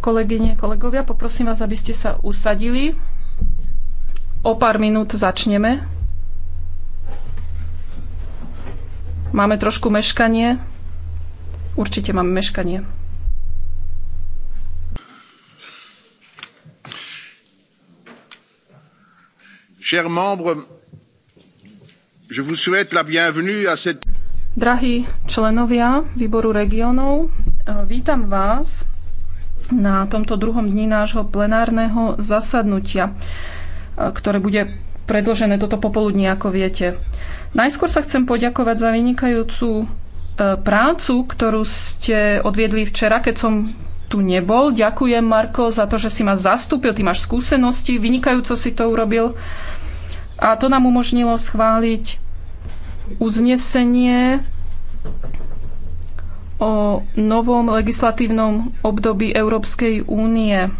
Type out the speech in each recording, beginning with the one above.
Kolegyne, kolegovia, poprosím vás, aby ste sa usadili. O pár minút začneme. Máme trošku meškanie. Určite máme meškanie. Chers membres, je vous souhaite la bienvenue à cette Drahí členovia výboru regiónov, Vítam vás na tomto druhom dni nášho plenárneho zasadnutia, ktoré bude predložené toto popoludní, ako viete. Najskôr sa chcem poďakovať za vynikajúcu e, prácu, ktorú ste odviedli včera, keď som tu nebol. Ďakujem, Marko, za to, že si ma zastúpil. Ty máš skúsenosti, vynikajúco si to urobil. A to nám umožnilo schváliť uznesenie o novom legislatívnom období Európskej únie.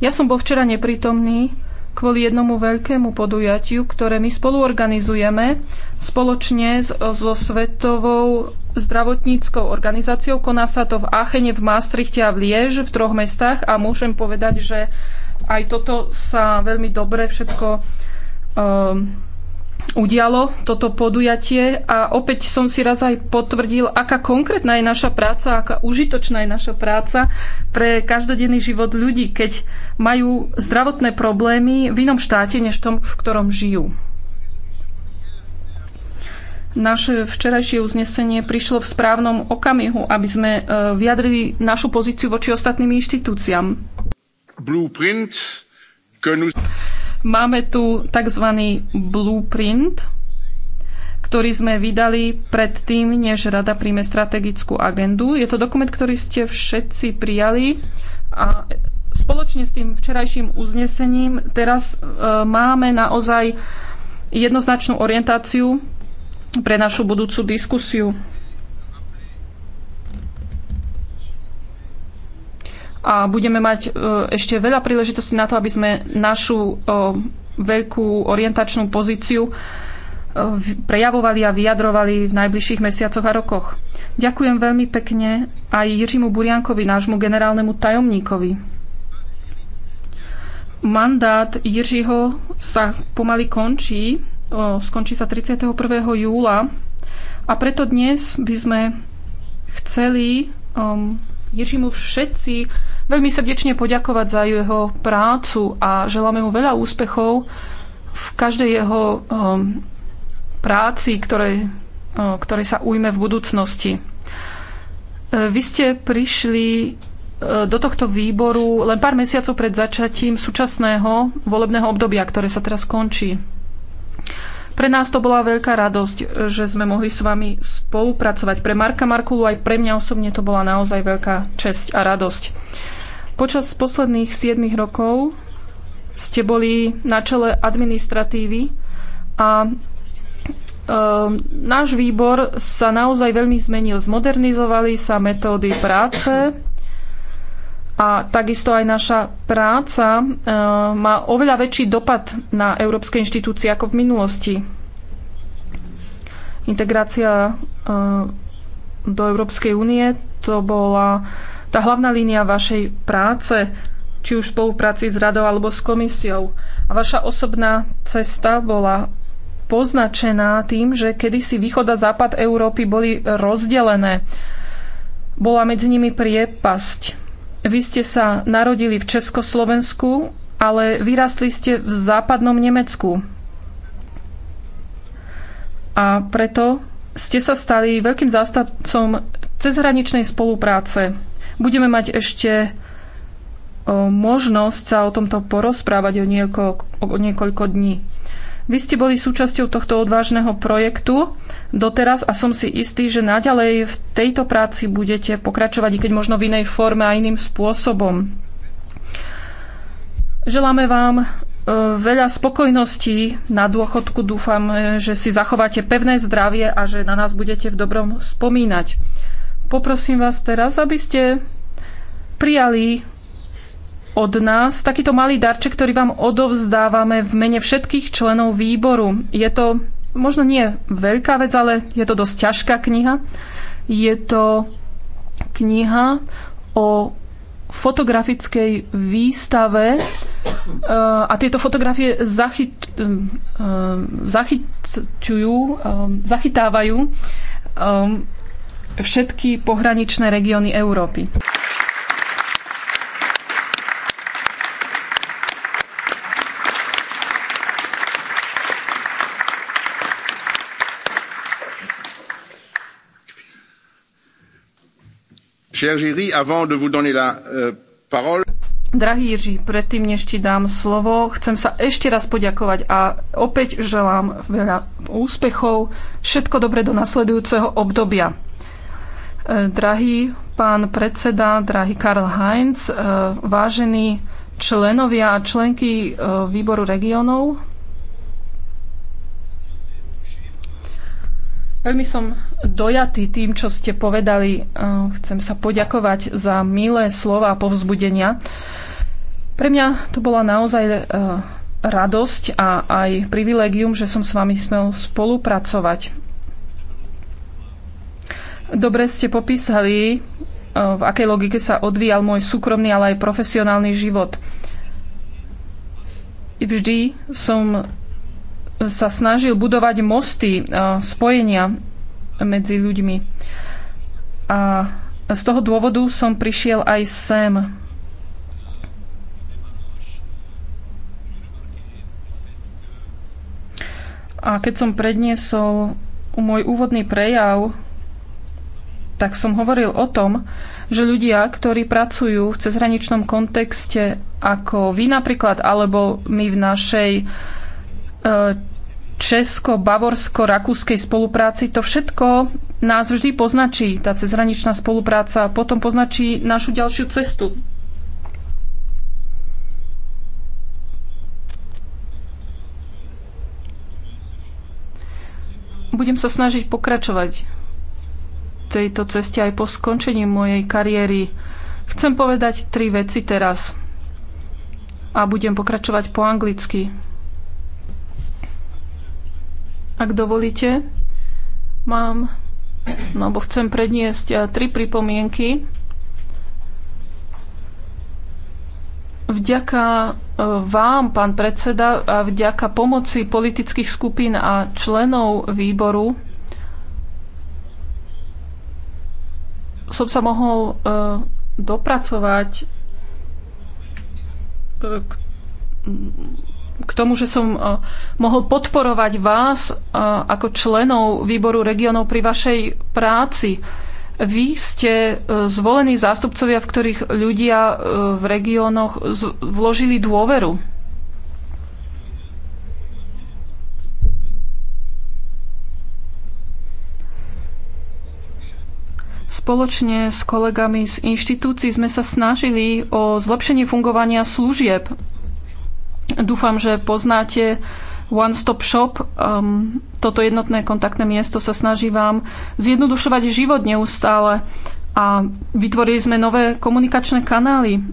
Ja som bol včera neprítomný kvôli jednomu veľkému podujatiu, ktoré my spoluorganizujeme spoločne so Svetovou zdravotníckou organizáciou. Koná sa to v Achene, v Maastrichte a v Liež, v troch mestách a môžem povedať, že aj toto sa veľmi dobre všetko um, udialo toto podujatie a opäť som si raz aj potvrdil, aká konkrétna je naša práca, aká užitočná je naša práca pre každodenný život ľudí, keď majú zdravotné problémy v inom štáte, než v tom, v ktorom žijú. Naše včerajšie uznesenie prišlo v správnom okamihu, aby sme e, vyjadrili našu pozíciu voči ostatným inštitúciám. Blueprint, Máme tu tzv. blueprint, ktorý sme vydali predtým, než Rada príjme strategickú agendu. Je to dokument, ktorý ste všetci prijali a spoločne s tým včerajším uznesením teraz e, máme naozaj jednoznačnú orientáciu pre našu budúcu diskusiu. a budeme mať e, ešte veľa príležitostí na to, aby sme našu e, veľkú orientačnú pozíciu e, prejavovali a vyjadrovali v najbližších mesiacoch a rokoch. Ďakujem veľmi pekne aj Jiřimu Buriankovi, nášmu generálnemu tajomníkovi. Mandát Jiřího sa pomaly končí, skončí sa 31. júla a preto dnes by sme chceli um, Jiřímu všetci veľmi srdečne poďakovať za jeho prácu a želáme mu veľa úspechov v každej jeho um, práci, ktorej, um, uh, ktorej sa ujme v budúcnosti. Uh, vy ste prišli uh, do tohto výboru len pár mesiacov pred začatím súčasného volebného obdobia, ktoré sa teraz končí. Pre nás to bola veľká radosť, že sme mohli s vami spolupracovať. Pre Marka Markulu aj pre mňa osobne to bola naozaj veľká česť a radosť. Počas posledných 7 rokov ste boli na čele administratívy a e, náš výbor sa naozaj veľmi zmenil. Zmodernizovali sa metódy práce a takisto aj naša práca e, má oveľa väčší dopad na európske inštitúcie ako v minulosti. Integrácia e, do Európskej únie to bola tá hlavná línia vašej práce, či už v spolupráci s radou alebo s komisiou. A vaša osobná cesta bola poznačená tým, že kedysi východ a západ Európy boli rozdelené. Bola medzi nimi priepasť. Vy ste sa narodili v Československu, ale vyrastli ste v západnom Nemecku. A preto ste sa stali veľkým zástavcom cezhraničnej spolupráce Budeme mať ešte možnosť sa o tomto porozprávať o niekoľko, o niekoľko dní. Vy ste boli súčasťou tohto odvážneho projektu doteraz a som si istý, že naďalej v tejto práci budete pokračovať, i keď možno v inej forme a iným spôsobom. Želáme vám e, veľa spokojností na dôchodku. Dúfam, e, že si zachováte pevné zdravie a že na nás budete v dobrom spomínať. Poprosím vás teraz, aby ste prijali od nás takýto malý darček, ktorý vám odovzdávame v mene všetkých členov výboru. Je to možno nie veľká vec, ale je to dosť ťažká kniha. Je to kniha o fotografickej výstave eh, a tieto fotografie zachyt, eh, zachyťujú, eh, zachytávajú všetky pohraničné regióny Európy. Euh, Drahý Jiří, predtým než ti dám slovo, chcem sa ešte raz poďakovať a opäť želám veľa úspechov, všetko dobré do nasledujúceho obdobia. E, drahý pán predseda, drahý Karl Heinz, e, vážení členovia a členky e, výboru regionov. Veľmi som dojatý tým, čo ste povedali. Chcem sa poďakovať za milé slova a povzbudenia. Pre mňa to bola naozaj radosť a aj privilegium, že som s vami smel spolupracovať. Dobre ste popísali, e, v akej logike sa odvíjal môj súkromný, ale aj profesionálny život. Vždy som sa snažil budovať mosty, e, spojenia medzi ľuďmi. A z toho dôvodu som prišiel aj sem. A keď som predniesol môj úvodný prejav, tak som hovoril o tom, že ľudia, ktorí pracujú v cezhraničnom kontexte ako vy napríklad, alebo my v našej e, česko-bavorsko-rakúskej spolupráci, to všetko nás vždy poznačí, tá cezhraničná spolupráca, potom poznačí našu ďalšiu cestu. Budem sa snažiť pokračovať tejto ceste aj po skončení mojej kariéry. Chcem povedať tri veci teraz a budem pokračovať po anglicky. Ak dovolíte, mám, no bo chcem predniesť eh, tri pripomienky. Vďaka eh, vám, pán predseda, a vďaka pomoci politických skupín a členov výboru som sa mohol e, dopracovať e, k, k tomu, že som e, mohol podporovať vás ako členov výboru regionov pri vašej práci. Vy ste zvolení zástupcovia, v ktorých ľudia v regiónoch vložili dôveru Spoločne s kolegami z inštitúcií sme sa snažili o zlepšenie fungovania služieb. Dúfam, že poznáte One Stop Shop. Um, toto jednotné kontaktné miesto sa snaží vám zjednodušovať život neustále a vytvorili sme nové komunikačné kanály.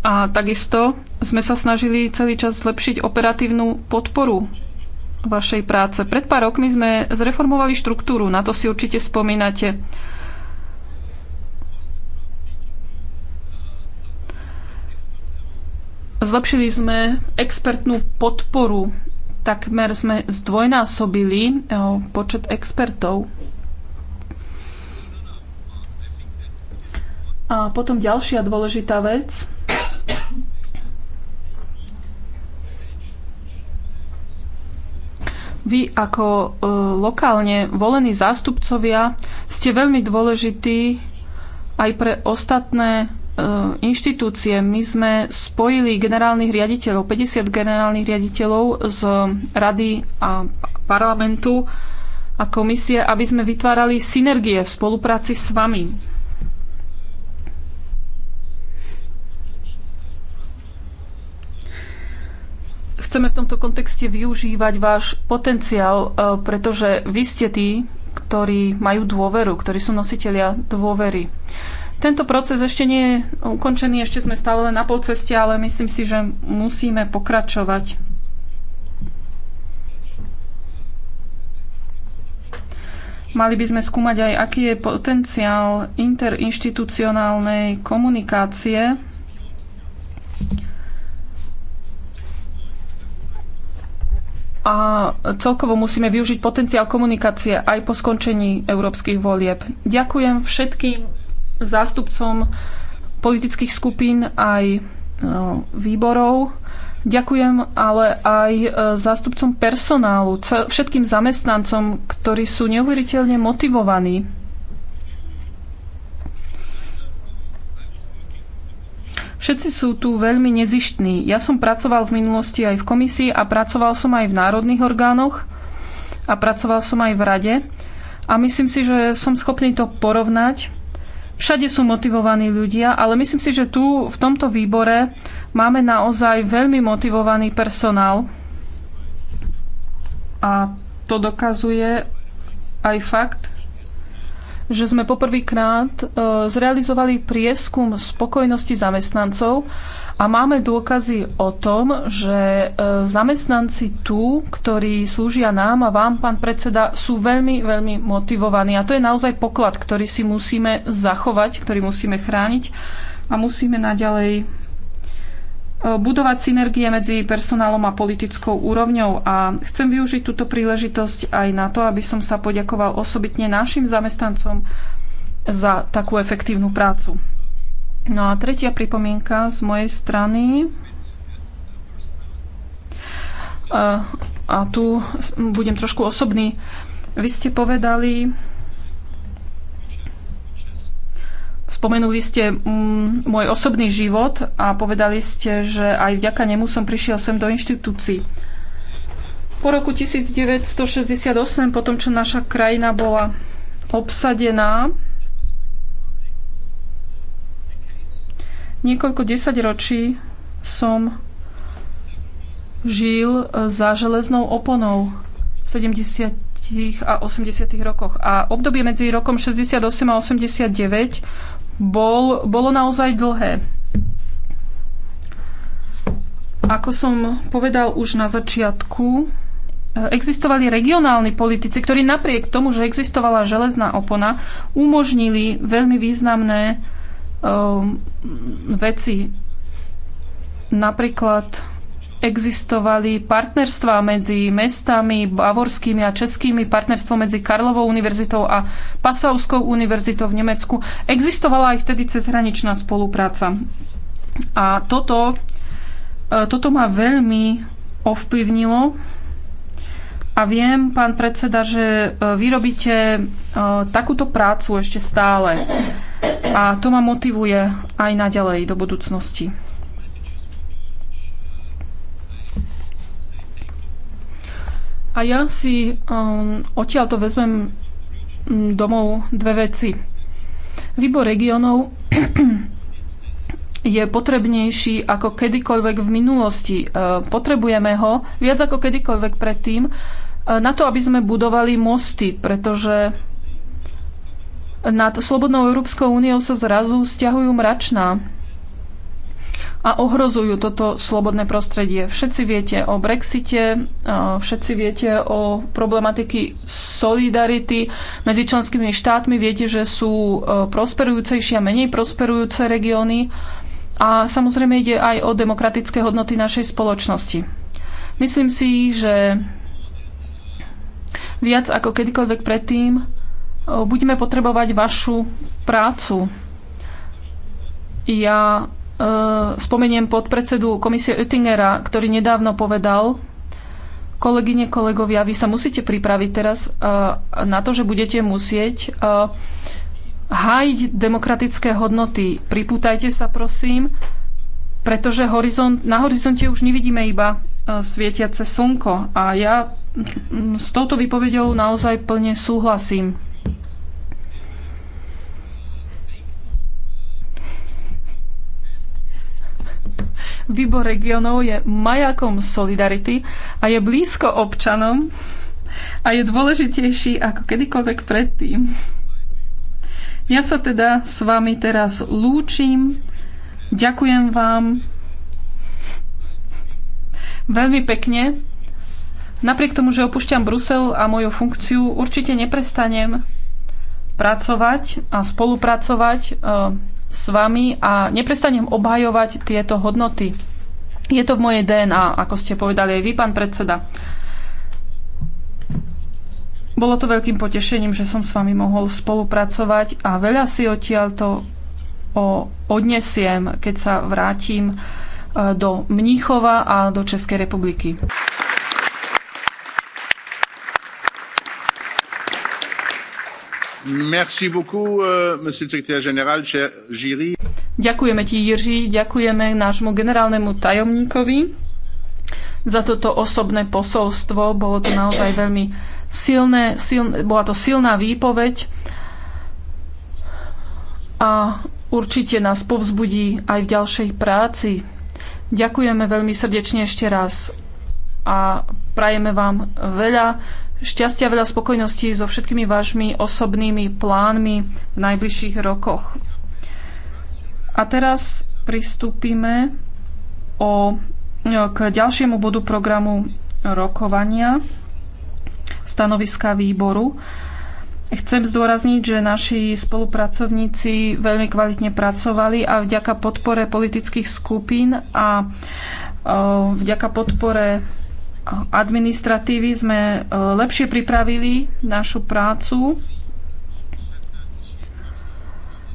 A takisto sme sa snažili celý čas zlepšiť operatívnu podporu vašej práce. Pred pár rokmi sme zreformovali štruktúru, na to si určite spomínate. Zlepšili sme expertnú podporu. Takmer sme zdvojnásobili eh, počet expertov. A potom ďalšia dôležitá vec. Vy ako e, lokálne volení zástupcovia ste veľmi dôležití aj pre ostatné e, inštitúcie. My sme spojili generálnych riaditeľov, 50 generálnych riaditeľov z rady a parlamentu a komisie, aby sme vytvárali synergie v spolupráci s vami. Chceme v tomto kontexte využívať váš potenciál, e, pretože vy ste tí, ktorí majú dôveru, ktorí sú nositeľia dôvery. Tento proces ešte nie je ukončený, ešte sme stále len na pol ceste, ale myslím si, že musíme pokračovať. Mali by sme skúmať aj, aký je potenciál interinštitucionálnej komunikácie a celkovo musíme využiť potenciál komunikácie aj po skončení európskych volieb. Ďakujem všetkým zástupcom politických skupín aj e, výborov. Ďakujem ale aj e, zástupcom personálu, všetkým zamestnancom, ktorí sú neuveriteľne motivovaní Všetci sú tu veľmi nezištní. Ja som pracoval v minulosti aj v komisii a pracoval som aj v národných orgánoch a pracoval som aj v rade. A myslím si, že som schopný to porovnať. Všade sú motivovaní ľudia, ale myslím si, že tu v tomto výbore máme naozaj veľmi motivovaný personál. A to dokazuje aj fakt, že sme poprvýkrát e, zrealizovali prieskum spokojnosti zamestnancov a máme dôkazy o tom, že e, zamestnanci tu, ktorí slúžia nám a vám, pán predseda, sú veľmi, veľmi motivovaní. A to je naozaj poklad, ktorý si musíme zachovať, ktorý musíme chrániť a musíme naďalej E, budovať synergie medzi personálom a politickou úrovňou a chcem využiť túto príležitosť aj na to, aby som sa poďakoval osobitne našim zamestnancom za takú efektívnu prácu. No a tretia pripomienka z mojej strany. E, a tu budem trošku osobný. Vy ste povedali, Spomenuli ste mm, môj osobný život a povedali ste, že aj vďaka nemu som prišiel sem do inštitúcií. Po roku 1968, po tom, čo naša krajina bola obsadená, niekoľko desaťročí som žil e, za železnou oponou v 70. a 80. rokoch. A obdobie medzi rokom 68 a 89 bol, bolo naozaj dlhé. Ako som povedal už na začiatku, e, existovali regionálni politici, ktorí napriek tomu, že existovala železná opona, umožnili veľmi významné um, veci. Napríklad existovali partnerstvá medzi mestami, bavorskými a českými, partnerstvo medzi Karlovou univerzitou a Pasovskou univerzitou v Nemecku. Existovala aj vtedy cezhraničná spolupráca. A toto, e, toto ma veľmi ovplyvnilo a viem, pán predseda, že e, vy robíte e, takúto prácu ešte stále. A to ma motivuje aj naďalej do budúcnosti. A ja si um, odtiaľ to vezmem mm, domov dve veci. Výbor regionov je potrebnejší ako kedykoľvek v minulosti. E, potrebujeme ho viac ako kedykoľvek predtým e, na to, aby sme budovali mosty, pretože nad Slobodnou Európskou úniou sa zrazu stiahujú mračná a ohrozujú toto slobodné prostredie. Všetci viete o Brexite, všetci viete o problematiky solidarity medzi členskými štátmi, viete, že sú e, prosperujúcejšie a menej prosperujúce regióny a samozrejme ide aj o demokratické hodnoty našej spoločnosti. Myslím si, že viac ako kedykoľvek predtým e, budeme potrebovať vašu prácu. Ja E, spomeniem podpredsedu komisie Oettingera, ktorý nedávno povedal, kolegyne, kolegovia, vy sa musíte pripraviť teraz e, na to, že budete musieť e, hájiť demokratické hodnoty. Pripútajte sa, prosím, pretože horizont, na horizonte už nevidíme iba svietiace slnko. A ja s touto výpovedou naozaj plne súhlasím. Výbor regionov je majakom solidarity a je blízko občanom a je dôležitejší ako kedykoľvek predtým. Ja sa teda s vami teraz lúčim. Ďakujem vám veľmi pekne. Napriek tomu, že opúšťam Brusel a moju funkciu, určite neprestanem pracovať a spolupracovať eh, s vami a neprestanem obhajovať tieto hodnoty. Je to v mojej DNA, ako ste povedali aj vy, pán predseda. Bolo to veľkým potešením, že som s vami mohol spolupracovať a veľa si odtiaľ to odnesiem, keď sa vrátim e, do Mníchova a do Českej republiky. Euh, ďakujeme ti, Jiří, ďakujeme nášmu generálnemu tajomníkovi za toto osobné posolstvo. Bolo to naozaj veľmi silné, silné bola to silná výpoveď a určite nás povzbudí aj v ďalšej práci. Ďakujeme veľmi srdečne ešte raz a prajeme vám veľa šťastia, veľa spokojnosti so všetkými vašimi osobnými plánmi v najbližších rokoch. A teraz pristúpime o, k ďalšiemu bodu programu rokovania stanoviska výboru. Chcem zdôrazniť, že naši spolupracovníci veľmi kvalitne pracovali a vďaka podpore politických skupín a vďaka podpore administratívy sme e, lepšie pripravili našu prácu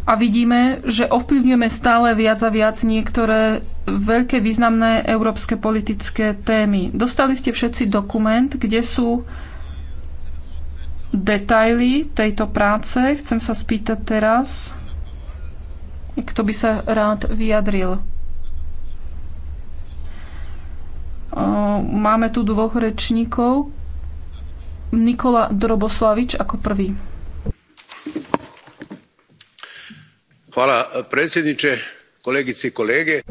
a vidíme, že ovplyvňujeme stále viac a viac niektoré veľké významné európske politické témy. Dostali ste všetci dokument, kde sú detaily tejto práce. Chcem sa spýtať teraz, kto by sa rád vyjadril. Máme tu dvoch rečníkov. Nikola Droboslavič ako prvý. Hvala predsedniče, kolegici, kolege.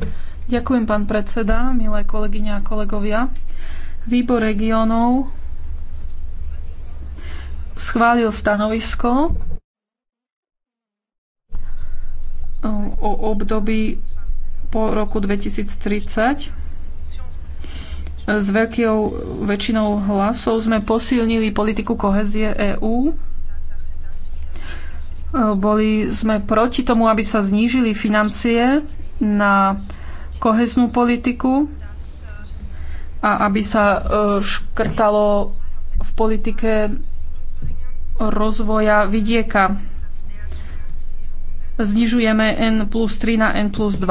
Ďakujem, pán predseda, milé kolegyne a kolegovia. Výbor regionov schválil stanovisko o období po roku 2030 s veľkou väčšinou hlasov sme posilnili politiku kohezie EÚ. Boli sme proti tomu, aby sa znížili financie na koheznú politiku a aby sa e, škrtalo v politike rozvoja vidieka. Znižujeme N plus 3 na N plus 2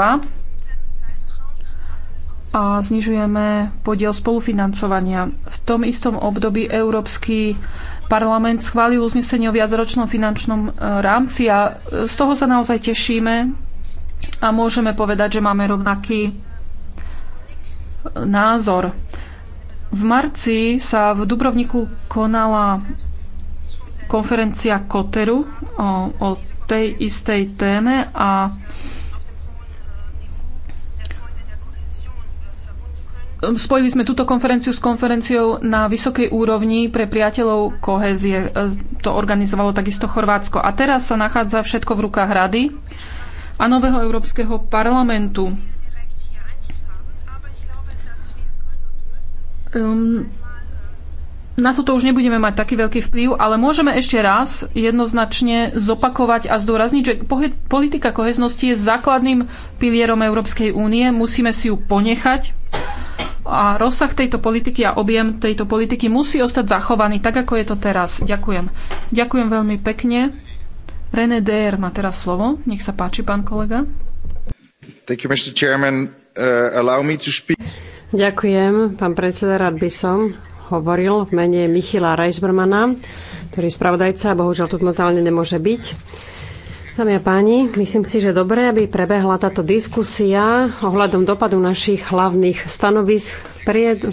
a znižujeme podiel spolufinancovania. V tom istom období Európsky parlament schválil uznesenie o viacročnom finančnom e, rámci a e, z toho sa naozaj tešíme a môžeme povedať, že máme rovnaký e, názor. V marci sa v Dubrovniku konala konferencia Koteru o, o tej istej téme a spojili sme túto konferenciu s konferenciou na vysokej úrovni pre priateľov kohezie. E, to organizovalo takisto Chorvátsko. A teraz sa nachádza všetko v rukách rady a nového Európskeho parlamentu. Um, na toto už nebudeme mať taký veľký vplyv, ale môžeme ešte raz jednoznačne zopakovať a zdôrazniť, že politika koheznosti je základným pilierom Európskej únie. Musíme si ju ponechať a rozsah tejto politiky a objem tejto politiky musí ostať zachovaný, tak ako je to teraz. Ďakujem. Ďakujem veľmi pekne. René Dér má teraz slovo. Nech sa páči, pán kolega. Thank you, Mr. Chairman. Uh, allow me to speak. Ďakujem, pán predseda, rád by som hovoril v mene Michila Reisbermana, ktorý je spravodajca a bohužiaľ tu momentálne nemôže byť. Dámy a páni, myslím si, že dobre, aby prebehla táto diskusia ohľadom dopadu našich hlavných stanovisk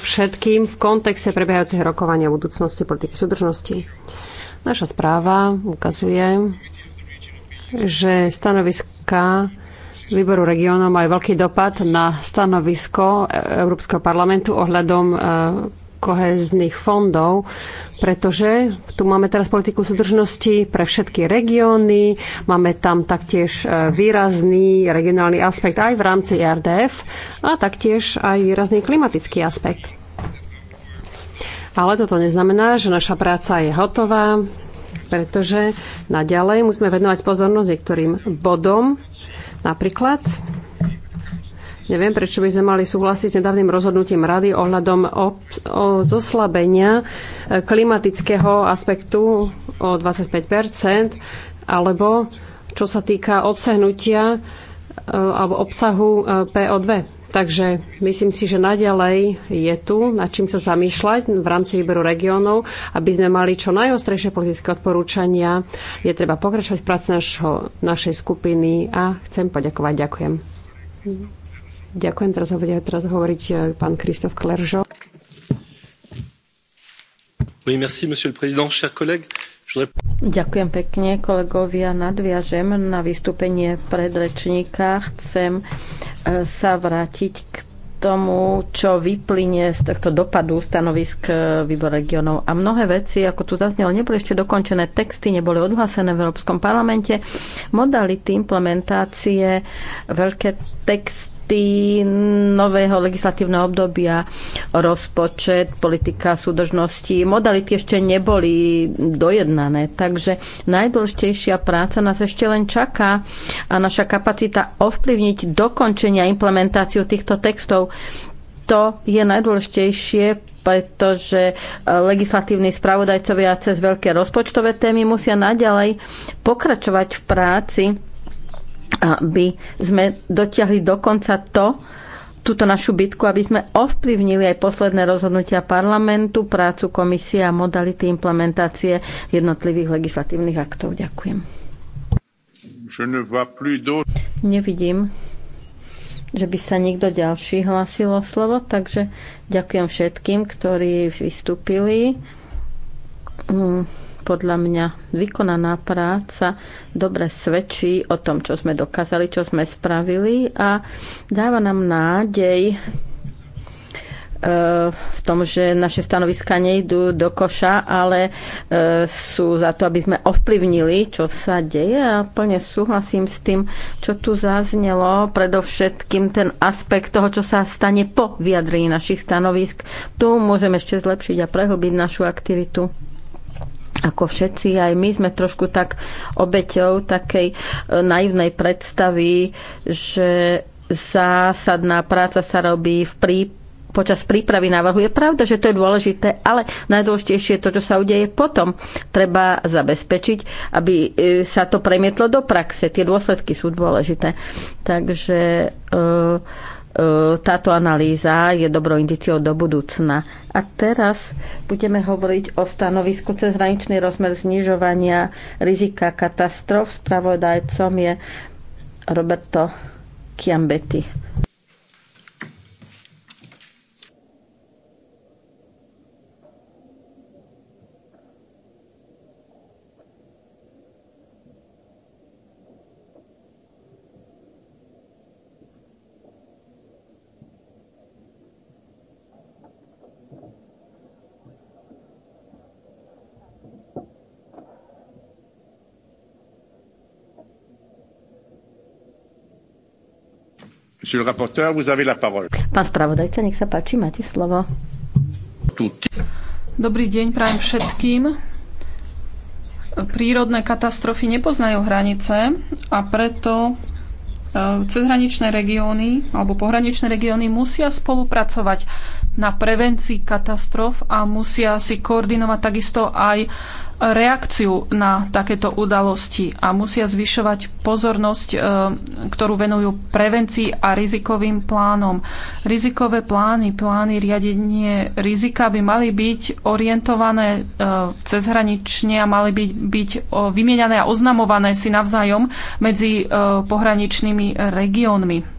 všetkým v kontexte prebiehajúcich rokovania budúcnosti politiky súdržnosti. Naša správa ukazuje, že stanoviska výboru regionov majú veľký dopad na stanovisko Európskeho parlamentu ohľadom kohezných fondov, pretože tu máme teraz politiku súdržnosti pre všetky regióny, máme tam taktiež e, výrazný regionálny aspekt aj v rámci e RDF a taktiež aj výrazný klimatický aspekt. Ale toto neznamená, že naša práca je hotová, pretože naďalej musíme venovať pozornosť niektorým bodom, napríklad Neviem, prečo by sme mali súhlasiť s nedávnym rozhodnutím rady ohľadom o, o zoslabenia e, klimatického aspektu o 25 alebo čo sa týka obsahnutia e, alebo obsahu e, PO2. Takže myslím si, že naďalej je tu nad čím sa zamýšľať v rámci výberu regiónov, aby sme mali čo najostrejšie politické odporúčania. Je treba pokračovať v práci našej skupiny a chcem poďakovať. Ďakujem. Ďakujem, teraz bude teraz hovoriť e, pán Kristof Kleržo. Oui, merci, monsieur le président, chers collègues. Je... Ďakujem pekne, kolegovia. Nadviažem na vystúpenie predrečníka. Chcem e, sa vrátiť k tomu, čo vyplynie z tohto dopadu stanovisk e, výbor regionov. A mnohé veci, ako tu zaznelo, neboli ešte dokončené texty, neboli odhlásené v Európskom parlamente. Modality implementácie, veľké text rozpočty nového legislatívneho obdobia, rozpočet, politika súdržnosti. Modality ešte neboli dojednané, takže najdôležitejšia práca nás ešte len čaká a naša kapacita ovplyvniť dokončenie a implementáciu týchto textov to je najdôležitejšie, pretože e, legislatívni spravodajcovia cez veľké rozpočtové témy musia naďalej pokračovať v práci aby sme dotiahli dokonca to, túto našu bitku, aby sme ovplyvnili aj posledné rozhodnutia parlamentu, prácu komisie a modality implementácie jednotlivých legislatívnych aktov. Ďakujem. Nevidím, že by sa nikto ďalší hlásil o slovo, takže ďakujem všetkým, ktorí vystúpili. Mm podľa mňa vykonaná práca dobre svedčí o tom, čo sme dokázali, čo sme spravili a dáva nám nádej e, v tom, že naše stanoviska nejdú do koša, ale e, sú za to, aby sme ovplyvnili, čo sa deje a plne súhlasím s tým, čo tu zaznelo, predovšetkým ten aspekt toho, čo sa stane po vyjadrení našich stanovisk. Tu môžeme ešte zlepšiť a prehlbiť našu aktivitu ako všetci, aj my sme trošku tak obeťou takej e, naivnej predstavy, že zásadná práca sa robí v prípade počas prípravy návrhu. Je pravda, že to je dôležité, ale najdôležitejšie je to, čo sa udeje potom. Treba zabezpečiť, aby e, sa to premietlo do praxe. Tie dôsledky sú dôležité. Takže uh, E, táto analýza je dobrou indiciou do budúcna. A teraz budeme hovoriť o stanovisku cezhraničný rozmer znižovania rizika katastrof. Spravodajcom je Roberto Chiambetti. Pán spravodajca, nech sa páči, máte slovo. Dobrý deň prajem všetkým. Prírodné katastrofy nepoznajú hranice a preto e, cezhraničné regióny alebo pohraničné regióny musia spolupracovať na prevencii katastrof a musia si koordinovať takisto aj reakciu na takéto udalosti a musia zvyšovať pozornosť, e, ktorú venujú prevencii a rizikovým plánom. Rizikové plány, plány riadenie rizika by mali byť orientované e, cezhranične a mali byť, byť vymieňané a oznamované si navzájom medzi e, pohraničnými regiónmi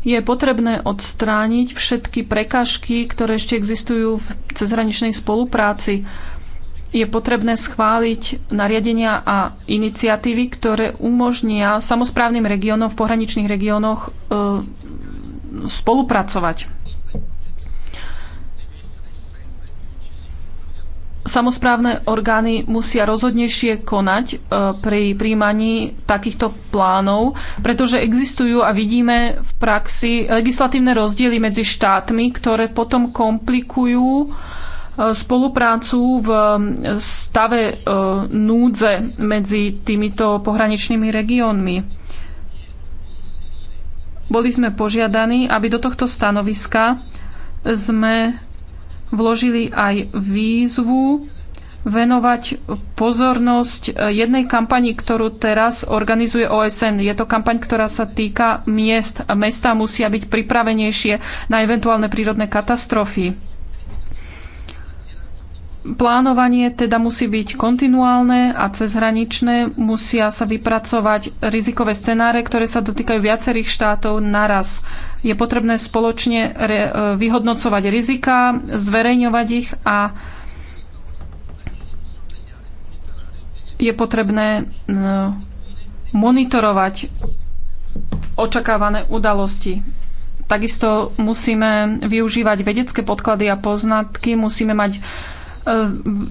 je potrebné odstrániť všetky prekážky, ktoré ešte existujú v cezhraničnej spolupráci je potrebné schváliť nariadenia a iniciatívy, ktoré umožnia samozprávnym regiónom v pohraničných regiónoch e, spolupracovať. Samozprávne orgány musia rozhodnejšie konať e, pri príjmaní takýchto plánov, pretože existujú a vidíme v praxi legislatívne rozdiely medzi štátmi, ktoré potom komplikujú e, spoluprácu v um, stave uh, núdze medzi týmito pohraničnými regiónmi. Boli sme požiadaní, aby do tohto stanoviska sme vložili aj výzvu venovať pozornosť uh, jednej kampani, ktorú teraz organizuje OSN. Je to kampaň, ktorá sa týka miest. Mestá musia byť pripravenejšie na eventuálne prírodné katastrofy. Plánovanie teda musí byť kontinuálne a cezhraničné. Musia sa vypracovať rizikové scenáre, ktoré sa dotýkajú viacerých štátov naraz. Je potrebné spoločne e, vyhodnocovať rizika, zverejňovať ich a je potrebné e, monitorovať očakávané udalosti. Takisto musíme využívať vedecké podklady a poznatky, musíme mať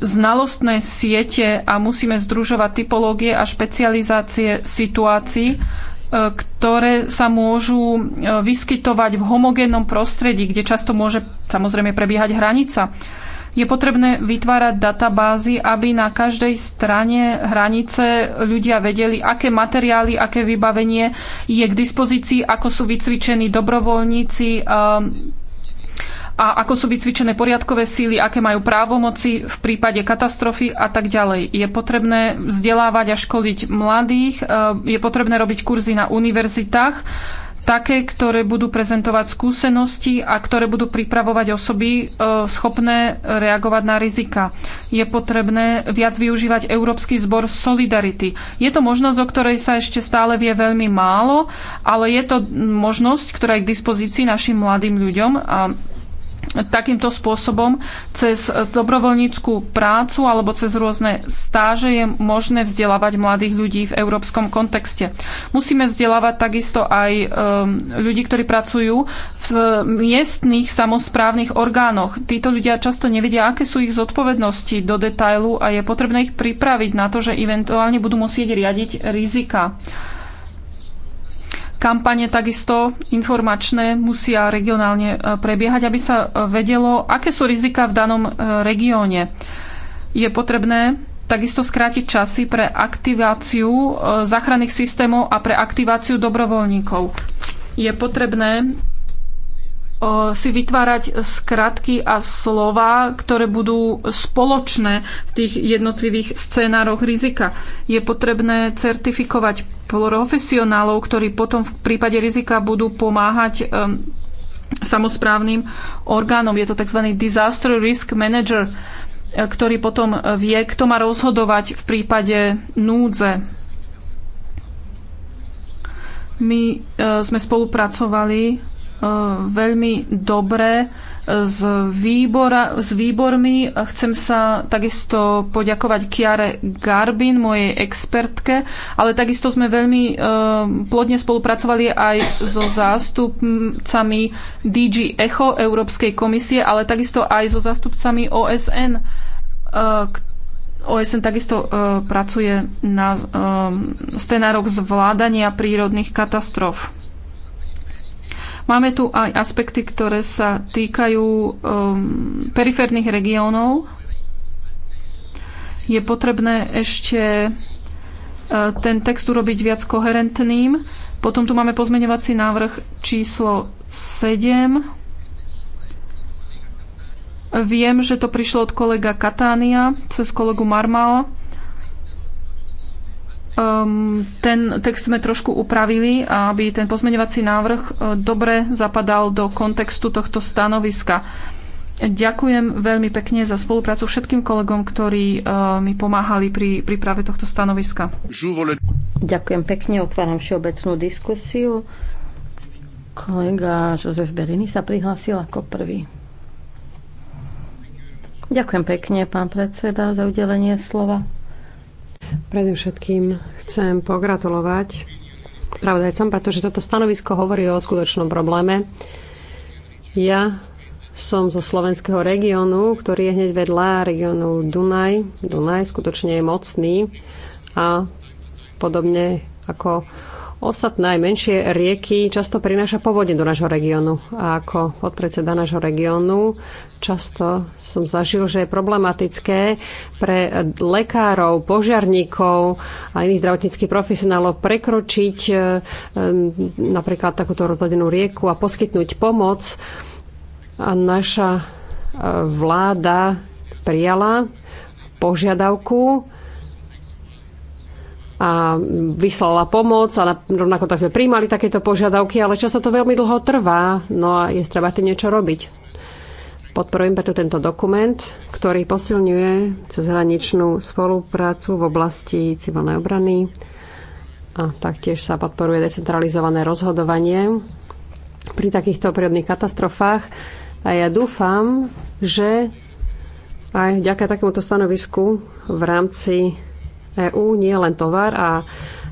znalostné siete a musíme združovať typológie a špecializácie situácií, e, ktoré sa môžu e, vyskytovať v homogénnom prostredí, kde často môže samozrejme prebiehať hranica. Je potrebné vytvárať databázy, aby na každej strane hranice ľudia vedeli, aké materiály, aké vybavenie je k dispozícii, ako sú vycvičení dobrovoľníci, e, a ako sú vycvičené poriadkové síly, aké majú právomoci v prípade katastrofy a tak ďalej. Je potrebné vzdelávať a školiť mladých, e, je potrebné robiť kurzy na univerzitách, také, ktoré budú prezentovať skúsenosti a ktoré budú pripravovať osoby e, schopné reagovať na rizika. Je potrebné viac využívať Európsky zbor Solidarity. Je to možnosť, o ktorej sa ešte stále vie veľmi málo, ale je to možnosť, ktorá je k dispozícii našim mladým ľuďom a takýmto spôsobom cez dobrovoľníckú prácu alebo cez rôzne stáže je možné vzdelávať mladých ľudí v európskom kontexte. Musíme vzdelávať takisto aj ehm, ľudí, ktorí pracujú v miestných samozprávnych orgánoch. Títo ľudia často nevedia, aké sú ich zodpovednosti do detailu a je potrebné ich pripraviť na to, že eventuálne budú musieť riadiť rizika. Kampane takisto informačné musia regionálne e, prebiehať, aby sa e, vedelo, aké sú rizika v danom e, regióne. Je potrebné takisto skrátiť časy pre aktiváciu záchranných systémov a pre aktiváciu dobrovoľníkov. Je potrebné si vytvárať skratky a slova, ktoré budú spoločné v tých jednotlivých scénároch rizika. Je potrebné certifikovať profesionálov, ktorí potom v prípade rizika budú pomáhať samozprávnym orgánom. Je to tzv. disaster risk manager, e, ktorý potom e, vie, kto má rozhodovať v prípade núdze. My e, sme spolupracovali veľmi dobre s, výbora, s výbormi. Chcem sa takisto poďakovať Kiare Garbin, mojej expertke, ale takisto sme veľmi e, plodne spolupracovali aj so zástupcami DG Echo Európskej komisie, ale takisto aj so zástupcami OSN, e, OSN takisto e, pracuje na scenároch zvládania prírodných katastrof. Máme tu aj aspekty, ktoré sa týkajú um, periférnych regiónov. Je potrebné ešte uh, ten text urobiť viac koherentným. Potom tu máme pozmeňovací návrh číslo 7. Viem, že to prišlo od kolega Katánia cez kolegu Marmala. Um, ten text sme trošku upravili, aby ten pozmeňovací návrh e, dobre zapadal do kontextu tohto stanoviska. Ďakujem veľmi pekne za spoluprácu všetkým kolegom, ktorí uh, mi pomáhali pri príprave tohto stanoviska. Ďakujem pekne, otváram všeobecnú diskusiu. Kolega Jozef Berini sa prihlásil ako prvý. Ďakujem pekne, pán predseda, za udelenie slova. Predovšetkým chcem pogratulovať pravdajcom, pretože toto stanovisko hovorí o skutočnom probléme. Ja som zo slovenského regiónu, ktorý je hneď vedľa regiónu Dunaj. Dunaj skutočne je mocný a podobne ako Ostatné aj menšie rieky často prináša povodne do nášho regiónu. A ako podpredseda nášho regiónu často som zažil, že je problematické pre lekárov, požiarníkov a iných zdravotníckých profesionálov prekročiť e, e, napríklad takúto rozvodenú rieku a poskytnúť pomoc. A naša e, vláda prijala požiadavku a vyslala pomoc a rovnako tak sme príjmali takéto požiadavky, ale často to veľmi dlho trvá, no a je treba tým niečo robiť. Podporujem preto tento dokument, ktorý posilňuje cezhraničnú spoluprácu v oblasti civilnej obrany a taktiež sa podporuje decentralizované rozhodovanie pri takýchto prírodných katastrofách. A ja dúfam, že aj vďaka takémuto stanovisku v rámci EÚ, nie len tovar a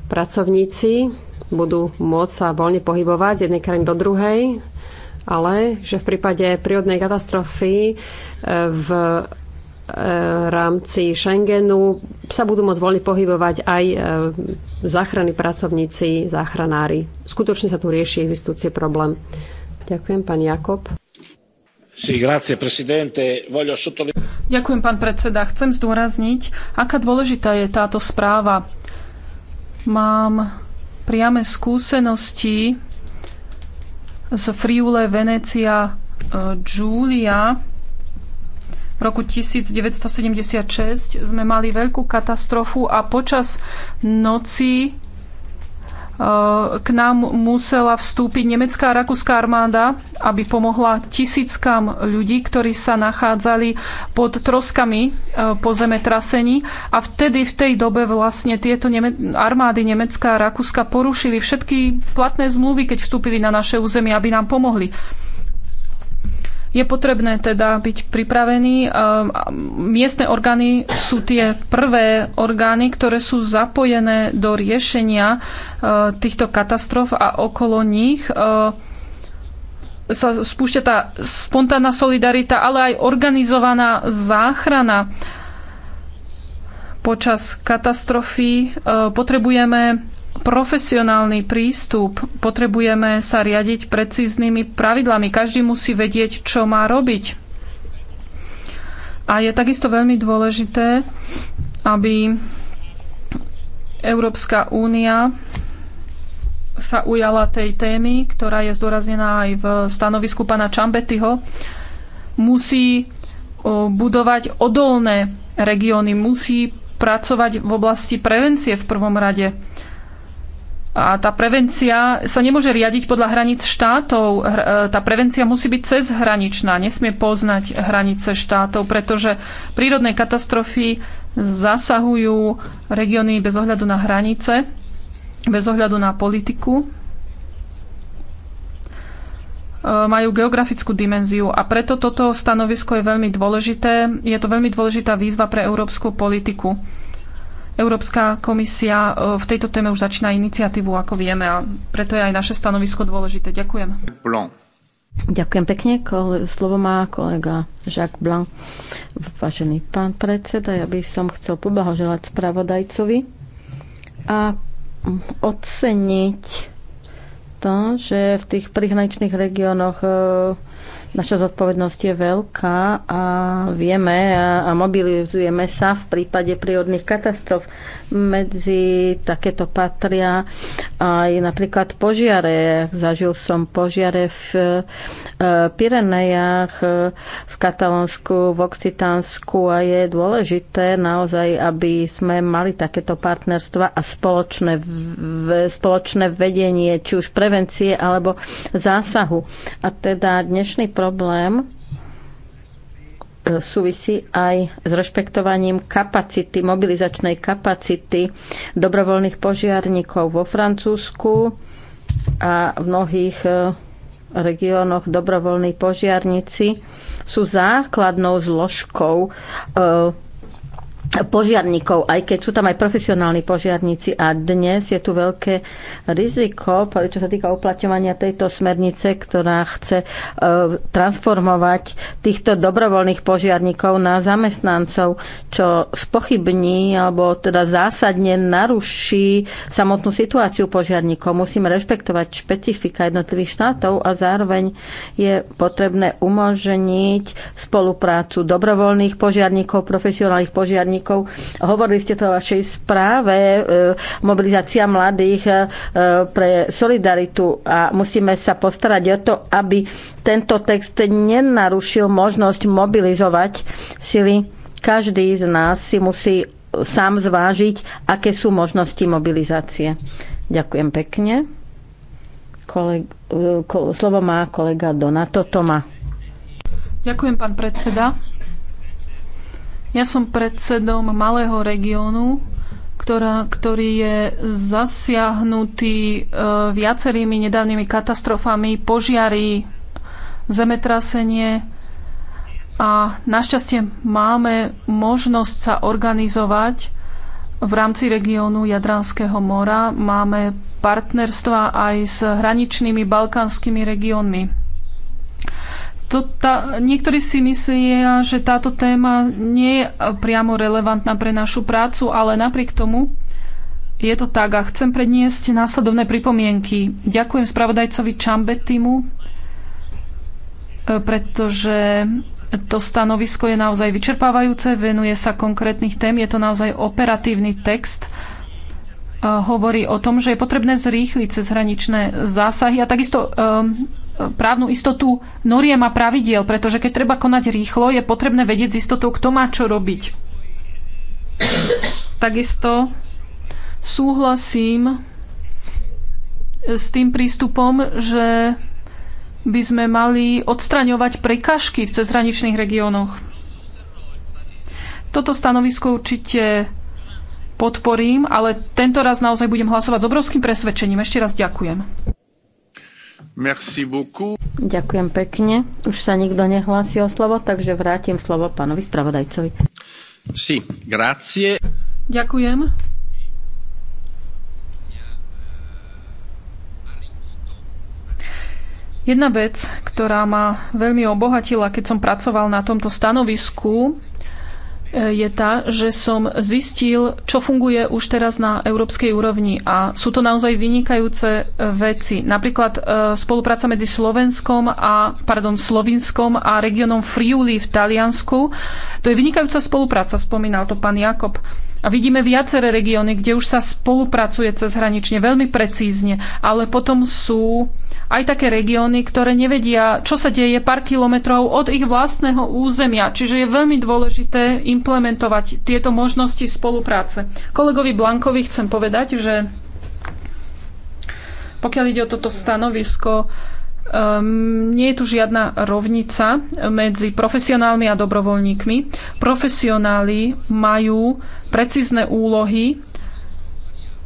pracovníci budú môcť sa voľne pohybovať z jednej krajiny do druhej, ale že v prípade prírodnej katastrofy e, v e, rámci Schengenu sa budú môcť voľne pohybovať aj e, záchranní pracovníci, záchranári. Skutočne sa tu rieši existujúci problém. Ďakujem, pán Jakob. Sí, grazie, Ďakujem, pán predseda. Chcem zdôrazniť, aká dôležitá je táto správa. Mám priame skúsenosti z Friule Venecia e, Giulia. V roku 1976 sme mali veľkú katastrofu a počas noci Eh, k nám musela vstúpiť nemecká a rakúska armáda, aby pomohla tisíckam ľudí, ktorí sa nachádzali pod troskami eh, po zemetrasení. A vtedy, v tej dobe vlastne tieto armády Nemecká a Rakúska porušili všetky platné zmluvy, keď vstúpili na naše územie, aby nám pomohli. Je potrebné teda byť pripravený. Ehm, miestne orgány sú tie prvé orgány, ktoré sú zapojené do riešenia e, týchto katastrof a okolo nich e, sa spúšťa tá spontánna solidarita, ale aj organizovaná záchrana. Počas katastrofy e, potrebujeme profesionálny prístup. Potrebujeme sa riadiť precíznymi pravidlami. Každý musí vedieť, čo má robiť. A je takisto veľmi dôležité, aby Európska únia sa ujala tej témy, ktorá je zdôraznená aj v stanovisku pana Čambetyho, musí budovať odolné regióny, musí pracovať v oblasti prevencie v prvom rade. A tá prevencia sa nemôže riadiť podľa hraníc štátov. E, tá prevencia musí byť cezhraničná, nesmie poznať hranice štátov, pretože prírodné katastrofy zasahujú regióny bez ohľadu na hranice, bez ohľadu na politiku. E, majú geografickú dimenziu a preto toto stanovisko je veľmi dôležité. Je to veľmi dôležitá výzva pre európsku politiku. Európska komisia e, v tejto téme už začína iniciatívu, ako vieme, a preto je aj naše stanovisko dôležité. Ďakujem. Blanc. Ďakujem pekne. Slovo má kolega Jacques Blanc. Vážený pán predseda, ja by som chcel poblahoželať spravodajcovi a oceniť to, že v tých prihraničných regiónoch e, Naša zodpovednosť je veľká a vieme a mobilizujeme sa v prípade prírodných katastrof. Medzi takéto patria aj napríklad požiare. Zažil som požiare v e, Pirenejach, v Katalonsku, v Occitánsku a je dôležité naozaj, aby sme mali takéto partnerstva a spoločné, spoločné vedenie, či už prevencie alebo zásahu. A teda dnešný problém e, súvisí aj s rešpektovaním kapacity, mobilizačnej kapacity dobrovoľných požiarníkov vo Francúzsku a v mnohých e, regiónoch dobrovoľní požiarníci sú základnou zložkou e, požiarníkov, aj keď sú tam aj profesionálni požiarníci a dnes je tu veľké riziko, čo sa týka uplatňovania tejto smernice, ktorá chce e, transformovať týchto dobrovoľných požiarníkov na zamestnancov, čo spochybní alebo teda zásadne naruší samotnú situáciu požiarníkov. Musíme rešpektovať špecifika jednotlivých štátov a zároveň je potrebné umožniť spoluprácu dobrovoľných požiarníkov, profesionálnych požiarníkov pracovníkov. Hovorili ste to o vašej správe, e, mobilizácia mladých e, pre solidaritu a musíme sa postarať o to, aby tento text nenarušil možnosť mobilizovať sily. Každý z nás si musí sám zvážiť, aké sú možnosti mobilizácie. Ďakujem pekne. Koleg, e, slovo má kolega Donato Toma. Ďakujem, pán predseda. Ja som predsedom malého regiónu, ktorá, ktorý je zasiahnutý e, viacerými nedávnymi katastrofami, požiary, zemetrasenie. A našťastie máme možnosť sa organizovať v rámci regiónu Jadranského mora. Máme partnerstva aj s hraničnými balkánskymi regiónmi to, tá, niektorí si myslia, že táto téma nie je priamo relevantná pre našu prácu, ale napriek tomu je to tak a chcem predniesť následovné pripomienky. Ďakujem spravodajcovi Čambetimu, e, pretože to stanovisko je naozaj vyčerpávajúce, venuje sa konkrétnych tém, je to naozaj operatívny text, e, hovorí o tom, že je potrebné zrýchliť cezhraničné zásahy a takisto um, právnu istotu noriem a pravidiel, pretože keď treba konať rýchlo, je potrebné vedieť s istotou, kto má čo robiť. Takisto súhlasím s tým prístupom, že by sme mali odstraňovať prekážky v cezhraničných regiónoch. Toto stanovisko určite podporím, ale tento raz naozaj budem hlasovať s obrovským presvedčením. Ešte raz ďakujem. Merci beaucoup. Ďakujem pekne. Už sa nikto nehlási o slovo, takže vrátim slovo pánovi spravodajcovi. Si, grazie. Ďakujem. Jedna vec, ktorá ma veľmi obohatila, keď som pracoval na tomto stanovisku, je tá, že som zistil, čo funguje už teraz na európskej úrovni. A sú to naozaj vynikajúce e, veci. Napríklad e, spolupráca medzi Slovenskom a, pardon, Slovinskom a regionom Friuli v Taliansku. To je vynikajúca spolupráca, spomínal to pán Jakob. A vidíme viaceré regióny, kde už sa spolupracuje cezhranične veľmi precízne, ale potom sú aj také regióny, ktoré nevedia, čo sa deje pár kilometrov od ich vlastného územia. Čiže je veľmi dôležité implementovať tieto možnosti spolupráce. Kolegovi Blankovi chcem povedať, že pokiaľ ide o toto stanovisko, Um, nie je tu žiadna rovnica medzi profesionálmi a dobrovoľníkmi. Profesionáli majú precízne úlohy,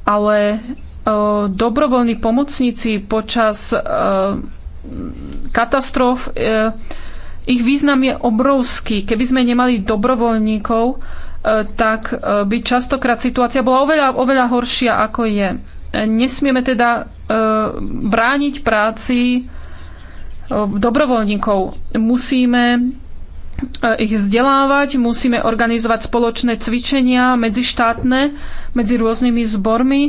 ale uh, dobrovoľní pomocníci počas uh, katastrof, uh, ich význam je obrovský. Keby sme nemali dobrovoľníkov, uh, tak uh, by častokrát situácia bola oveľa, oveľa horšia, ako je. Nesmieme teda uh, brániť práci dobrovoľníkov. Musíme e, ich vzdelávať, musíme organizovať spoločné cvičenia medzištátne, medzi rôznymi zbormi.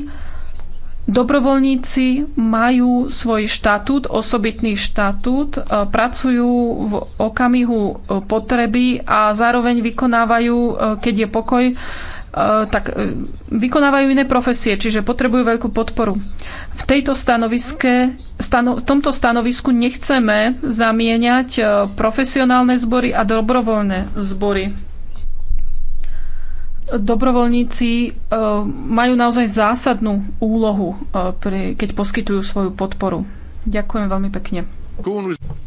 Dobrovoľníci majú svoj štatút, osobitný štatút, e, pracujú v okamihu e, potreby a zároveň vykonávajú, keď je pokoj, Eh, tak eh, vykonávajú iné profesie, čiže potrebujú veľkú podporu. V, tejto stanoviske, stano, v tomto stanovisku nechceme zamieňať eh, profesionálne zbory a dobrovoľné zbory. Dobrovoľníci majú naozaj zásadnú úlohu, keď poskytujú svoju podporu. Ďakujem veľmi pekne.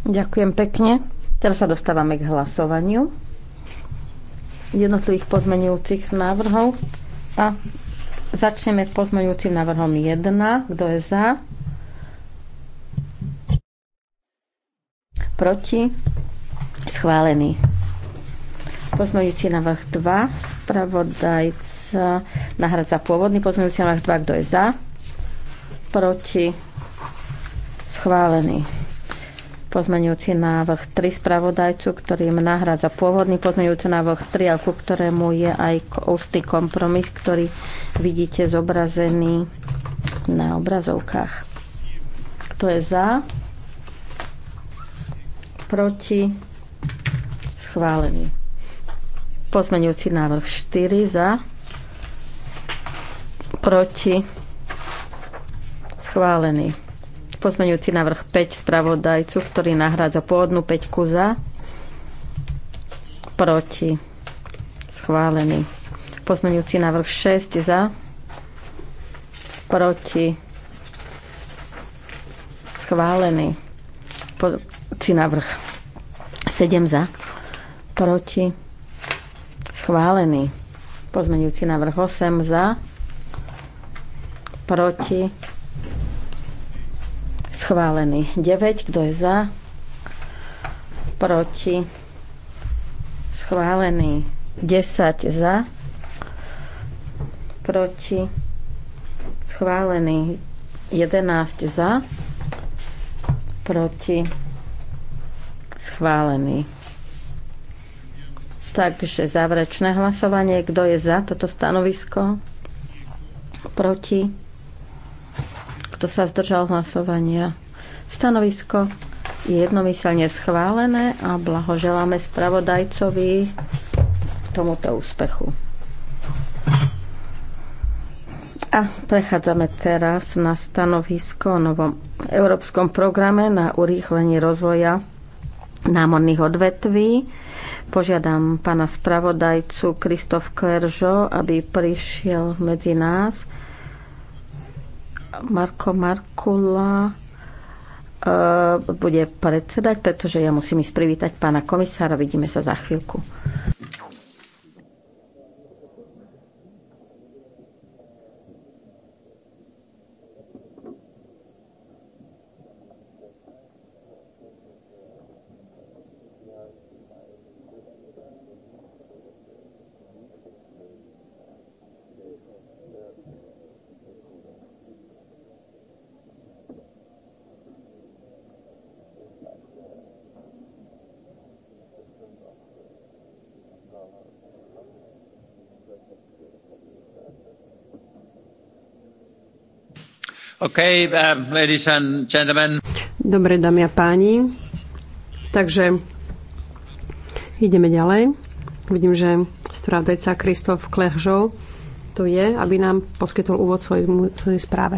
Ďakujem pekne. Teraz sa dostávame k hlasovaniu jednotlivých pozmenujúcich návrhov a začneme pozmenujúcim návrhom 1. Kto je za? Proti? Schválený. Pozmenujúci návrh 2. Spravodajca nahradza pôvodný pozmenujúci návrh 2. Kto je za? Proti? Schválený pozmeňujúci návrh 3 spravodajcu, ktorým nahrádza pôvodný pozmeňujúci návrh 3 a ku ktorému je aj ústny kompromis, ktorý vidíte zobrazený na obrazovkách. Kto je za? Proti? Schválený. Pozmeňujúci návrh 4 za? Proti? Schválený Pozmeňujúci návrh 5 spravodajcu, ktorý nahrádza pôvodnú 5 za. Proti. Schválený. Pozmeňujúci návrh 6 za. Proti. Schválený. Pozmeňujúci návrh 7 za. Proti. Schválený. Pozmeňujúci návrh 8 za. Proti Schválený 9. Kto je za? Proti? Schválený 10 za? Proti? Schválený 11 za? Proti? Schválený. Takže záverečné hlasovanie. Kto je za toto stanovisko? Proti? Kto sa zdržal hlasovania? Stanovisko je jednomyselne schválené a blahoželáme spravodajcovi tomuto úspechu. A prechádzame teraz na stanovisko o novom európskom programe na urýchlenie rozvoja námorných odvetví. Požiadam pána spravodajcu Kristof Kleržo, aby prišiel medzi nás. Marko Markula e, bude predsedať, pretože ja musím ísť privítať pána komisára. Vidíme sa za chvíľku. Okay, um, Dobre, dámy a páni. Takže ideme ďalej. Vidím, že strávdajca Kristof Klehžov tu je, aby nám poskytol úvod svojej, svojej správe.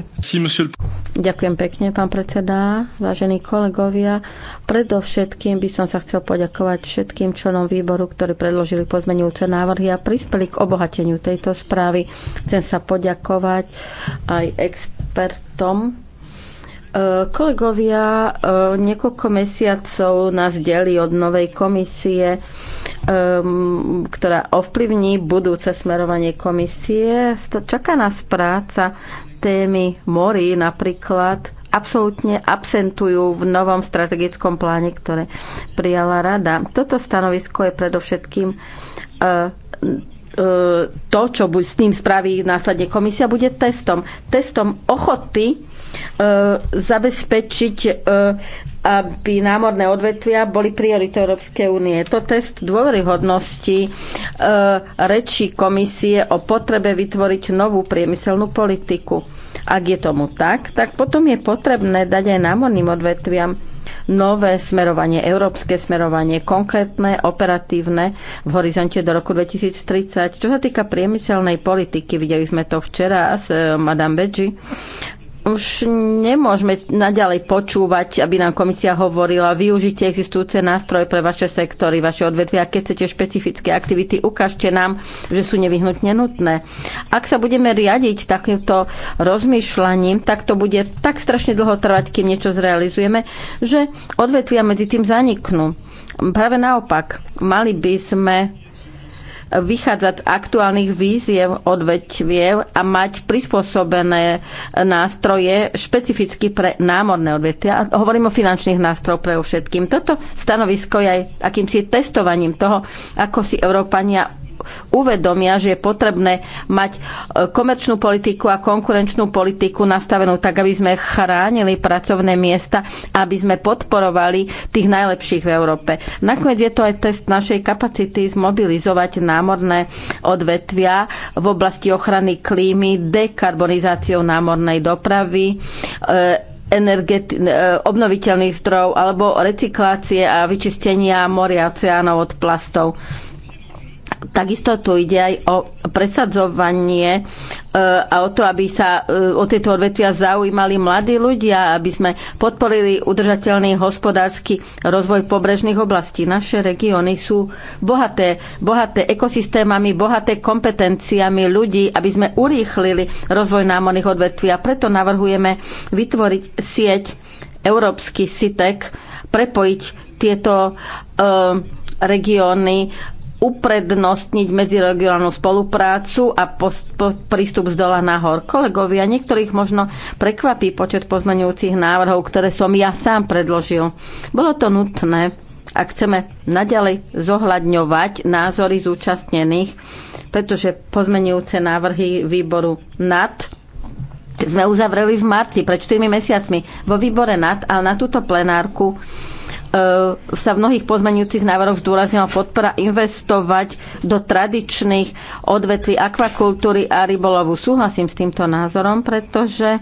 Ďakujem pekne, pán predseda, vážení kolegovia. Predovšetkým by som sa chcel poďakovať všetkým členom výboru, ktorí predložili pozmenujúce návrhy a prispeli k obohateniu tejto správy. Chcem sa poďakovať aj expertom expertom. E, kolegovia e, niekoľko mesiacov nás delí od novej komisie, e, ktorá ovplyvní budúce smerovanie komisie. Čaká nás práca témy morí napríklad absolútne absentujú v novom strategickom pláne, ktoré prijala rada. Toto stanovisko je predovšetkým E, to, čo s tým spraví následne komisia, bude testom. Testom ochoty e, zabezpečiť, e, aby námorné odvetvia boli prioritou Európskej únie. Je to test dôveryhodnosti rečí komisie o potrebe vytvoriť novú priemyselnú politiku. Ak je tomu tak, tak potom je potrebné dať aj námorným odvetviam nové smerovanie, európske smerovanie, konkrétne, operatívne v horizonte do roku 2030. Čo sa týka priemyselnej politiky, videli sme to včera s eh, Madame Beggi, už nemôžeme naďalej počúvať, aby nám komisia hovorila, využite existujúce nástroje pre vaše sektory, vaše odvetvia. Keď chcete špecifické aktivity, ukážte nám, že sú nevyhnutne nutné. Ak sa budeme riadiť takýmto rozmýšľaním, tak to bude tak strašne dlho trvať, kým niečo zrealizujeme, že odvetvia medzi tým zaniknú. Práve naopak, mali by sme vychádzať z aktuálnych víziev odvetviev a mať prispôsobené nástroje špecificky pre námorné odvetvia. Hovorím o finančných nástrojoch pre všetkým. Toto stanovisko je aj akýmsi testovaním toho, ako si Európania uvedomia, že je potrebné mať e, komerčnú politiku a konkurenčnú politiku nastavenú tak, aby sme chránili pracovné miesta, aby sme podporovali tých najlepších v Európe. Nakoniec je to aj test našej kapacity zmobilizovať námorné odvetvia v oblasti ochrany klímy, dekarbonizáciou námornej dopravy, e, energeti- e, obnoviteľných zdrojov alebo recyklácie a vyčistenia moria oceánov od plastov takisto tu ide aj o presadzovanie e, a o to, aby sa e, o tieto odvetvia zaujímali mladí ľudia, aby sme podporili udržateľný hospodársky rozvoj pobrežných oblastí. Naše regióny sú bohaté, bohaté ekosystémami, bohaté kompetenciami ľudí, aby sme urýchlili rozvoj námorných odvetví a preto navrhujeme vytvoriť sieť Európsky SITEC, prepojiť tieto uh, regióny uprednostniť medziregionálnu spoluprácu a post, po, prístup z dola nahor. Kolegovia, niektorých možno prekvapí počet pozmenujúcich návrhov, ktoré som ja sám predložil. Bolo to nutné, a chceme naďalej zohľadňovať názory zúčastnených, pretože pozmenujúce návrhy výboru NAT sme uzavreli v marci, pred 4 mesiacmi, vo výbore NAT a na túto plenárku E, sa v mnohých pozmenujúcich návrhoch zdôraznila podpora investovať do tradičných odvetví akvakultúry a rybolovu. Súhlasím s týmto názorom, pretože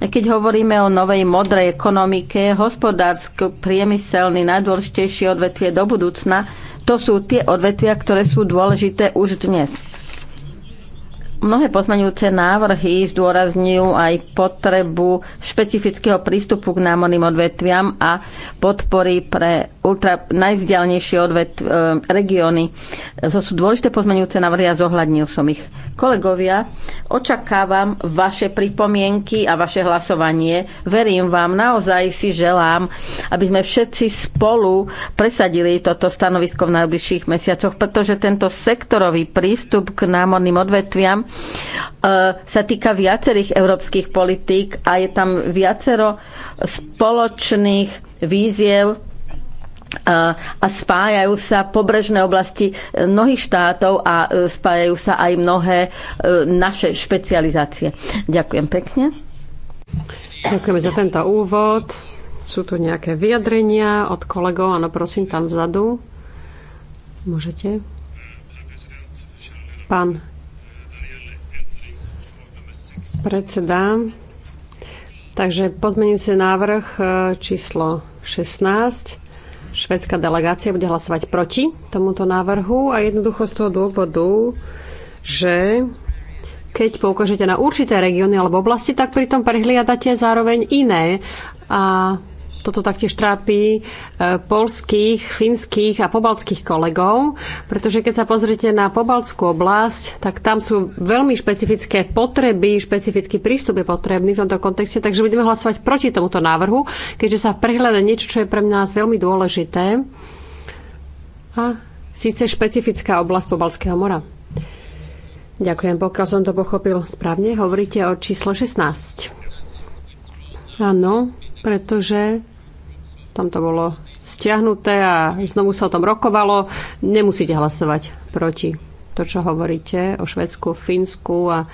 keď hovoríme o novej modrej ekonomike, hospodársky, priemyselný najdôležitejšie odvetvie do budúcna, to sú tie odvetvia, ktoré sú dôležité už dnes. Mnohé pozmeňujúce návrhy zdôrazňujú aj potrebu špecifického prístupu k námorným odvetviam a podpory pre ultra najvzdialnejšie odvetv, e, regióny. To sú dôležité pozmeňujúce návrhy a zohľadnil som ich. Kolegovia, očakávam vaše pripomienky a vaše hlasovanie. Verím vám, naozaj si želám, aby sme všetci spolu presadili toto stanovisko v najbližších mesiacoch, pretože tento sektorový prístup k námorným odvetviam Eh, sa týka viacerých európskych politík a je tam viacero spoločných víziev eh, a spájajú sa pobrežné oblasti eh, mnohých štátov a spájajú sa aj mnohé naše špecializácie. Ďakujem pekne. Ďakujeme za tento úvod. Sú tu nejaké vyjadrenia od kolegov? Áno, prosím, tam vzadu. Môžete. Pán Predseda. Takže pozmenujúci návrh e, číslo 16. Švedská delegácia bude hlasovať proti tomuto návrhu a jednoducho z toho dôvodu, že keď poukážete na určité regióny alebo oblasti, tak pritom prehliadate zároveň iné. A toto taktiež trápi e, polských, finských a pobaltských kolegov, pretože keď sa pozrite na pobaltskú oblasť, tak tam sú veľmi špecifické potreby, špecifický prístup je potrebný v tomto kontexte, takže budeme hlasovať proti tomuto návrhu, keďže sa prehľada niečo, čo je pre nás veľmi dôležité. A síce špecifická oblasť Pobalského mora. Ďakujem, pokiaľ som to pochopil správne. Hovoríte o číslo 16. Áno, pretože tam to bolo stiahnuté a znovu sa o tom rokovalo. Nemusíte hlasovať proti to, čo hovoríte o Švedsku, Fínsku a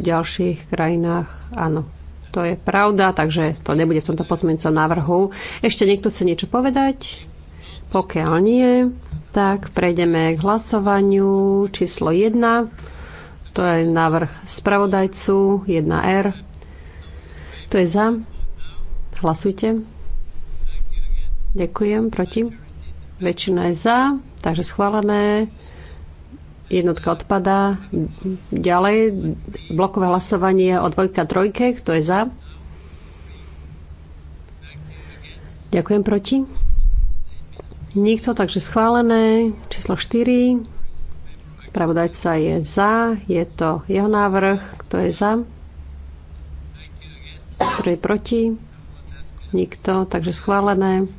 ďalších krajinách. Áno, to je pravda, takže to nebude v tomto pozmeňujúcom návrhu. Ešte niekto chce niečo povedať? Pokiaľ nie, tak prejdeme k hlasovaniu číslo 1. To je návrh spravodajcu 1R. To je za. Hlasujte. Ďakujem. Proti? Väčšina je za, takže schválené. Jednotka odpadá. Ďalej blokové hlasovanie o dvojka, trojke. Kto je za? Ďakujem. Proti? Nikto, takže schválené. Číslo 4. Pravodajca je za. Je to jeho návrh. Kto je za? Kto je proti? Nikto, takže schválené.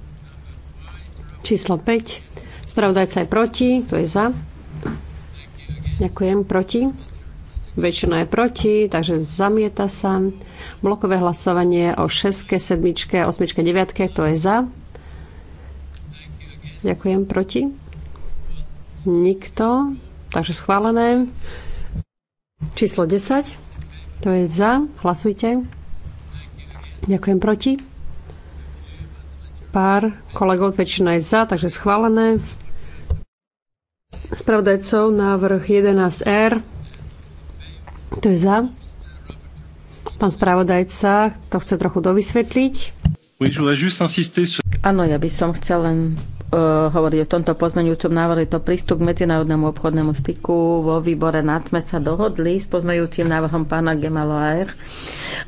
Číslo 5. Spravodajca je proti. Kto je za? Ďakujem. Proti. Väčšina je proti, takže zamieta sa. Blokové hlasovanie o 6, 7, 8, 9, to je za. Ďakujem. Proti? Nikto. Takže schválené. Číslo 10. To je za. Hlasujte. Ďakujem. Proti? pár kolegov, väčšina je za, takže schválené. Spravodajcov návrh 11R. To je za. Pán spravodajca to chce trochu dovysvetliť. Áno, ja by som chcel len Eh, hovorí o tomto pozmeňujúcom návrhu, to prístup k medzinárodnému obchodnému styku. Vo výbore NAD sme sa dohodli s pozmeňujúcim návrhom pána Gemaloer.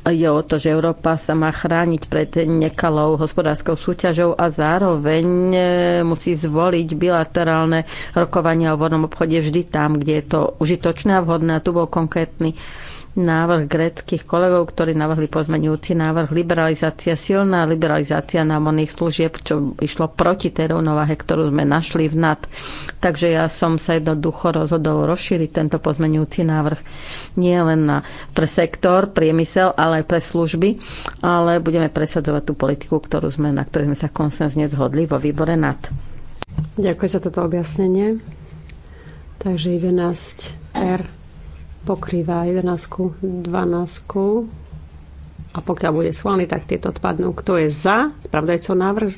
Je o to, že Európa sa má chrániť pred nekalou hospodárskou súťažou a zároveň eh, musí zvoliť bilaterálne rokovania o voľnom obchode vždy tam, kde je to užitočné a vhodné. A tu bol konkrétny návrh greckých kolegov, ktorí navrhli pozmenujúci návrh liberalizácia, silná liberalizácia námorných služieb, čo išlo proti tej rovnováhe, ktorú sme našli v NAT. Takže ja som sa jednoducho rozhodol rozšíriť tento pozmenujúci návrh nie len na, pre sektor, priemysel, ale aj pre služby, ale budeme presadzovať tú politiku, ktorú sme, na ktorej sme sa konsenzne zhodli vo výbore NAT. Ďakujem za toto objasnenie. Takže 11 R pokrýva 11, 12 a pokiaľ bude schválený, tak tieto odpadnú. Kto je za Spravdajco návrh?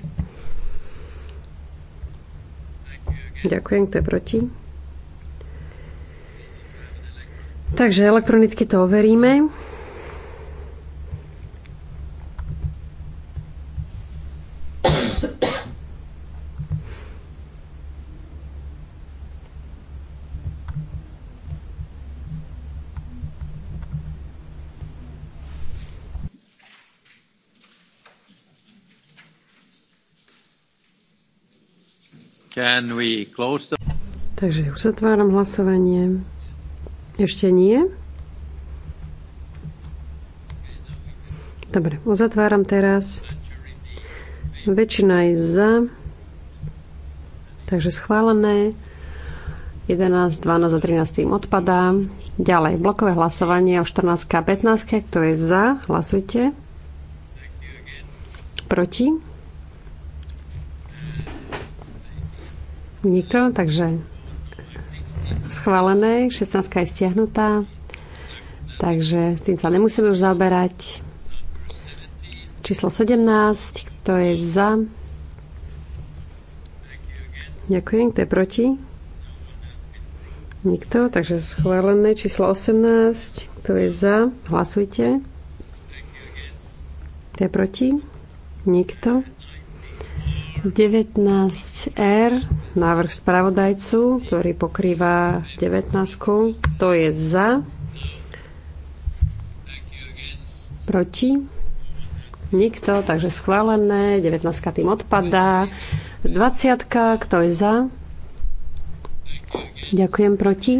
Ďakujem, kto je proti? Takže elektronicky to overíme. Can we close the... Takže uzatváram hlasovanie. Ešte nie? Dobre, uzatváram teraz. Väčšina je za. Takže schválené. 11, 12 a 13 tým odpadá. Ďalej, blokové hlasovanie o 14 a 15, kto je za, hlasujte. Proti? Nikto, takže schválené. 16 je stiahnutá, takže s tým sa nemusíme už zaoberať. Číslo 17, kto je za? Ďakujem, kto je proti? Nikto, takže schválené. Číslo 18, kto je za? Hlasujte. Kto je proti? Nikto. 19R, návrh spravodajcu, ktorý pokrýva 19. To je za? Proti? Nikto, takže schválené. 19. tým odpadá. 20. Kto je za? Ďakujem proti.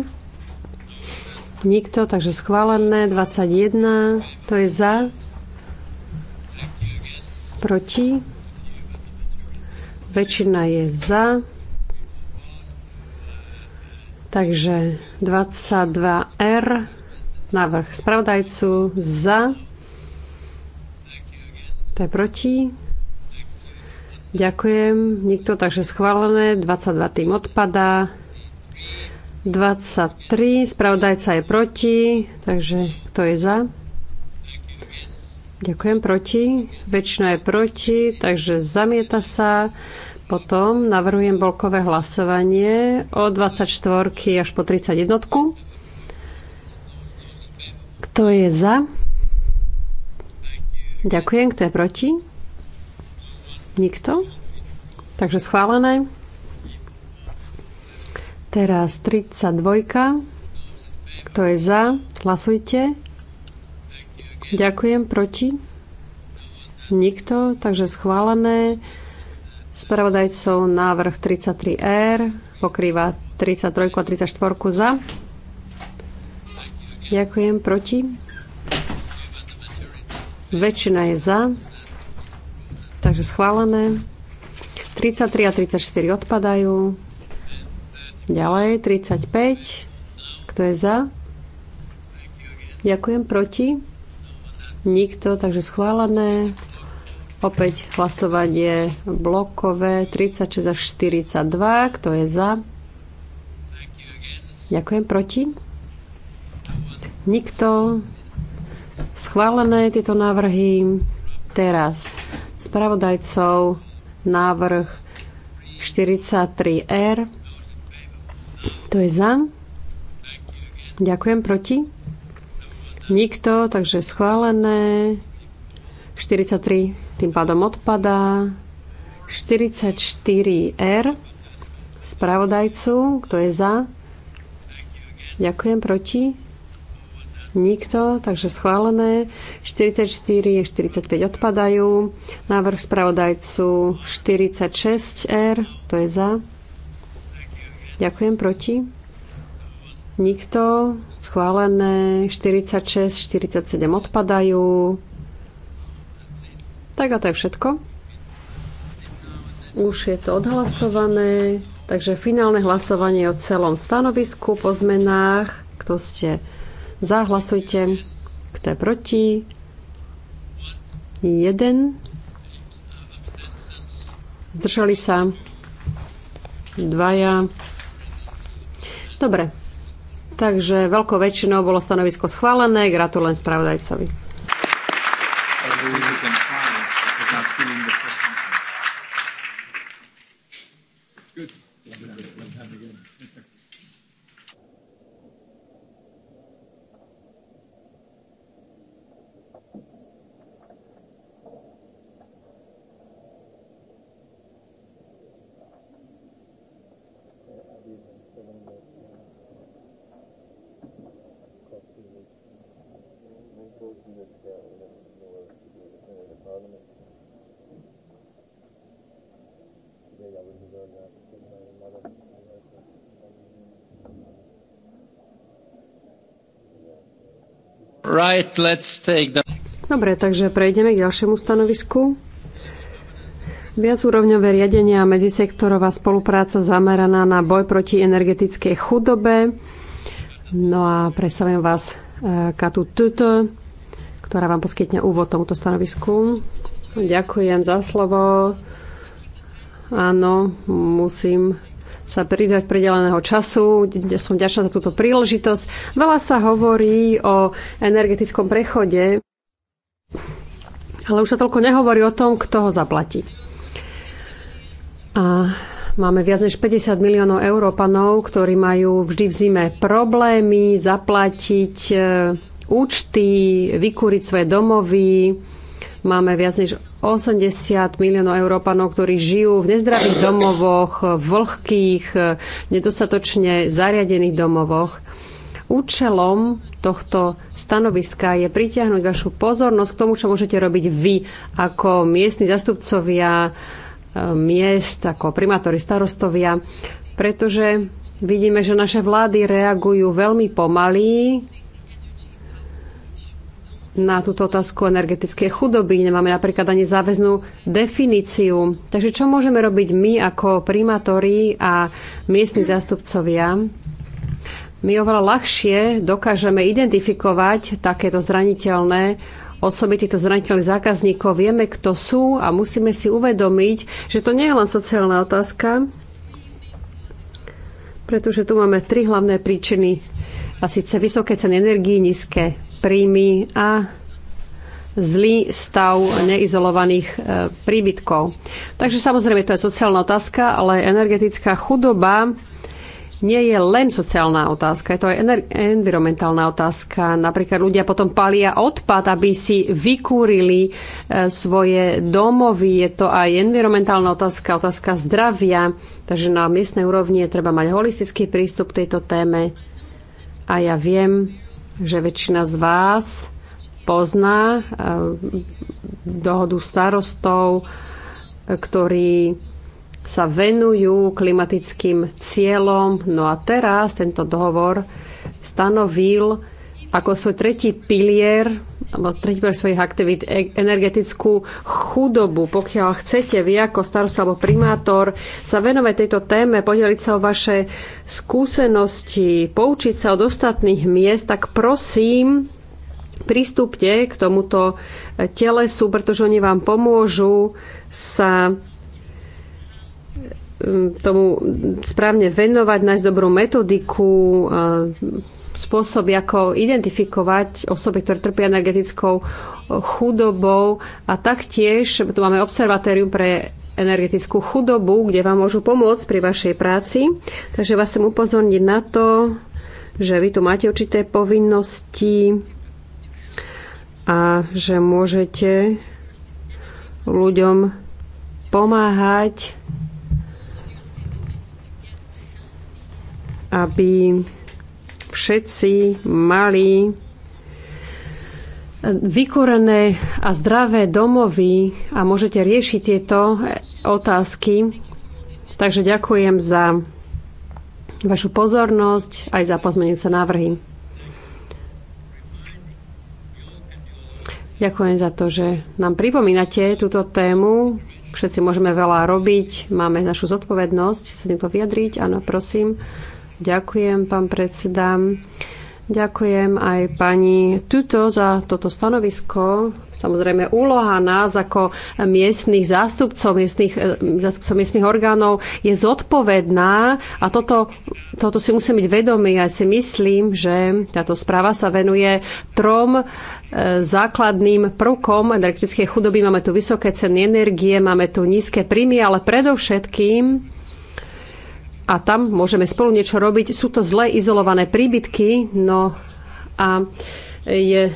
Nikto, takže schválené. 21. To je za. Proti. Väčšina je za. Takže 22R, návrh spravodajcu za, to je proti. Ďakujem, nikto, takže schválené, 22 tým odpadá. 23, spravodajca je proti, takže kto je za? Ďakujem, proti. Väčšina je proti, takže zamieta sa. Potom navrhujem blokové hlasovanie o 24 až po 31. Kto je za? Ďakujem. Kto je proti? Nikto. Takže schválené. Teraz 32. Kto je za? Hlasujte. Ďakujem. Proti? Nikto. Takže schválené. Spravodajcov návrh 33R pokrýva 33 a 34 za. Ďakujem. Proti? Väčšina je za. Takže schválené. 33 a 34 odpadajú. Ďalej 35. Kto je za? Ďakujem. Proti? Nikto, takže schválené. Opäť hlasovanie blokové 36 až 42. Kto je za? Ďakujem. Proti? Nikto. Schválené tieto návrhy. Teraz spravodajcov návrh 43R. To je za. Ďakujem. Proti? Nikto. Takže schválené. 43 tým pádom odpadá. 44R er, spravodajcu, kto je za. Ďakujem, proti. Nikto, takže schválené. 44 a 45 odpadajú. Návrh spravodajcu 46R, er, to je za. Ďakujem, proti. Nikto, schválené. 46, 47 odpadajú. Tak a to je všetko. Už je to odhlasované, takže finálne hlasovanie o celom stanovisku po zmenách. Kto ste za, hlasujte. Kto je proti? Jeden. Zdržali sa dvaja. Dobre. Takže veľkou väčšinou bolo stanovisko schválené. Gratulujem spravodajcovi. Right, let's take the... Dobre, takže prejdeme k ďalšiemu stanovisku. Viacúrovňové riadenie a medzisektorová spolupráca zameraná na boj proti energetickej chudobe. No a predstavujem vás eh, Katu Tuto, ktorá vám poskytne úvod tomuto stanovisku. Ďakujem za slovo. Áno, musím sa pridať predeleného času. Som ďačná za túto príležitosť. Veľa sa hovorí o energetickom prechode, ale už sa toľko nehovorí o tom, kto ho zaplatí. A máme viac než 50 miliónov Európanov, ktorí majú vždy v zime problémy zaplatiť eh, účty, vykúriť svoje domovy, Máme viac než 80 miliónov Európanov, ktorí žijú v nezdravých domovoch, vlhkých, nedostatočne zariadených domovoch. Účelom tohto stanoviska je pritiahnuť vašu pozornosť k tomu, čo môžete robiť vy ako miestni zastupcovia e, miest, ako primátori, starostovia, pretože vidíme, že naše vlády reagujú veľmi pomaly na túto otázku energetické chudoby, nemáme napríklad ani záväznú definíciu. Takže čo môžeme robiť my ako primátori a miestni zástupcovia? My oveľa ľahšie dokážeme identifikovať takéto zraniteľné osoby, týchto zraniteľných zákazníkov. Vieme, kto sú a musíme si uvedomiť, že to nie je len sociálna otázka, pretože tu máme tri hlavné príčiny a síce vysoké ceny energii, nízke príjmy a zlý stav neizolovaných e, príbytkov. Takže samozrejme to je sociálna otázka, ale energetická chudoba nie je len sociálna otázka, je to aj environmentálna otázka. Napríklad ľudia potom palia odpad, aby si vykúrili e, svoje domovy. Je to aj environmentálna otázka, otázka zdravia. Takže na miestnej úrovni je treba mať holistický prístup k tejto téme. A ja viem, že väčšina z vás pozná eh, dohodu starostov, ktorí sa venujú klimatickým cieľom. No a teraz tento dohovor stanovil ako svoj tretí pilier alebo tretí pilier svojich aktivít e- energetickú chudobu. Pokiaľ chcete vy ako starosta alebo primátor sa venovať tejto téme, podeliť sa o vaše skúsenosti, poučiť sa od ostatných miest, tak prosím, pristúpte k tomuto e, telesu, pretože oni vám pomôžu sa e, tomu správne venovať, nájsť dobrú metodiku, spôsoby, ako identifikovať osoby, ktoré trpia energetickou chudobou. A taktiež tu máme observatérium pre energetickú chudobu, kde vám môžu pomôcť pri vašej práci. Takže vás chcem upozorniť na to, že vy tu máte určité povinnosti a že môžete ľuďom pomáhať, aby všetci mali vykorené a zdravé domovy a môžete riešiť tieto otázky. Takže ďakujem za vašu pozornosť aj za pozmenujúce návrhy. Ďakujem za to, že nám pripomínate túto tému. Všetci môžeme veľa robiť, máme našu zodpovednosť sa týmto vyjadriť. Áno, prosím. Ďakujem, pán predseda. Ďakujem aj pani Tuto za toto stanovisko. Samozrejme, úloha nás ako miestnych zástupcov, miestných, e, zástupcov miestnych orgánov je zodpovedná a toto, toto si musím byť vedomý. Ja si myslím, že táto správa sa venuje trom e, základným prvkom energetickej chudoby. Máme tu vysoké ceny energie, máme tu nízke príjmy, ale predovšetkým a tam môžeme spolu niečo robiť. Sú to zle izolované príbytky, no a je e,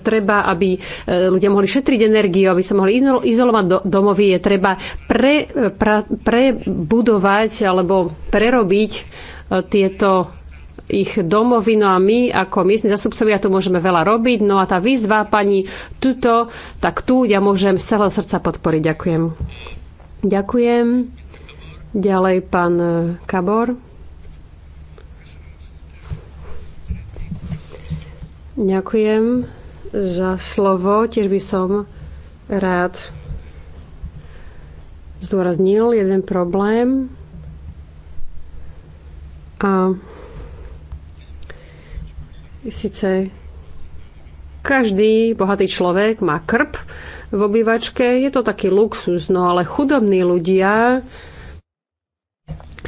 treba, aby e, ľudia mohli šetriť energiu, aby sa mohli izolovať domovy, je treba pre, pra, prebudovať alebo prerobiť e, tieto ich domovy, no a my ako miestni zastupcovia tu môžeme veľa robiť. No a tá výzva pani tuto, tak tu ja môžem z celého srdca podporiť. Ďakujem. Ďakujem. Ďalej pán e, Kabor. Ďakujem za slovo. Tiež by som rád zdôraznil jeden problém. A síce každý bohatý človek má krp v obývačke. Je to taký luxus, no ale chudobní ľudia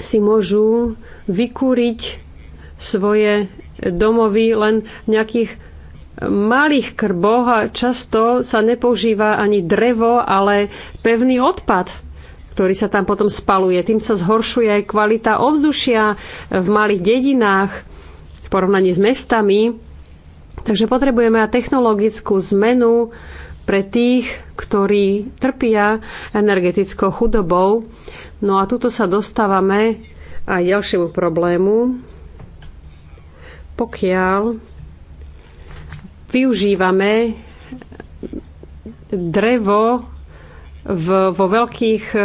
si môžu vykúriť svoje domovy len v nejakých malých krboch a často sa nepoužíva ani drevo, ale pevný odpad, ktorý sa tam potom spaluje. Tým sa zhoršuje aj kvalita ovzdušia v malých dedinách v porovnaní s mestami. Takže potrebujeme aj technologickú zmenu pre tých, ktorí trpia energetickou chudobou. No a tuto sa dostávame aj ďalšiemu problému. Pokiaľ využívame drevo v, vo veľkých e,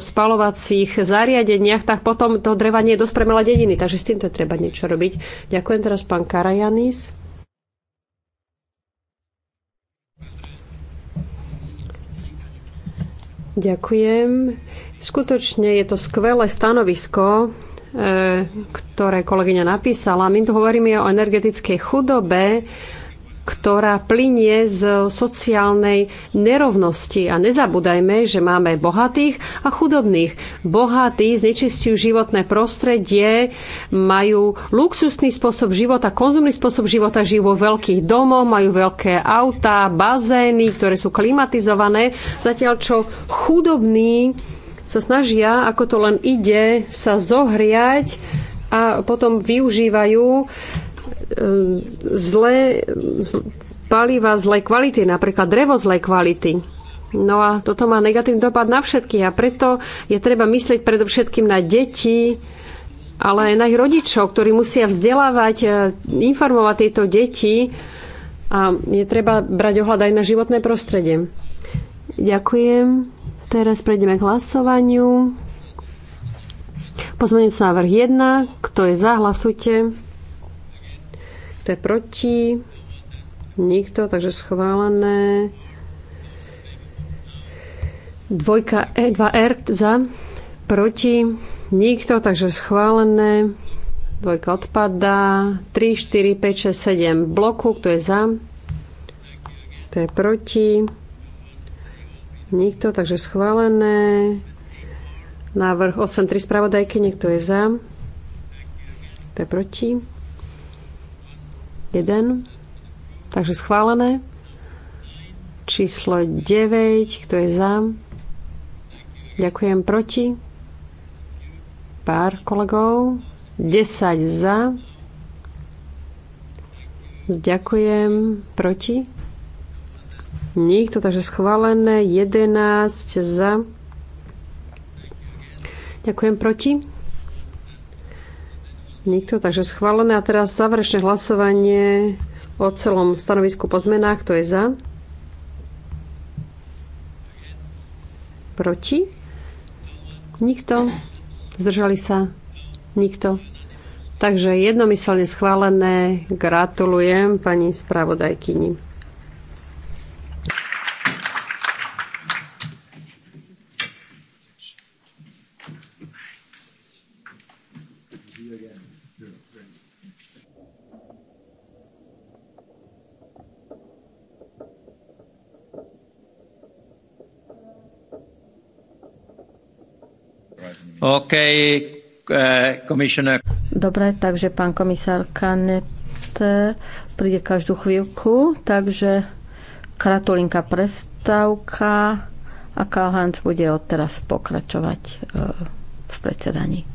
spalovacích zariadeniach, tak potom to dreva nie je dosť dediny. Takže s týmto treba niečo robiť. Ďakujem teraz pán Karajanis. Ďakujem. Skutočne je to skvelé stanovisko, e, ktoré kolegyňa napísala. My tu hovoríme o energetickej chudobe ktorá plinie z sociálnej nerovnosti. A nezabúdajme, že máme bohatých a chudobných. Bohatí znečistujú životné prostredie, majú luxusný spôsob života, konzumný spôsob života, žijú vo veľkých domoch, majú veľké autá, bazény, ktoré sú klimatizované, zatiaľ čo chudobní sa snažia, ako to len ide, sa zohriať a potom využívajú E, zlé paliva zlej kvality, napríklad drevo zlej kvality. No a toto má negatívny dopad na všetkých a preto je treba myslieť predovšetkým na deti, ale aj na ich rodičov, ktorí musia vzdelávať, e, informovať tieto deti a je treba brať ohľad aj na životné prostredie. Ďakujem. Teraz prejdeme k hlasovaniu. Pozmeňujúci návrh 1. Kto je za, hlasujte. To je proti? Nikto, takže schválené. Dvojka E, 2R za, proti, nikto, takže schválené. Dvojka odpadá. 3, 4, 5, 6, 7 bloku, kto je za, To je proti, nikto, takže schválené. Návrh 8, 3 spravodajky, niekto je za, To je proti. 1. Takže schválené. Číslo 9. Kto je za? Ďakujem. Proti? Pár kolegov. 10 za. Ďakujem. Proti? Nikto, takže schválené. 11 za. Ďakujem. Proti? Nikto, takže schválené. A teraz záverečné hlasovanie o celom stanovisku po zmenách. Kto je za? Proti? Nikto? Zdržali sa? Nikto? Takže jednomyselne schválené. Gratulujem pani spravodajkyni. again. OK, uh, Dobre, takže pán komisár Kanet eh, príde každú chvíľku, takže kratulinka prestávka a Karl Hans bude odteraz pokračovať eh, v predsedaní.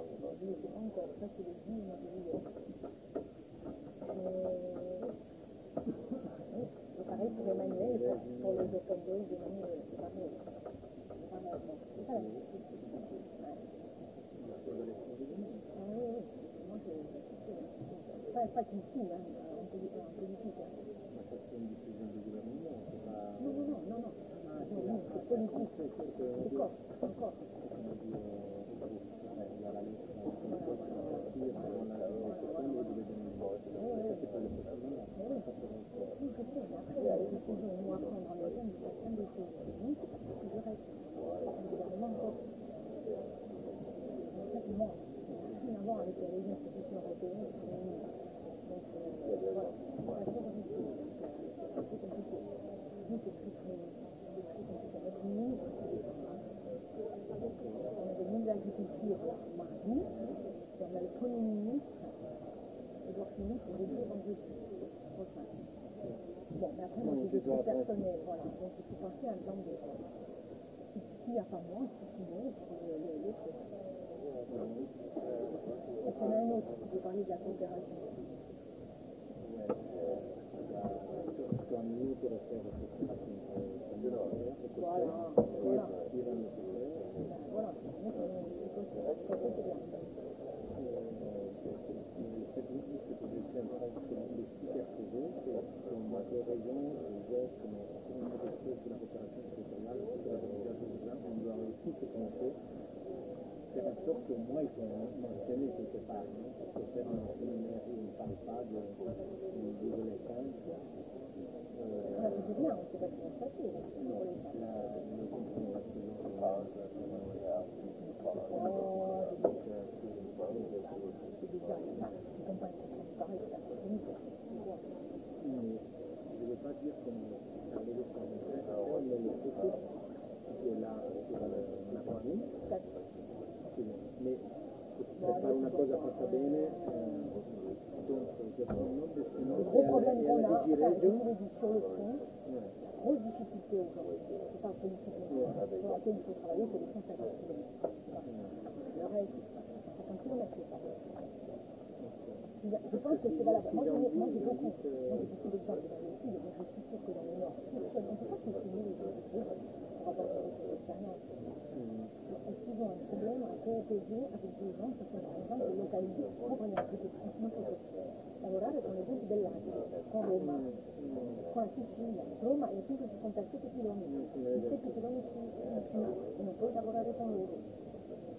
الوزير بأنكر شكل الدين الدينية وقعت زمنيات 是这个特别的一部分，我看到有政府针对是人，你就会人们说，他什么，尽量不要觉得一件事情和别人是一样的，但是我我这个是主人，这个是主人，你只是可以，这个是什么原因？我们人家就是去马云，我们昆明。personne n'est. Voilà. Donc il faut penser un nombre de gens. S'il n'y pas moi, c'est tout le monde, c'est l'autre. Parce qu'il y autre qui veut parler de la coopération. Voilà. Voilà. Voilà. C'est bien. Cette position, c'est une matière raison faire en sorte que moi je mais per fare cosa fatta bene le a, enfin, je vous grosse difficulté aujourd'hui, je pense que c'est valable. Moi, j'ai, beaucoup, moi, j'ai beaucoup d'exemples dans de suicide, mais je suis sûr que dans le Nord, personne, on ne peut pas continuer les gens par rapport à leur expérience. Elles souvent un problème à coopérer avec des gens qui sont, par exemple, localisés pour rien, qui sont franchement protecteurs. Lavorare con le gente dell'Asia, con Roma, con la Sicilia. Roma è a 167 km, 7 km in più, e non puoi lavorare con loro.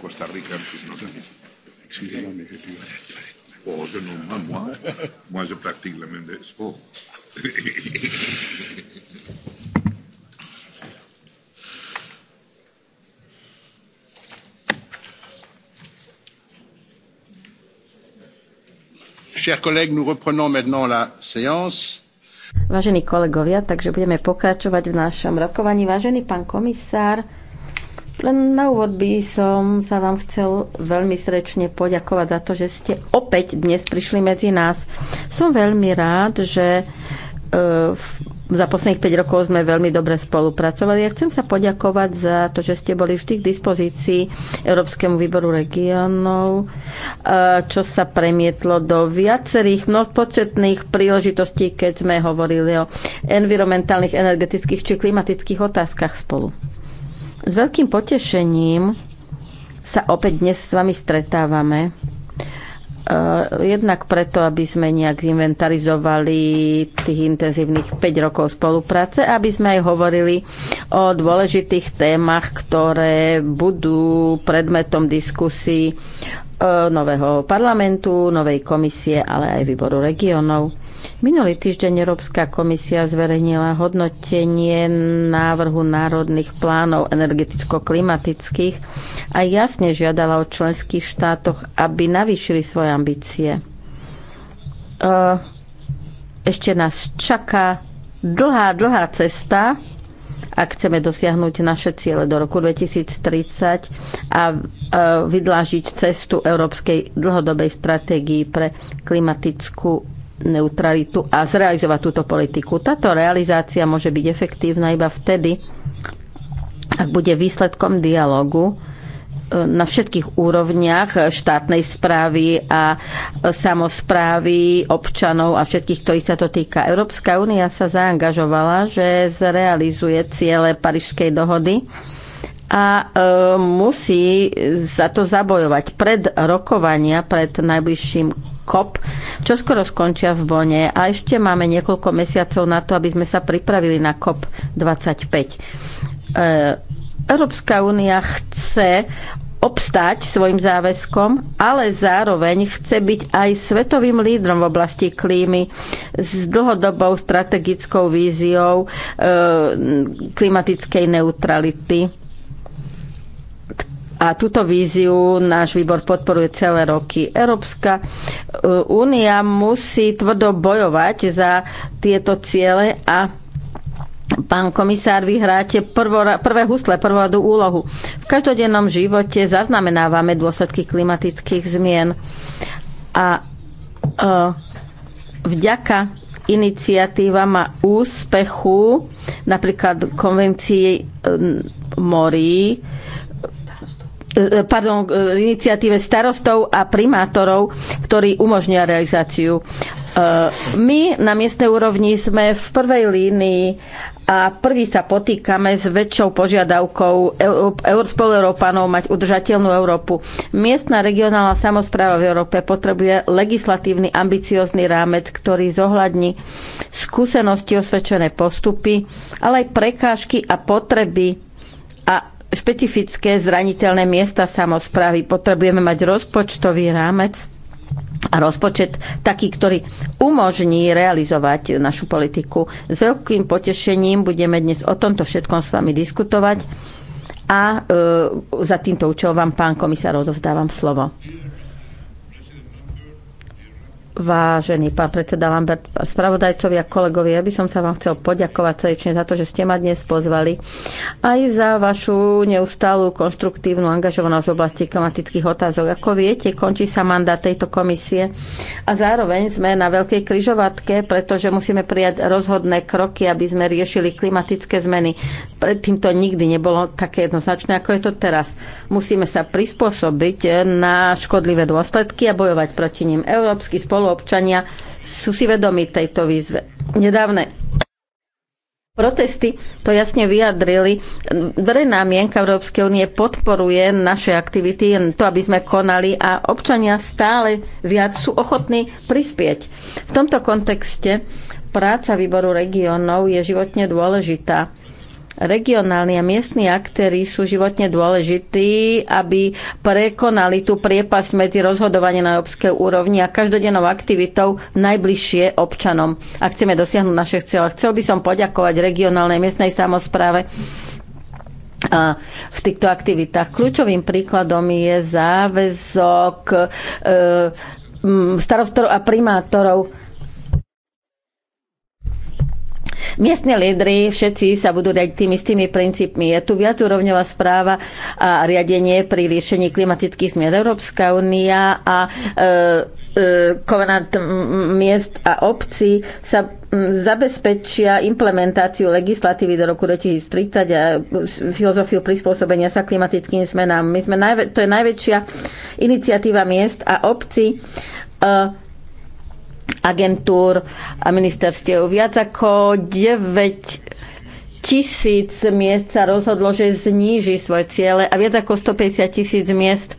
Costa Rica, no sé. Sí, sí. Oh, je ne pas moi. Moi, je pratique la même sport. Vážení kolegovia, takže budeme pokračovať v našom rokovaní. Vážený pán komisár, len na úvod by som sa vám chcel veľmi srečne poďakovať za to, že ste opäť dnes prišli medzi nás. Som veľmi rád, že e, v za posledných 5 rokov sme veľmi dobre spolupracovali. Ja chcem sa poďakovať za to, že ste boli vždy k dispozícii Európskemu výboru regiónov, čo sa premietlo do viacerých mnohopočetných príležitostí, keď sme hovorili o environmentálnych, energetických či klimatických otázkach spolu. S veľkým potešením sa opäť dnes s vami stretávame Eh, jednak preto, aby sme nejak inventarizovali tých intenzívnych 5 rokov spolupráce, aby sme aj hovorili o dôležitých témach, ktoré budú predmetom diskusí eh, nového parlamentu, novej komisie, ale aj výboru regionov. Minulý týždeň Európska komisia zverejnila hodnotenie návrhu národných plánov energeticko-klimatických a jasne žiadala o členských štátoch, aby navýšili svoje ambície. E, ešte nás čaká dlhá, dlhá cesta, ak chceme dosiahnuť naše ciele do roku 2030 a e, vydlážiť cestu Európskej dlhodobej stratégii pre klimatickú neutralitu a zrealizovať túto politiku. Táto realizácia môže byť efektívna iba vtedy, ak bude výsledkom dialogu e, na všetkých úrovniach štátnej správy a samozprávy občanov a všetkých, ktorých sa to týka. Európska únia sa zaangažovala, že zrealizuje ciele Parížskej dohody a e, musí za to zabojovať. Pred rokovania, pred najbližším COP, čo skoro skončia v Bone a ešte máme niekoľko mesiacov na to, aby sme sa pripravili na COP25. E, Európska únia chce obstáť svojim záväzkom, ale zároveň chce byť aj svetovým lídrom v oblasti klímy s dlhodobou strategickou víziou e, klimatickej neutrality a túto víziu náš výbor podporuje celé roky. Európska e, únia musí tvrdo bojovať za tieto ciele a Pán komisár, vy hráte prvé husle, prvú úlohu. V každodennom živote zaznamenávame dôsledky klimatických zmien a e, vďaka iniciatívam a úspechu napríklad konvencii e, morí E, pardon, e, iniciatíve starostov a primátorov, ktorí umožnia realizáciu. E, my na miestnej úrovni sme v prvej línii a prvý sa potýkame s väčšou požiadavkou spolueurópanov mať udržateľnú Európu. Miestna regionálna samozpráva v Európe potrebuje legislatívny ambiciózny rámec, ktorý zohľadní skúsenosti, osvedčené postupy, ale aj prekážky a potreby a špecifické zraniteľné miesta samozprávy. Potrebujeme mať rozpočtový rámec a rozpočet taký, ktorý umožní realizovať našu politiku. S veľkým potešením budeme dnes o tomto všetkom s vami diskutovať a e, za týmto účelom vám, pán komisár, odovzdávam slovo. Vážený pán predseda Lambert, spravodajcovia, kolegovia, ja by som sa vám chcel poďakovať srdečne za to, že ste ma dnes pozvali. Aj za vašu neustálu konštruktívnu angažovanosť v oblasti klimatických otázok. Ako viete, končí sa mandát tejto komisie a zároveň sme na veľkej kryžovatke, pretože musíme prijať rozhodné kroky, aby sme riešili klimatické zmeny. Predtým to nikdy nebolo také jednoznačné, ako je to teraz. Musíme sa prispôsobiť na škodlivé dôsledky a bojovať proti ním. Európsky spolu spoluobčania sú si vedomi tejto výzve. Nedávne protesty to jasne vyjadrili. Verejná mienka Európskej únie podporuje naše aktivity, to, aby sme konali a občania stále viac sú ochotní prispieť. V tomto kontexte práca výboru regiónov je životne dôležitá regionálni a miestni aktéry sú životne dôležití, aby prekonali tú priepasť medzi rozhodovanie na európskej úrovni a každodennou aktivitou najbližšie občanom. A chceme dosiahnuť naše cieľa. Chcel by som poďakovať regionálnej miestnej samozpráve a v týchto aktivitách. Kľúčovým príkladom je záväzok e, starostorov a primátorov Miestne lídry, všetci sa budú riadiť tými istými princípmi. Je tu viacúrovňová správa a riadenie pri riešení klimatických zmien. Európska únia a e, e konant miest a obcí sa zabezpečia implementáciu legislatívy do roku 2030 a filozofiu prispôsobenia sa klimatickým zmenám. My sme najvä- to je najväčšia iniciatíva miest a obcí. E, agentúr a ministerstiev. Viac ako 9 tisíc miest sa rozhodlo, že zníži svoje ciele a viac ako 150 tisíc miest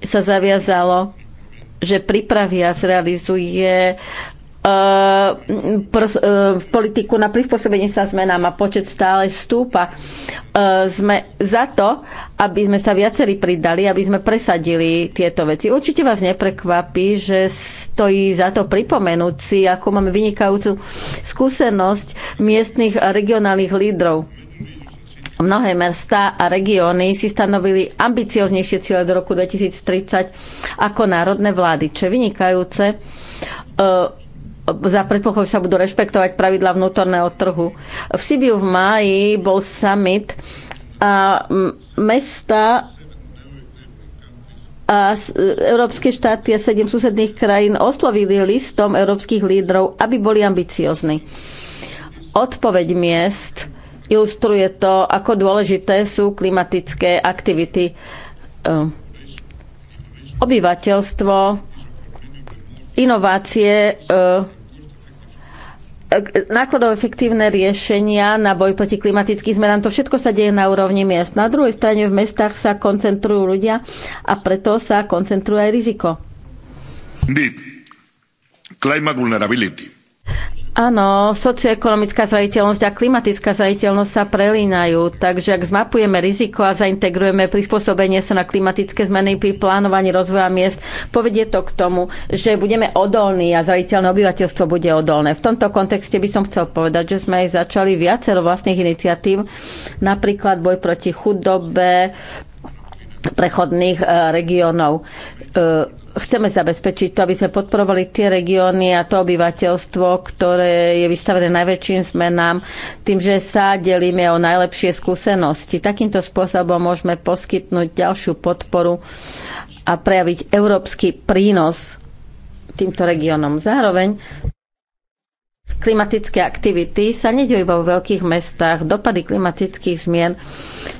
sa zaviazalo, že pripravia zrealizuje Eh, eh, v politiku na prispôsobenie sa zmenám a počet stále stúpa. Eh, sme za to, aby sme sa viacerí pridali, aby sme presadili tieto veci. Určite vás neprekvapí, že stojí za to pripomenúť si, ako máme vynikajúcu skúsenosť miestnych a regionálnych lídrov. Mnohé mesta a regióny si stanovili ambicioznejšie ciele do roku 2030 ako národné vlády, čo je vynikajúce za predpokladu, že sa budú rešpektovať pravidla vnútorného trhu. V Sibiu v máji bol summit a mesta a európske štáty a sedem susedných krajín oslovili listom európskych lídrov, aby boli ambiciozni. Odpoveď miest ilustruje to, ako dôležité sú klimatické aktivity. Ehm, obyvateľstvo, inovácie, ehm, nákladov efektívne riešenia na boj proti klimatickým zmenám. To všetko sa deje na úrovni miest. Na druhej strane v mestách sa koncentrujú ľudia a preto sa koncentruje aj riziko. Indeed. Climate vulnerability. Áno, socioekonomická zraditeľnosť a klimatická zraditeľnosť sa prelínajú, takže ak zmapujeme riziko a zaintegrujeme prispôsobenie sa na klimatické zmeny pri plánovaní rozvoja miest, povedie to k tomu, že budeme odolní a zraditeľné obyvateľstvo bude odolné. V tomto kontexte by som chcel povedať, že sme aj začali viacero vlastných iniciatív, napríklad boj proti chudobe, prechodných eh, regiónov eh, chceme zabezpečiť to, aby sme podporovali tie regióny a to obyvateľstvo, ktoré je vystavené najväčším zmenám, tým, že sa delíme o najlepšie skúsenosti. Takýmto spôsobom môžeme poskytnúť ďalšiu podporu a prejaviť európsky prínos týmto regiónom. Zároveň klimatické aktivity sa nedejú vo veľkých mestách. Dopady klimatických zmien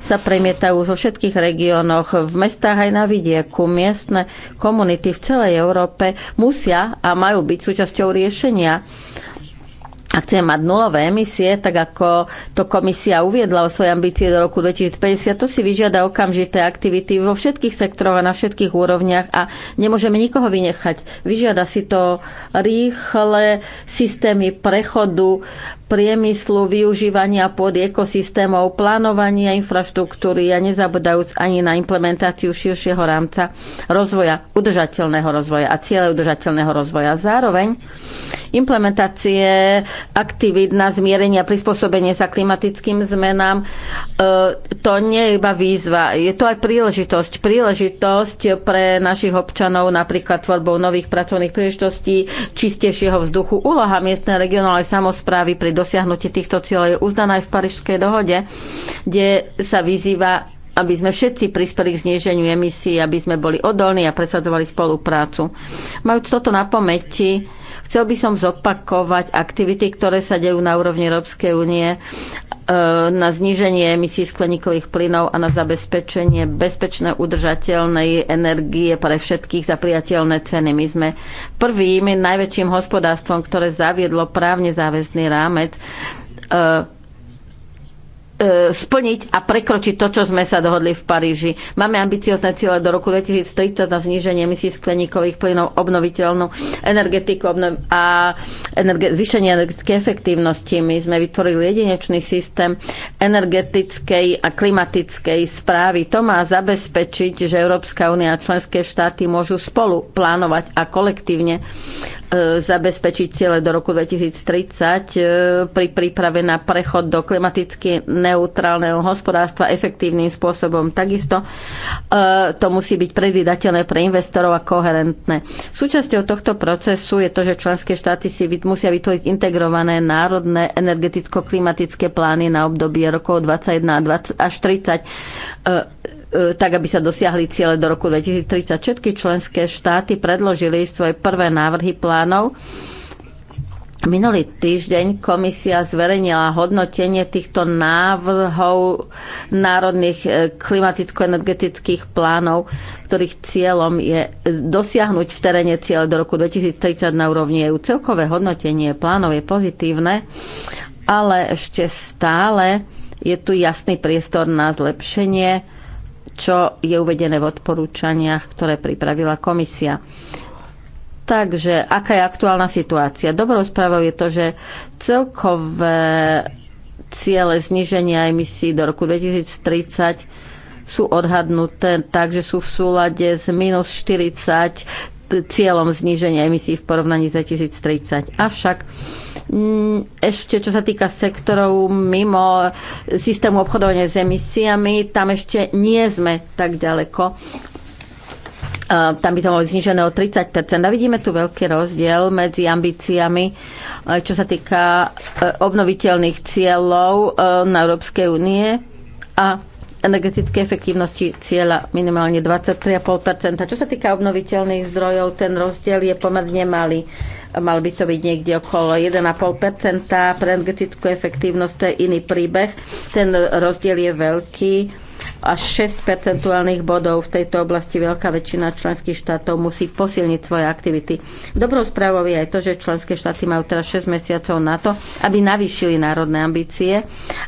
sa premietajú vo všetkých regiónoch, v mestách aj na vidieku. Miestne komunity v celej Európe musia a majú byť súčasťou riešenia ak chceme mať nulové emisie, tak ako to komisia uviedla o svoje ambície do roku 2050, to si vyžiada okamžité aktivity vo všetkých sektoroch a na všetkých úrovniach a nemôžeme nikoho vynechať. Vyžiada si to rýchle systémy prechodu, priemyslu, využívania pod ekosystémov, plánovania infraštruktúry a nezabudajúc ani na implementáciu širšieho rámca rozvoja, udržateľného rozvoja a cieľe udržateľného rozvoja. Zároveň implementácie aktivít na zmierenie a prispôsobenie sa klimatickým zmenám, e, to nie je iba výzva, je to aj príležitosť. Príležitosť pre našich občanov napríklad tvorbou nových pracovných príležitostí, čistejšieho vzduchu, úloha miestnej regionálnej samozprávy pri dosiahnutie týchto cieľov je uznaná aj v Parížskej dohode, kde sa vyzýva aby sme všetci prispeli k zníženiu emisí, aby sme boli odolní a presadzovali spoluprácu. Majúc toto na pamäti, Chcel by som zopakovať aktivity, ktoré sa dejú na úrovni Európskej únie e, na zníženie emisí skleníkových plynov a na zabezpečenie bezpečnej udržateľnej energie pre všetkých za priateľné ceny. My sme prvým najväčším hospodárstvom, ktoré zaviedlo právne záväzný rámec e, E, splniť a prekročiť to, čo sme sa dohodli v Paríži. Máme ambiciozne cieľe do roku 2030 na zníženie emisí skleníkových plynov, obnoviteľnú energetiku obnov a energe- zvýšenie energetickej efektívnosti. My sme vytvorili jedinečný systém energetickej a klimatickej správy. To má zabezpečiť, že Európska únia a členské štáty môžu spolu plánovať a kolektívne E, zabezpečiť cieľe do roku 2030 e, pri príprave na prechod do klimaticky neutrálneho hospodárstva efektívnym spôsobom. Takisto e, to musí byť predvydateľné pre investorov a koherentné. Súčasťou tohto procesu je to, že členské štáty si musia vytvoriť integrované národné energeticko-klimatické plány na obdobie rokov 2021 až 30 E, tak aby sa dosiahli ciele do roku 2030. Všetky členské štáty predložili svoje prvé návrhy plánov. Minulý týždeň komisia zverejnila hodnotenie týchto návrhov národných e, klimaticko-energetických plánov, ktorých cieľom je dosiahnuť v teréne cieľ do roku 2030 na úrovni EU. Celkové hodnotenie plánov je pozitívne, ale ešte stále je tu jasný priestor na zlepšenie čo je uvedené v odporúčaniach, ktoré pripravila komisia. Takže, aká je aktuálna situácia? Dobrou správou je to, že celkové ciele zniženia emisí do roku 2030 sú odhadnuté tak, že sú v súlade s minus 40 cieľom zníženia emisí v porovnaní s 2030. Avšak mm, ešte čo sa týka sektorov mimo systému obchodovania s emisiami, tam ešte nie sme tak ďaleko. Tam by to bolo znižené o 30 A vidíme tu veľký rozdiel medzi ambíciami, e, čo sa týka e, obnoviteľných cieľov e, na Európskej únie a energetickej efektivnosti cieľa minimálne 23,5 Čo sa týka obnoviteľných zdrojov, ten rozdiel je pomerne malý. Mal by to byť niekde okolo 1,5 Pre energetickú efektívnosť to je iný príbeh. Ten rozdiel je veľký až 6 percentuálnych bodov. V tejto oblasti veľká väčšina členských štátov musí posilniť svoje aktivity. Dobrou správou je aj to, že členské štáty majú teraz 6 mesiacov na to, aby navýšili národné ambície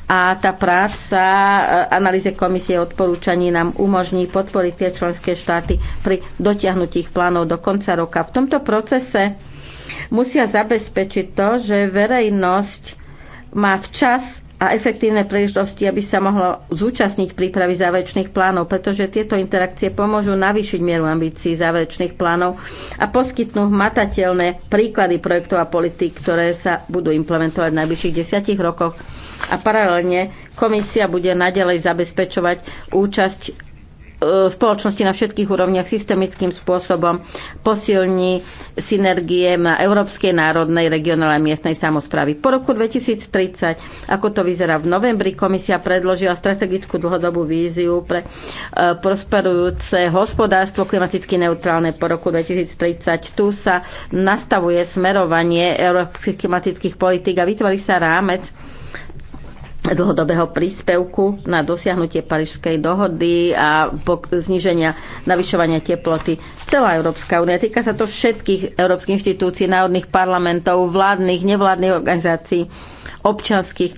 a tá práca eh, analýze komisie odporúčaní nám umožní podporiť tie členské štáty pri dotiahnutí ich plánov do konca roka. V tomto procese musia zabezpečiť to, že verejnosť má včas a efektívne príležitosti, aby sa mohlo zúčastniť prípravy záverečných plánov, pretože tieto interakcie pomôžu navýšiť mieru ambícií záverečných plánov a poskytnú matateľné príklady projektov a politik, ktoré sa budú implementovať v najbližších desiatich rokoch. A paralelne komisia bude naďalej zabezpečovať účasť spoločnosti na všetkých úrovniach systemickým spôsobom posilní synergie na európskej, národnej, regionálnej a miestnej samozprávy. Po roku 2030, ako to vyzerá v novembri, komisia predložila strategickú dlhodobú víziu pre e, prosperujúce hospodárstvo klimaticky neutrálne po roku 2030. Tu sa nastavuje smerovanie európskych klimatických politík a vytvorí sa rámec dlhodobého príspevku na dosiahnutie Parížskej dohody a zniženia navyšovania teploty. Celá Európska únia. Týka sa to všetkých európskych inštitúcií, národných parlamentov, vládnych, nevládnych organizácií, občanských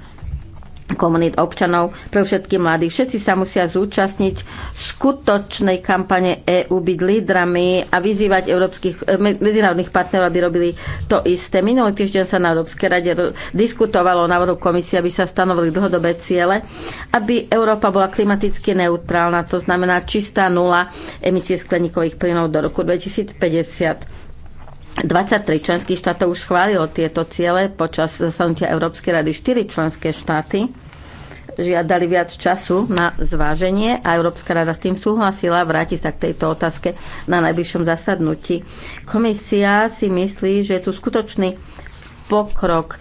komunít občanov, pre všetky mladých. Všetci sa musia zúčastniť skutočnej kampane EÚ byť lídrami a vyzývať európskych, eh, medzinárodných partnerov, aby robili to isté. Minulý týždeň sa na Európskej rade diskutovalo o návrhu komisie, aby sa stanovili dlhodobé ciele, aby Európa bola klimaticky neutrálna, to znamená čistá nula emisie skleníkových plynov do roku 2050 23 členských štátov už schválilo tieto ciele počas zasadnutia Európskej rady. 4 členské štáty žiadali viac času na zváženie a Európska rada s tým súhlasila vrátiť sa k tejto otázke na najbližšom zasadnutí. Komisia si myslí, že je tu skutočný pokrok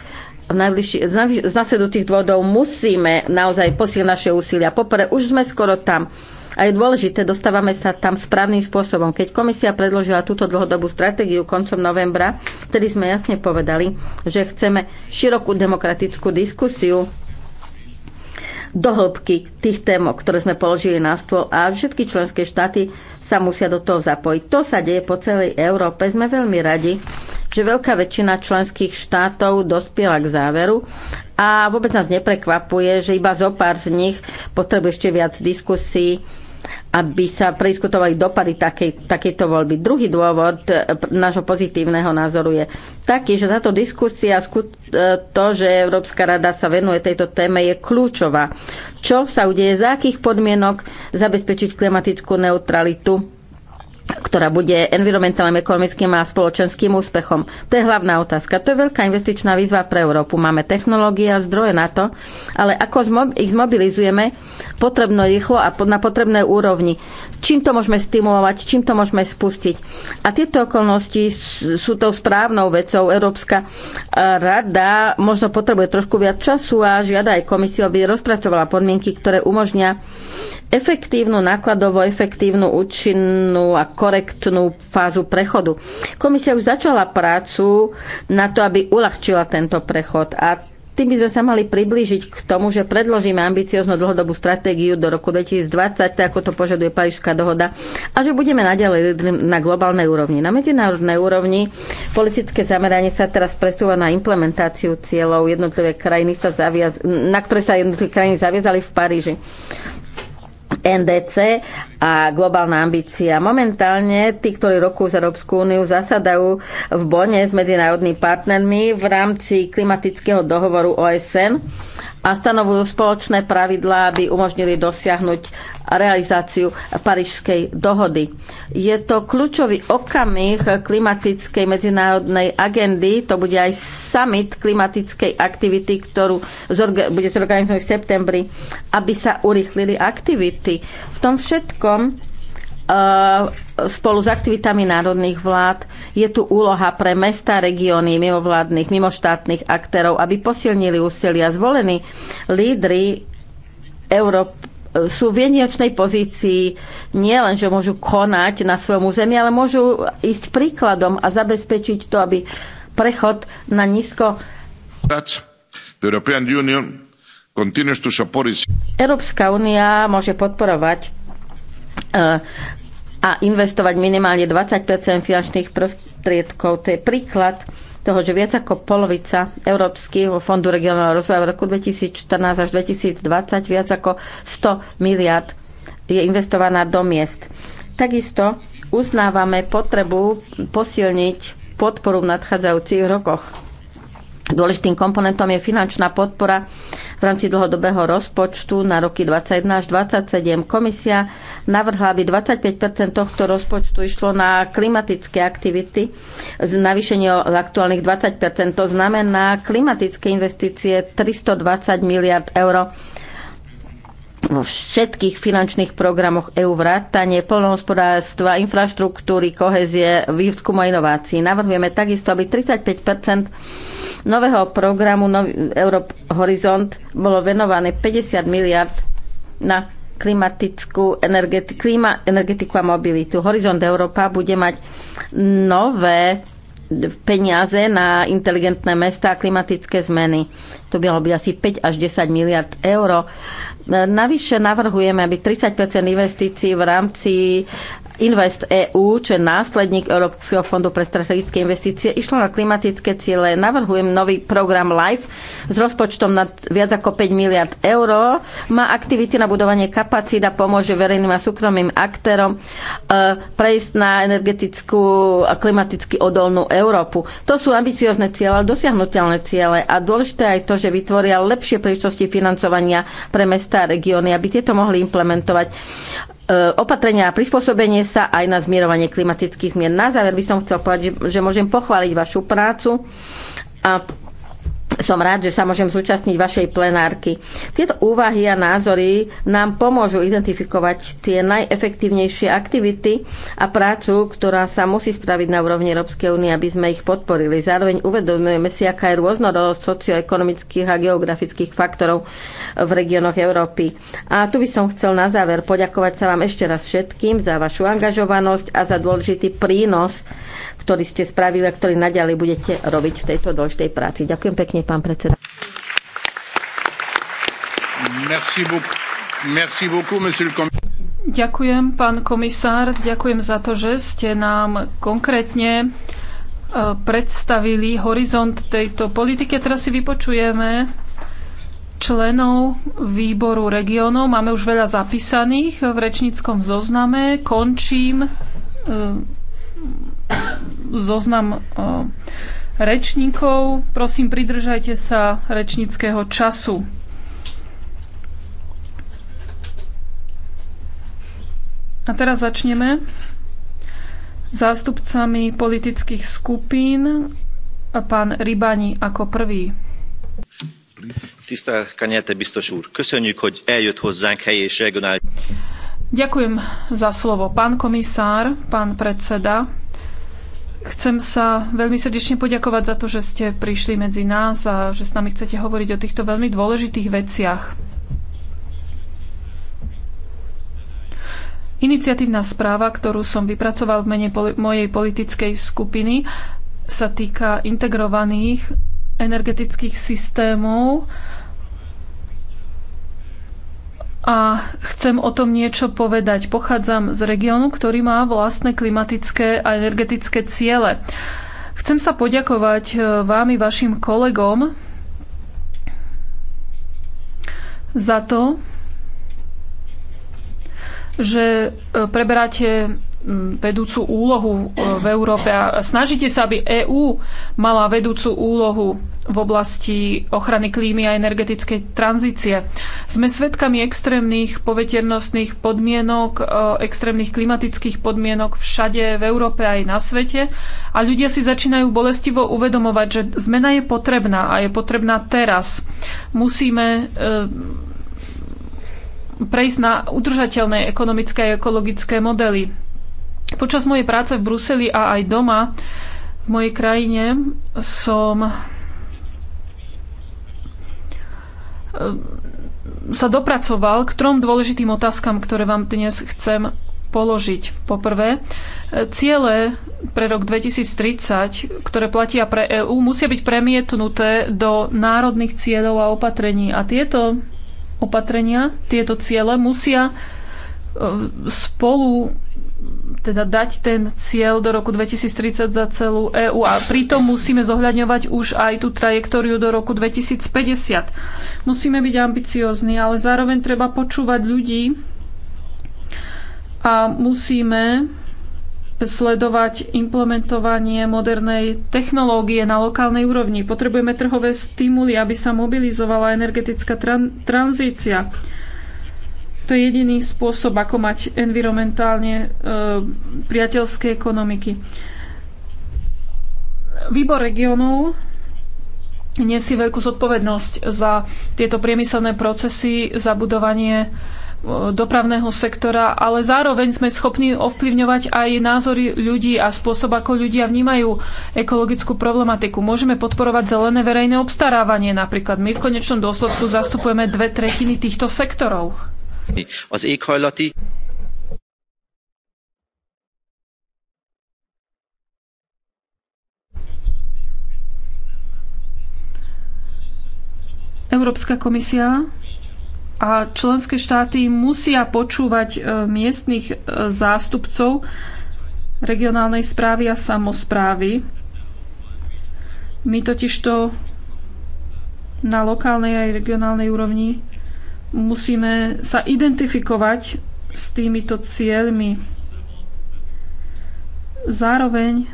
z následujúcich dôvodov musíme naozaj posilniť naše úsilia. Poprvé, už sme skoro tam a je dôležité, dostávame sa tam správnym spôsobom. Keď komisia predložila túto dlhodobú stratégiu koncom novembra, vtedy sme jasne povedali, že chceme širokú demokratickú diskusiu do hĺbky tých tém, ktoré sme položili na stôl a všetky členské štáty sa musia do toho zapojiť. To sa deje po celej Európe. Sme veľmi radi, že veľká väčšina členských štátov dospiela k záveru a vôbec nás neprekvapuje, že iba zo pár z nich potrebuje ešte viac diskusí aby sa preiskutovali dopady takej, takejto voľby. Druhý dôvod e, nášho pozitívneho názoru je taký, že táto diskusia, e, to, že Európska rada sa venuje tejto téme, je kľúčová. Čo sa udeje, za akých podmienok zabezpečiť klimatickú neutralitu ktorá bude environmentálnym, ekonomickým a spoločenským úspechom? To je hlavná otázka. To je veľká investičná výzva pre Európu. Máme technológie a zdroje na to, ale ako ich zmobilizujeme potrebno rýchlo a na potrebnej úrovni. Čím to môžeme stimulovať, čím to môžeme spustiť. A tieto okolnosti sú tou správnou vecou. Európska eh, rada možno potrebuje trošku viac času a žiada aj komisiu, aby rozpracovala podmienky, ktoré umožnia efektívnu, nákladovo efektívnu, účinnú a korektnú fázu prechodu. Komisia už začala prácu na to, aby uľahčila tento prechod a tým by sme sa mali priblížiť k tomu, že predložíme ambicioznú dlhodobú stratégiu do roku 2020, tak ako to požaduje Parížská dohoda, a že budeme naďalej na globálnej úrovni. Na medzinárodnej úrovni politické zameranie sa teraz presúva na implementáciu cieľov jednotlivé krajiny, sa zaviaz- na ktoré sa jednotlivé krajiny zaviazali v Paríži. NDC a globálna ambícia. Momentálne tí, ktorí rokujú z Európsku úniu, zasadajú v Bone s medzinárodnými partnermi v rámci klimatického dohovoru OSN a stanovujú spoločné pravidlá, aby umožnili dosiahnuť realizáciu Parížskej dohody. Je to kľúčový okamih klimatickej medzinárodnej agendy, to bude aj summit klimatickej aktivity, ktorú bude zorganizovať v septembri, aby sa urýchlili aktivity. V tom všetkom E, spolu s aktivitami národných vlád je tu úloha pre mesta, regióny, mimovládnych, mimoštátnych aktérov, aby posilnili úsilia. Zvolení lídry Európy sú v jedinečnej pozícii nie len, že môžu konať na svojom území, ale môžu ísť príkladom a zabezpečiť to, aby prechod na nízko... Európska únia môže podporovať a investovať minimálne 20 finančných prostriedkov. To je príklad toho, že viac ako polovica Európskeho fondu regionálneho rozvoja v roku 2014 až 2020 viac ako 100 miliard je investovaná do miest. Takisto uznávame potrebu posilniť podporu v nadchádzajúcich rokoch Dôležitým komponentom je finančná podpora v rámci dlhodobého rozpočtu na roky 2021 až 2027. Komisia navrhla, aby 25 tohto rozpočtu išlo na klimatické aktivity, navýšenie z aktuálnych 20 To znamená klimatické investície 320 miliard eur vo všetkých finančných programoch EU vrátanie polnohospodárstva, infraštruktúry, kohezie, výskumu a inovácií. Navrhujeme takisto, aby 35 nového programu Európ Horizont bolo venované 50 miliard na klimatickú energeti- klima, energetiku a mobilitu. Horizont Európa bude mať nové peniaze na inteligentné mesta a klimatické zmeny. To by malo byť asi 5 až 10 miliard eur Navyše navrhujeme, aby 30 investícií v rámci Invest EU, čo je následník Európskeho fondu pre strategické investície, išlo na klimatické ciele. Navrhujem nový program LIFE s rozpočtom na viac ako 5 miliard eur. Má aktivity na budovanie kapacít a pomôže verejným a súkromným aktérom e, prejsť na energetickú a klimaticky odolnú Európu. To sú ambiciozne ciele, dosiahnutelné ciele a dôležité aj to, že vytvoria lepšie príčnosti financovania pre mesta a regióny, aby tieto mohli implementovať E, opatrenia a prispôsobenie sa aj na zmierovanie klimatických zmien. Na záver by som chcel povedať, že, že môžem pochváliť vašu prácu a som rád, že sa môžem zúčastniť vašej plenárky. Tieto úvahy a názory nám pomôžu identifikovať tie najefektívnejšie aktivity a prácu, ktorá sa musí spraviť na úrovni Európskej únie, aby sme ich podporili. Zároveň uvedomujeme si, aká je rôznorodosť socioekonomických a geografických faktorov v regiónoch Európy. A tu by som chcel na záver poďakovať sa vám ešte raz všetkým za vašu angažovanosť a za dôležitý prínos, ktorý ste spravili a ktorý naďalej budete robiť v tejto dôležitej práci. Ďakujem pekne, pán predseda. Merci beaucoup. Merci beaucoup, monsieur le Ďakujem, pán komisár. Ďakujem za to, že ste nám konkrétne e, predstavili horizont tejto politiky. Teraz si vypočujeme členov výboru regionov. Máme už veľa zapísaných v rečníckom zozname. Končím e, zoznam e, rečníkov. Prosím, pridržajte sa rečníckého času. A teraz začneme zástupcami politických skupín. Pán Rybani ako prvý. Kanyete biztos úr, köszönjük, hogy eljött hozzánk helyi és regionális... Ďakujem za slovo. Pán komisár, pán predseda, Chcem sa veľmi srdečne poďakovať za to, že ste prišli medzi nás a že s nami chcete hovoriť o týchto veľmi dôležitých veciach. Iniciatívna správa, ktorú som vypracoval v mene poli- mojej politickej skupiny, sa týka integrovaných energetických systémov a chcem o tom niečo povedať. Pochádzam z regiónu, ktorý má vlastné klimatické a energetické ciele. Chcem sa poďakovať e, vám i vašim kolegom za to, že e, preberáte vedúcu úlohu e, v Európe a snažíte sa, aby EÚ mala vedúcu úlohu v oblasti ochrany klímy a energetickej tranzície. Sme svedkami extrémnych poveternostných podmienok, e, extrémnych klimatických podmienok všade v Európe aj na svete a ľudia si začínajú bolestivo uvedomovať, že zmena je potrebná a je potrebná teraz. Musíme e, prejsť na udržateľné ekonomické a ekologické modely Počas mojej práce v Bruseli a aj doma v mojej krajine som eh, sa dopracoval k trom dôležitým otázkam, ktoré vám dnes chcem položiť. Poprvé, eh, ciele pre rok 2030, ktoré platia pre EÚ, musia byť premietnuté do národných cieľov a opatrení. A tieto opatrenia, tieto ciele musia eh, spolu teda dať ten cieľ do roku 2030 za celú EÚ a pritom musíme zohľadňovať už aj tú trajektóriu do roku 2050. Musíme byť ambiciozni, ale zároveň treba počúvať ľudí a musíme sledovať implementovanie modernej technológie na lokálnej úrovni. Potrebujeme trhové stimuly, aby sa mobilizovala energetická tran- tranzícia. To je jediný spôsob, ako mať environmentálne e, priateľské ekonomiky. Výbor regionov nesie veľkú zodpovednosť za tieto priemyselné procesy, za budovanie e, dopravného sektora, ale zároveň sme schopní ovplyvňovať aj názory ľudí a spôsob, ako ľudia vnímajú ekologickú problematiku. Môžeme podporovať zelené verejné obstarávanie napríklad. My v konečnom dôsledku zastupujeme dve tretiny týchto sektorov. Az éghajlati Európska komisia a členské štáty musia počúvať e, miestnych e, zástupcov regionálnej správy a samozprávy. My totižto na lokálnej aj regionálnej úrovni Musíme sa identifikovať s týmito cieľmi. Zároveň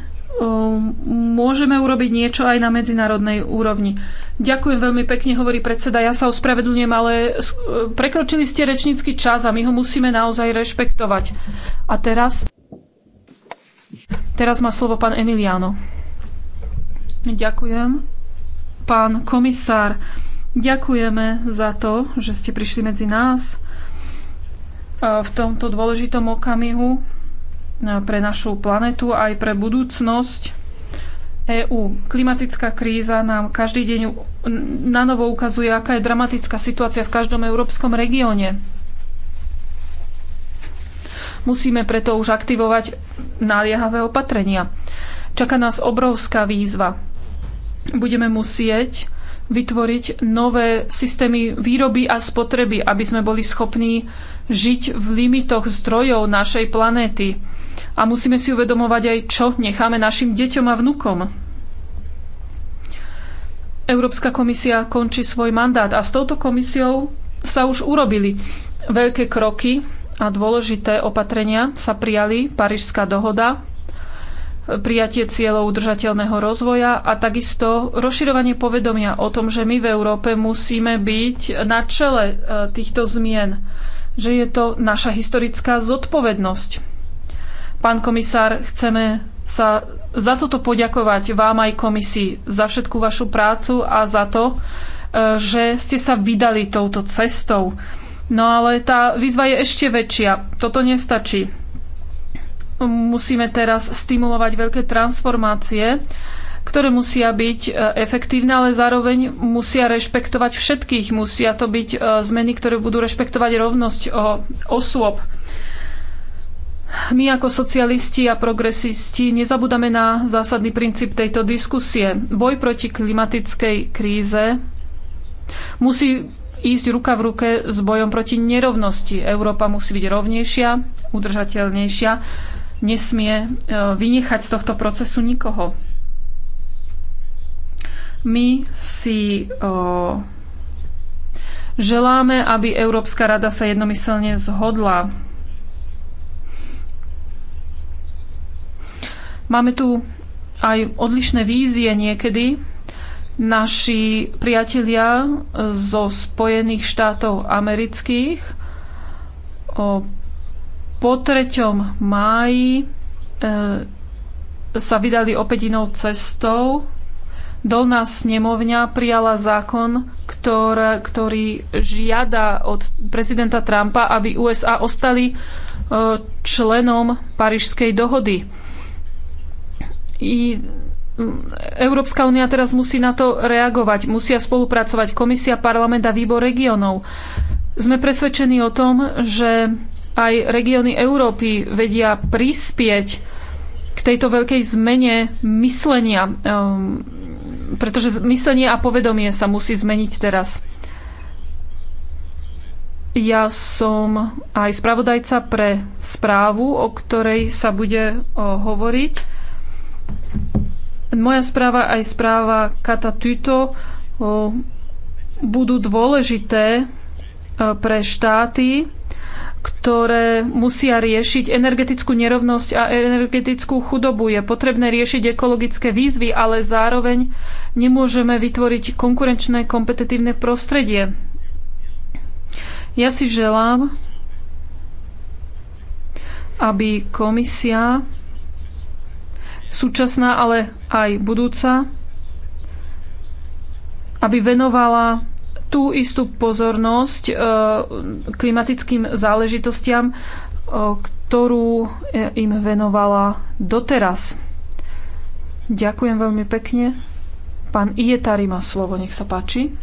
môžeme urobiť niečo aj na medzinárodnej úrovni. Ďakujem veľmi pekne, hovorí predseda. Ja sa ospravedlňujem, ale prekročili ste rečnícky čas a my ho musíme naozaj rešpektovať. A teraz? Teraz má slovo pán Emiliano. Ďakujem. Pán komisár, Ďakujeme za to, že ste prišli medzi nás v tomto dôležitom okamihu pre našu planetu aj pre budúcnosť EÚ. Klimatická kríza nám každý deň na novo ukazuje, aká je dramatická situácia v každom európskom regióne. Musíme preto už aktivovať naliehavé opatrenia. Čaká nás obrovská výzva. Budeme musieť vytvoriť nové systémy výroby a spotreby, aby sme boli schopní žiť v limitoch zdrojov našej planéty. A musíme si uvedomovať aj, čo necháme našim deťom a vnukom. Európska komisia končí svoj mandát a s touto komisiou sa už urobili veľké kroky a dôležité opatrenia sa prijali Parížská dohoda, prijatie cieľov udržateľného rozvoja a takisto rozširovanie povedomia o tom, že my v Európe musíme byť na čele e, týchto zmien, že je to naša historická zodpovednosť. Pán komisár, chceme sa za toto poďakovať vám aj komisii, za všetku vašu prácu a za to, e, že ste sa vydali touto cestou. No ale tá výzva je ešte väčšia. Toto nestačí musíme teraz stimulovať veľké transformácie, ktoré musia byť e, efektívne, ale zároveň musia rešpektovať všetkých. Musia to byť e, zmeny, ktoré budú rešpektovať rovnosť osôb. My ako socialisti a progresisti nezabudame na zásadný princíp tejto diskusie. Boj proti klimatickej kríze musí ísť ruka v ruke s bojom proti nerovnosti. Európa musí byť rovnejšia, udržateľnejšia nesmie e, vynechať z tohto procesu nikoho. My si e, želáme, aby Európska rada sa jednomyselne zhodla. Máme tu aj odlišné vízie niekedy. Naši priatelia zo Spojených štátov amerických po 3. máji e, sa vydali opäť inou cestou. Dolná snemovňa prijala zákon, ktor, ktorý žiada od prezidenta Trumpa, aby USA ostali e, členom Parížskej dohody. I Európska únia teraz musí na to reagovať. Musia spolupracovať komisia, parlament a výbor regionov. Sme presvedčení o tom, že aj regióny Európy vedia prispieť k tejto veľkej zmene myslenia. Ehm, pretože myslenie a povedomie sa musí zmeniť teraz. Ja som aj spravodajca pre správu, o ktorej sa bude hovoriť. Moja správa aj správa Kata Tuto budú dôležité e, pre štáty, ktoré musia riešiť energetickú nerovnosť a energetickú chudobu. Je potrebné riešiť ekologické výzvy, ale zároveň nemôžeme vytvoriť konkurenčné kompetitívne prostredie. Ja si želám, aby komisia súčasná, ale aj budúca, aby venovala tú istú pozornosť e, klimatickým záležitostiam, e, ktorú e, im venovala doteraz. Ďakujem veľmi pekne. Pán Ietari má slovo, nech sa páči.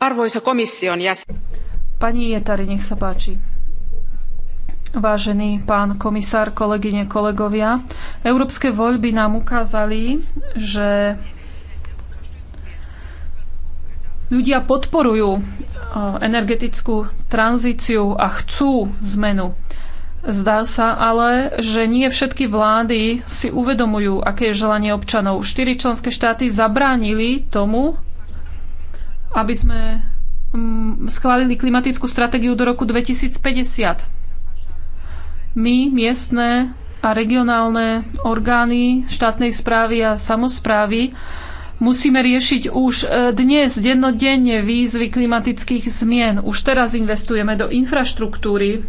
Arvoisa komission jäsen. Pani Ietari, nech sa páči. Vážený pán komisár, kolegyne, kolegovia, európske voľby nám ukázali, že Ľudia podporujú e, energetickú tranzíciu a chcú zmenu. Zdá sa ale, že nie všetky vlády si uvedomujú, aké je želanie občanov. Štyri členské štáty zabránili tomu, aby sme mm, schválili klimatickú stratégiu do roku 2050. My, miestne a regionálne orgány štátnej správy a samozprávy Musíme riešiť už e, dnes, dennodenne výzvy klimatických zmien. Už teraz investujeme do infraštruktúry.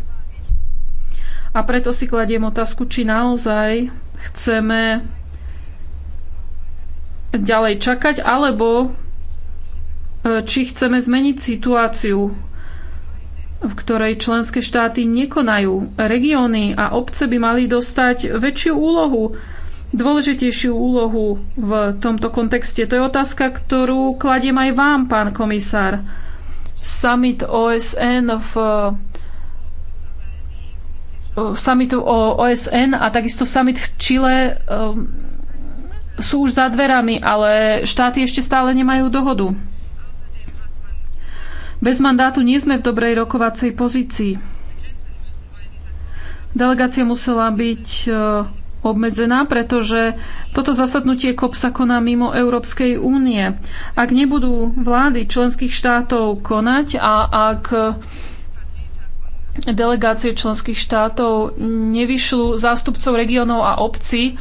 A preto si kladiem otázku, či naozaj chceme ďalej čakať, alebo e, či chceme zmeniť situáciu, v ktorej členské štáty nekonajú. Regióny a obce by mali dostať väčšiu úlohu dôležitejšiu úlohu v tomto kontexte? To je otázka, ktorú kladiem aj vám, pán komisár. Summit OSN v summitu o OSN a takisto summit v Čile um, sú už za dverami, ale štáty ešte stále nemajú dohodu. Bez mandátu nie sme v dobrej rokovacej pozícii. Delegácia musela byť uh, obmedzená, pretože toto zasadnutie COP sa koná mimo Európskej únie. Ak nebudú vlády členských štátov konať a ak delegácie členských štátov nevyšľú zástupcov regiónov a obcí,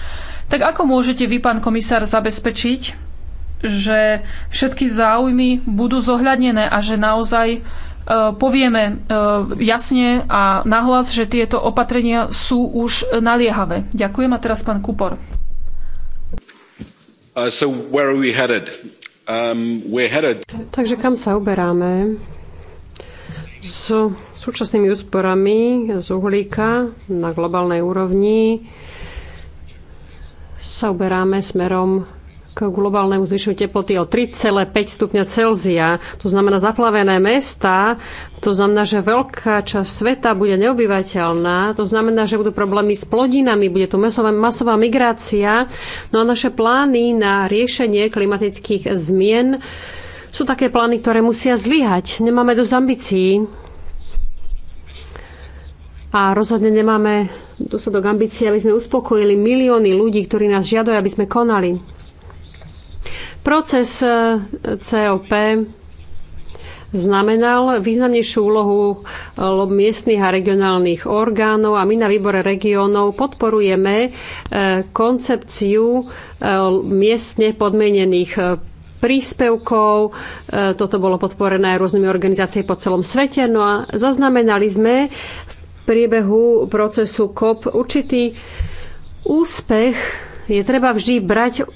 tak ako môžete vy, pán komisár, zabezpečiť, že všetky záujmy budú zohľadnené a že naozaj Eh, povieme eh, jasne a nahlas, že tieto opatrenia sú už naliehavé. Ďakujem a teraz pán Kupor. Uh, so um, headed... Takže kam sa uberáme? S súčasnými úsporami z uhlíka na globálnej úrovni sa uberáme smerom k globálnemu zvyšu teploty o 3,5 stupňa Celzia. To znamená zaplavené mesta, to znamená, že veľká časť sveta bude neobyvateľná, to znamená, že budú problémy s plodinami, bude tu masová, masová migrácia. No a naše plány na riešenie klimatických zmien sú také plány, ktoré musia zlyhať. Nemáme dosť ambícií a rozhodne nemáme dosadok ambícií, aby sme uspokojili milióny ľudí, ktorí nás žiadajú, aby sme konali. Proces e, COP znamenal významnejšiu úlohu e, miestnych a regionálnych orgánov a my na výbore regiónov podporujeme e, koncepciu miestne podmienených príspevkov. Toto bolo podporené aj rôznymi organizáciami po celom svete. No a zaznamenali sme v priebehu procesu COP určitý úspech je treba vždy brať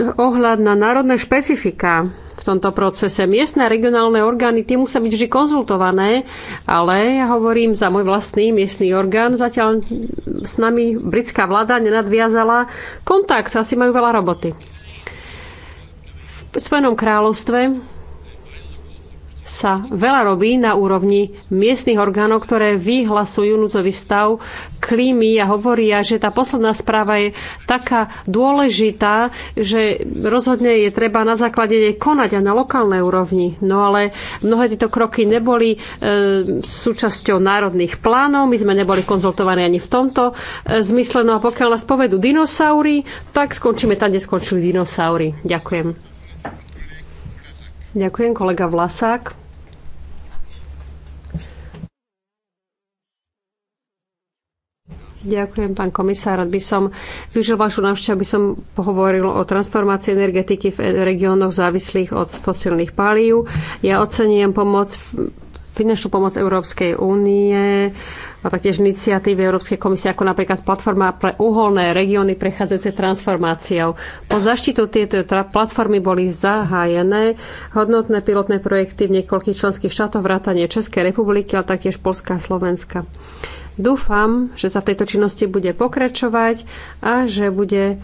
ohľad na národné špecifika v tomto procese. Miestne a regionálne orgány tie musia byť vždy konzultované, ale ja hovorím za môj vlastný miestny orgán. Zatiaľ s nami britská vláda nenadviazala kontakt, asi majú veľa roboty. V Spojenom kráľovstve sa veľa robí na úrovni miestnych orgánov, ktoré vyhlasujú núdzový stav klímy a hovoria, že tá posledná správa je taká dôležitá, že rozhodne je treba na základe nej konať a na lokálnej úrovni. No ale mnohé tieto kroky neboli e, súčasťou národných plánov, my sme neboli konzultovaní ani v tomto e, zmysle. No a pokiaľ nás povedú dinosaury, tak skončíme tam, kde skončili dinosaury. Ďakujem. Ďakujem, kolega Vlasák. Ďakujem, pán komisár. By som využil vašu návštevu, aby som pohovoril o transformácii energetiky v regiónoch závislých od fosilných palív. Ja ocenujem pomoc finančnú pomoc Európskej únie a taktiež iniciatívy Európskej komisie, ako napríklad platforma pre uholné regióny prechádzajúce transformáciou. Po zaštitu tieto platformy boli zahájené hodnotné pilotné projekty v niekoľkých členských štátoch, vrátanie Českej republiky, ale taktiež Polska a Slovenska. Dúfam, že sa v tejto činnosti bude pokračovať a že bude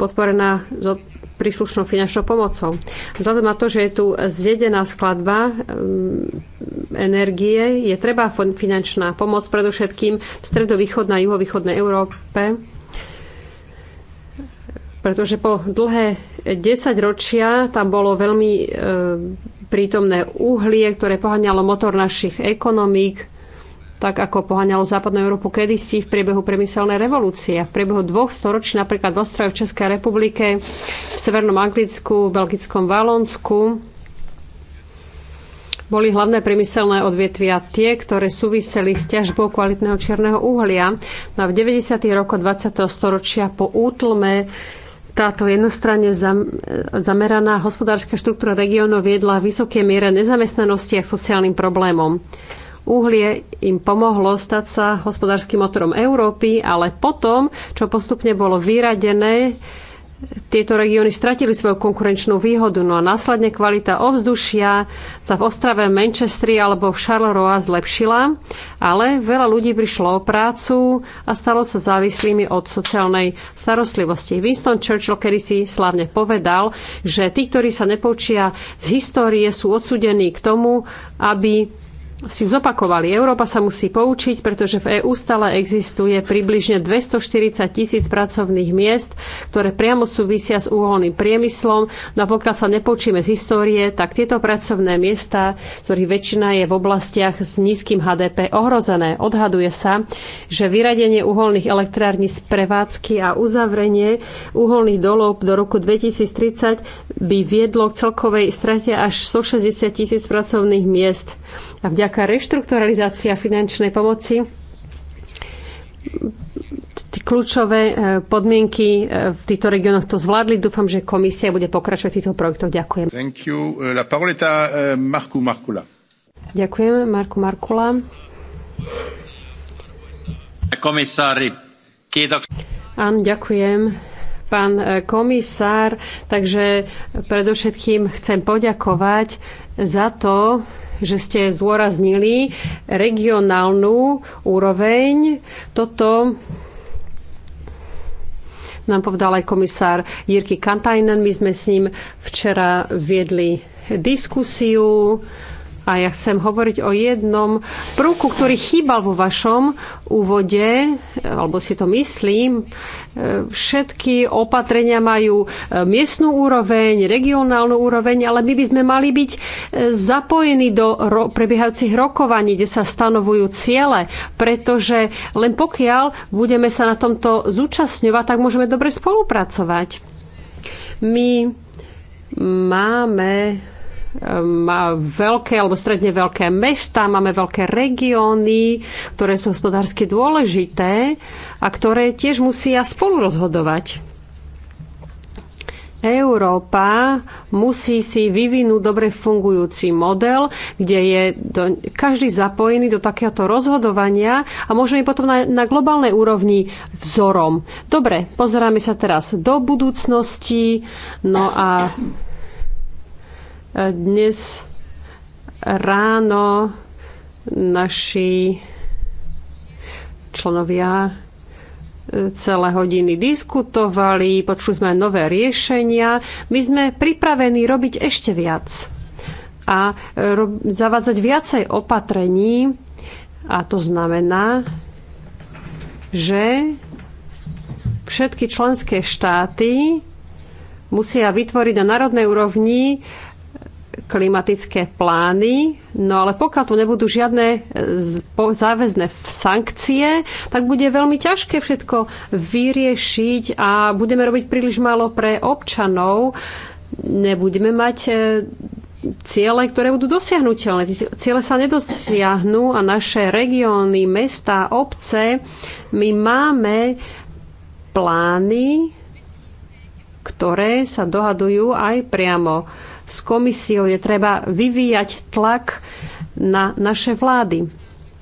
podporená príslušnou finančnou pomocou. Vzhľadom na to, že je tu zjedená skladba energie, je treba finančná pomoc predovšetkým v stredovýchodnej a juhovýchodnej Európe, pretože po dlhé 10 ročia tam bolo veľmi prítomné uhlie, ktoré poháňalo motor našich ekonomík tak ako poháňalo západnú Európu kedysi v priebehu priemyselnej revolúcie. V priebehu dvoch storočí napríklad v Ostrove v Českej republike, v Severnom Anglicku, v Belgickom Valonsku boli hlavné priemyselné odvetvia tie, ktoré súviseli s ťažbou kvalitného čierneho uhlia. No a v 90. rokoch 20. storočia po útlme táto jednostranne zameraná hospodárska štruktúra regiónov viedla vysoké miere nezamestnanosti a sociálnym problémom. Uhlie im pomohlo stať sa hospodárskym motorom Európy, ale potom, čo postupne bolo vyradené, tieto regióny stratili svoju konkurenčnú výhodu. No a následne kvalita ovzdušia sa v Ostrave, Manchestri alebo v Charleroi zlepšila, ale veľa ľudí prišlo o prácu a stalo sa závislými od sociálnej starostlivosti. Winston Churchill kedy si slavne povedal, že tí, ktorí sa nepoučia z histórie, sú odsudení k tomu, aby si zopakovali. Európa sa musí poučiť, pretože v EÚ stále existuje približne 240 tisíc pracovných miest, ktoré priamo súvisia s uholným priemyslom. No a pokiaľ sa nepoučíme z histórie, tak tieto pracovné miesta, ktorých väčšina je v oblastiach s nízkym HDP ohrozené, odhaduje sa, že vyradenie uholných elektrární z prevádzky a uzavrenie uholných dolov do roku 2030 by viedlo k celkovej strate až 160 tisíc pracovných miest. A vďaka taká reštrukturalizácia finančnej pomoci kľúčové e, podmienky e, v týchto regiónoch to zvládli. Dúfam, že komisia bude pokračovať v týchto projektoch. Ďakujem. Thank you. E, la parole est à Marku Markula. Ďakujem, Marku Markula. Komisári, Áno, ďakujem, pán komisár. Takže predovšetkým chcem poďakovať za to, že ste zôraznili regionálnu úroveň. Toto nám povedal aj komisár Jirky Kantajnen. My sme s ním včera viedli diskusiu a ja chcem hovoriť o jednom prúku, ktorý chýbal vo vašom úvode, alebo si to myslím. Všetky opatrenia majú e, miestnú úroveň, regionálnu úroveň, ale my by sme mali byť e, zapojení do prebiehajúcich rokovaní, kde sa stanovujú ciele, pretože len pokiaľ budeme sa na tomto zúčastňovať, tak môžeme dobre spolupracovať. My máme má veľké alebo stredne veľké mesta, máme veľké regióny, ktoré sú hospodársky dôležité a ktoré tiež musia spolu rozhodovať. Európa musí si vyvinúť dobre fungujúci model, kde je do, každý zapojený do takéhoto rozhodovania a môžeme potom na, na globálnej úrovni vzorom. Dobre, pozeráme sa teraz do budúcnosti. No a dnes ráno naši členovia e, celé hodiny diskutovali, počuli sme nové riešenia. My sme pripravení robiť ešte viac a e, zavádzať viacej opatrení. A to znamená, že všetky členské štáty musia vytvoriť na národnej úrovni klimatické plány, no ale pokiaľ tu nebudú žiadne e, záväzné sankcie, tak bude veľmi ťažké všetko vyriešiť a budeme robiť príliš málo pre občanov. Nebudeme mať e, ciele, ktoré budú dosiahnutelné. Ciele sa nedosiahnu a naše regióny, mesta, obce, my máme plány, ktoré sa dohadujú aj priamo s komisiou. Je treba vyvíjať tlak na naše vlády.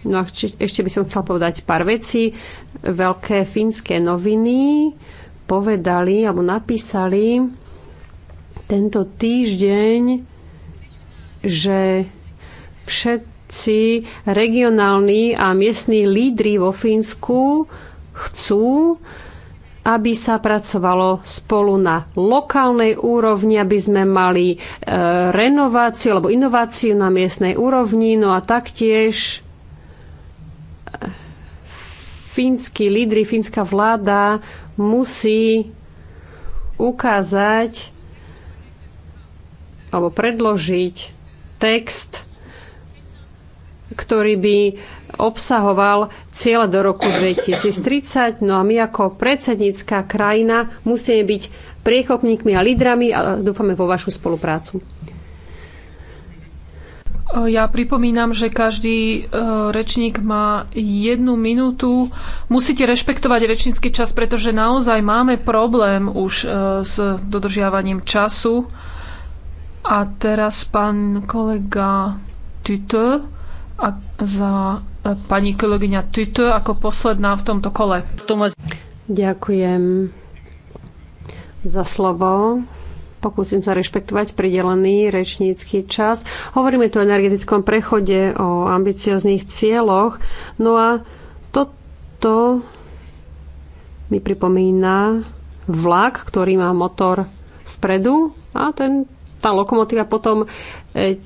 No a ešte by som chcel povedať pár vecí. Veľké fínske noviny povedali alebo napísali tento týždeň, že všetci regionálni a miestní lídry vo Fínsku chcú, aby sa pracovalo spolu na lokálnej úrovni, aby sme mali e, renováciu alebo inováciu na miestnej úrovni, no a taktiež e, fínsky lídry, fínska vláda musí ukázať alebo predložiť text, ktorý by obsahoval cieľ do roku 2030. No a my ako predsednícká krajina musíme byť priechopníkmi a lídrami a dúfame vo vašu spoluprácu. Ja pripomínam, že každý e, rečník má jednu minútu. Musíte rešpektovať rečnícky čas, pretože naozaj máme problém už e, s dodržiavaním času. A teraz pán kolega Tito a za e, pani kolegyňa Tito ako posledná v tomto kole. Ďakujem za slovo. Pokúsim sa rešpektovať pridelený rečnícky čas. Hovoríme tu o energetickom prechode, o ambicioznych cieľoch. No a toto mi pripomína vlak, ktorý má motor vpredu a ten, tá lokomotíva potom e,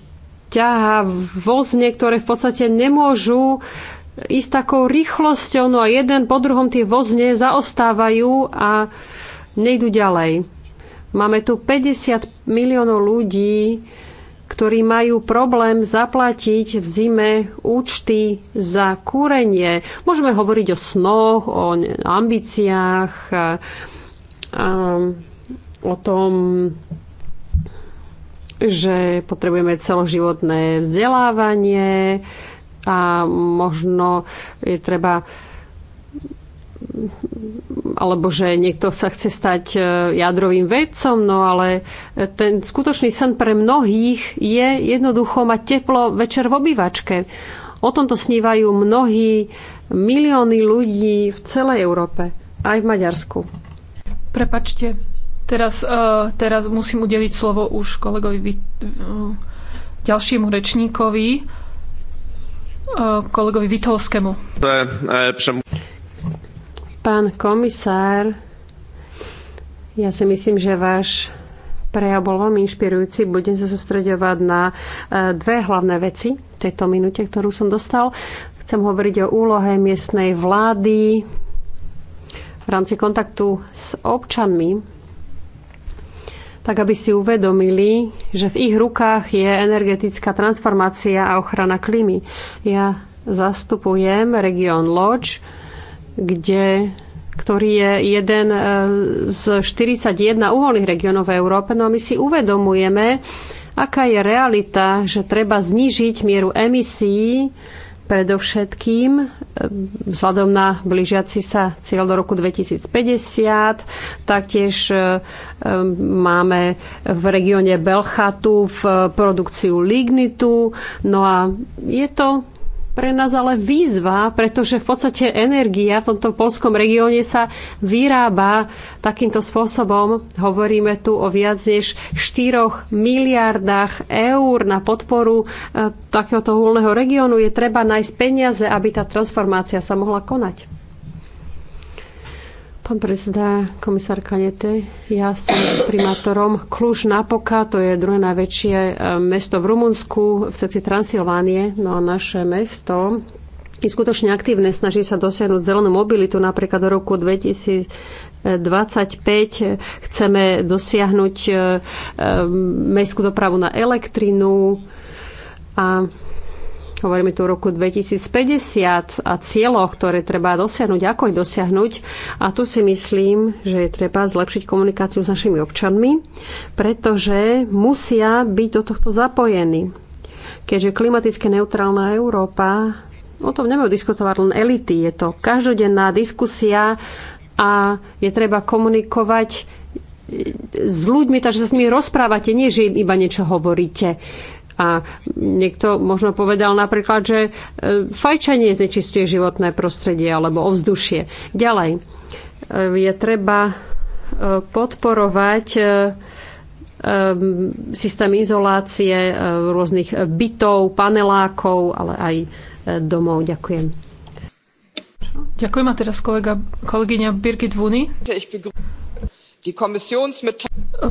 ťahá vozne, ktoré v podstate nemôžu ísť takou rýchlosťou, no a jeden po druhom tie vozne zaostávajú a nejdu ďalej. Máme tu 50 miliónov ľudí, ktorí majú problém zaplatiť v zime účty za kúrenie. Môžeme hovoriť o snoch, o ambíciách, o tom, že potrebujeme celoživotné vzdelávanie a možno je treba alebo že niekto sa chce stať e, jadrovým vedcom, no ale ten skutočný sen pre mnohých je jednoducho mať teplo večer v obývačke. O tomto snívajú mnohí milióny ľudí v celej Európe, aj v Maďarsku. Prepačte, Teraz, e, teraz musím udeliť slovo už kolegovi e, ďalšiemu rečníkovi, e, kolegovi Vitolskému. Pán komisár, ja si myslím, že váš prejav bol veľmi inšpirujúci. Budem sa sústredovať na dve hlavné veci v tejto minúte, ktorú som dostal. Chcem hovoriť o úlohe miestnej vlády v rámci kontaktu s občanmi tak aby si uvedomili, že v ich rukách je energetická transformácia a ochrana klímy. Ja zastupujem región Lodž, kde, ktorý je jeden e, z 41 uvoľných regiónov v Európe. No a my si uvedomujeme, aká je realita, že treba znížiť mieru emisí predovšetkým e, vzhľadom na blížiaci sa cieľ do roku 2050. Taktiež e, e, máme v regióne Belchatu v produkciu lignitu. No a je to pre nás ale výzva, pretože v podstate energia v tomto polskom regióne sa vyrába takýmto spôsobom. Hovoríme tu o viac než 4 miliardách eur na podporu e, takéhoto uholného regiónu. Je treba nájsť peniaze, aby tá transformácia sa mohla konať. Pán predseda, komisár Kanete, ja som primátorom Kluž Napoka, to je druhé najväčšie e, mesto v Rumunsku, v srdci Transilvánie, No a naše mesto je skutočne aktívne, snaží sa dosiahnuť zelenú mobilitu. Napríklad do roku 2025 chceme dosiahnuť e, e, mestskú dopravu na elektrinu a Hovoríme tu o roku 2050 a cieľoch, ktoré treba dosiahnuť, ako ich dosiahnuť. A tu si myslím, že je treba zlepšiť komunikáciu s našimi občanmi, pretože musia byť do tohto zapojení. Keďže klimaticky neutrálna Európa, o tom nemajú diskutovať len elity. Je to každodenná diskusia a je treba komunikovať s ľuďmi, takže sa s nimi rozprávate, nie že im iba niečo hovoríte. A niekto možno povedal napríklad, že e, fajčanie znečistuje životné prostredie alebo ovzdušie. Ďalej, e, je treba e, podporovať systém izolácie rôznych bytov, panelákov, ale aj domov. Ďakujem. Ďakujem a teraz kolega, kolegyňa Birgit Vuny.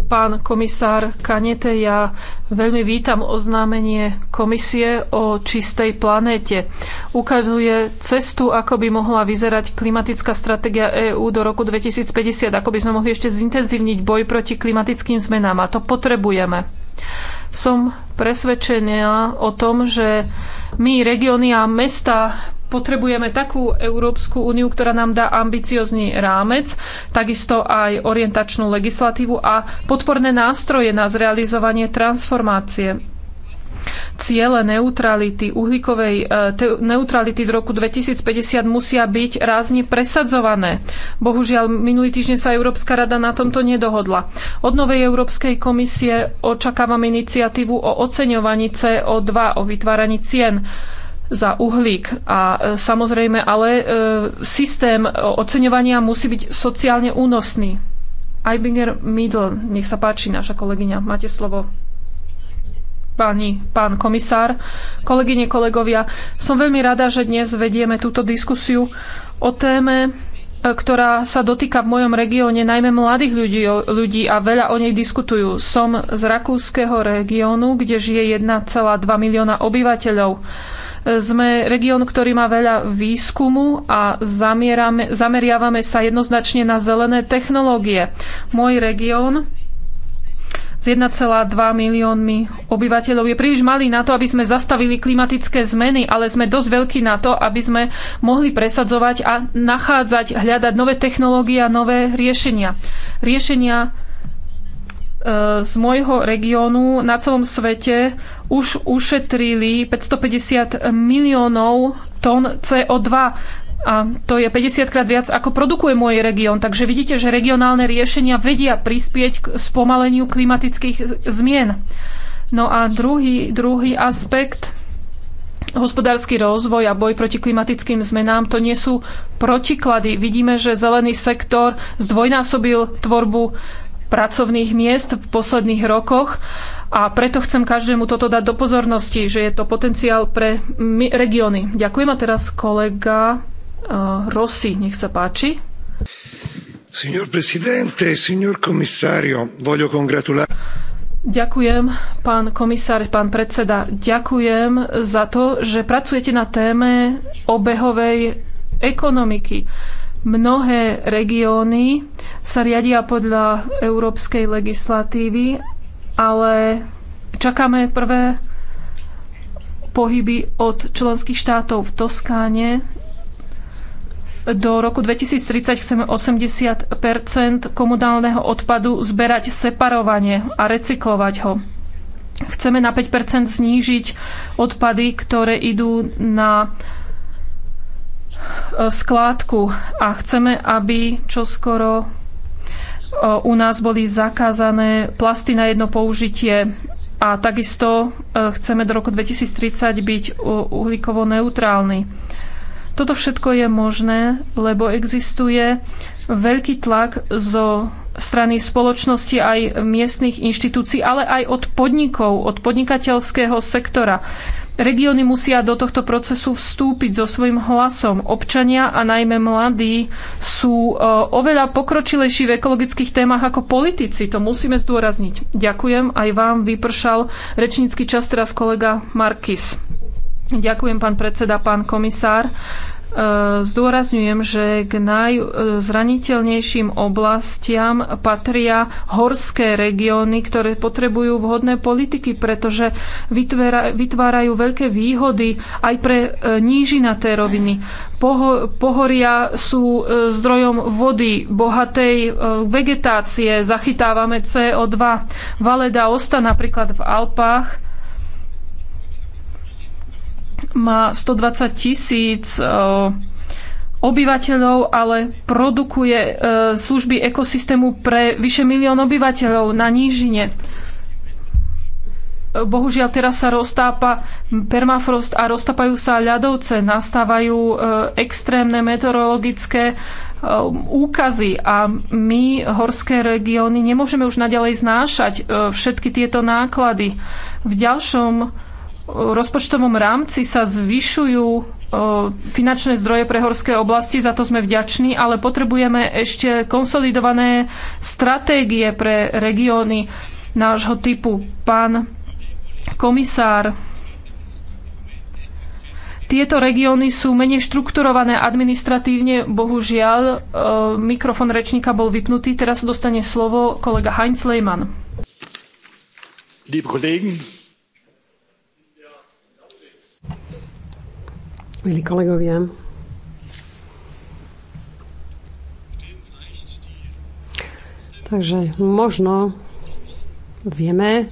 Pán komisár Kanete, ja veľmi vítam oznámenie komisie o čistej planéte. Ukazuje cestu, ako by mohla vyzerať klimatická stratégia EÚ do roku 2050, ako by sme mohli ešte zintenzívniť boj proti klimatickým zmenám. A to potrebujeme. Som presvedčená o tom, že my, regióny a mesta, potrebujeme takú Európsku úniu, ktorá nám dá ambiciozný rámec, takisto aj orientačnú legislatívu a podporné nástroje na zrealizovanie transformácie. Ciele neutrality, uhlíkovej e, neutrality do roku 2050 musia byť rázne presadzované. Bohužiaľ, minulý týždeň sa Európska rada na tomto nedohodla. Od novej Európskej komisie očakávam iniciatívu o oceňovaní CO2, o vytváraní cien za uhlík. A e, samozrejme, ale e, systém oceňovania musí byť sociálne únosný. Eibinger Middle, nech sa páči, naša kolegyňa, máte slovo páni, pán komisár, kolegyne, kolegovia. Som veľmi rada, že dnes vedieme túto diskusiu o téme, ktorá sa dotýka v mojom regióne najmä mladých ľudí, ľudí a veľa o nej diskutujú. Som z rakúskeho regiónu, kde žije 1,2 milióna obyvateľov. Sme región, ktorý má veľa výskumu a zameriavame sa jednoznačne na zelené technológie. Môj región s 1,2 miliónmi obyvateľov je príliš malý na to, aby sme zastavili klimatické zmeny, ale sme dosť veľkí na to, aby sme mohli presadzovať a nachádzať, hľadať nové technológie a nové riešenia. Riešenia e, z môjho regiónu na celom svete už ušetrili 550 miliónov tón CO2 a to je 50 krát viac, ako produkuje môj región. Takže vidíte, že regionálne riešenia vedia prispieť k spomaleniu klimatických zmien. No a druhý, druhý aspekt, hospodársky rozvoj a boj proti klimatickým zmenám, to nie sú protiklady. Vidíme, že zelený sektor zdvojnásobil tvorbu pracovných miest v posledných rokoch a preto chcem každému toto dať do pozornosti, že je to potenciál pre regióny. Ďakujem a teraz kolega Rossi, nech sa páči. Signor presidente, signor commissario, voglio congratulare... Ďakujem, pán komisár, pán predseda. Ďakujem za to, že pracujete na téme obehovej ekonomiky. Mnohé regióny sa riadia podľa európskej legislatívy, ale čakáme prvé pohyby od členských štátov v Toskáne do roku 2030 chceme 80 komunálneho odpadu zberať separovanie a recyklovať ho. Chceme na 5 znížiť odpady, ktoré idú na e, skládku a chceme, aby čoskoro e, u nás boli zakázané plasty na jedno použitie a takisto e, chceme do roku 2030 byť uhlíkovo neutrálni. Toto všetko je možné, lebo existuje veľký tlak zo strany spoločnosti aj miestnych inštitúcií, ale aj od podnikov, od podnikateľského sektora. Regióny musia do tohto procesu vstúpiť so svojím hlasom. Občania a najmä mladí sú e, oveľa pokročilejší v ekologických témach ako politici. To musíme zdôrazniť. Ďakujem. Aj vám vypršal rečnícky čas teraz kolega Markis. Ďakujem, pán predseda, pán komisár. E, zdôrazňujem, že k najzraniteľnejším oblastiam patria horské regióny, ktoré potrebujú vhodné politiky, pretože vytvárajú veľké výhody aj pre e, nížinaté roviny. Pohoria sú e, zdrojom vody, bohatej vegetácie, zachytávame CO2. Valeda Osta napríklad v Alpách má 120 tisíc e, obyvateľov, ale produkuje e, služby ekosystému pre vyše milión obyvateľov na nížine. E, bohužiaľ teraz sa roztápa permafrost a roztápajú sa ľadovce, nastávajú extrémne meteorologické úkazy a my, horské regióny, nemôžeme už naďalej znášať všetky tieto náklady. V ďalšom rozpočtovom rámci sa zvyšujú finančné zdroje pre horské oblasti, za to sme vďační, ale potrebujeme ešte konsolidované stratégie pre regióny nášho typu. Pán komisár, tieto regióny sú menej štrukturované administratívne, bohužiaľ. Mikrofon rečníka bol vypnutý, teraz dostane slovo kolega Heinz Lehmann. Liebe Kollegen, Milí kolegovia, takže možno vieme,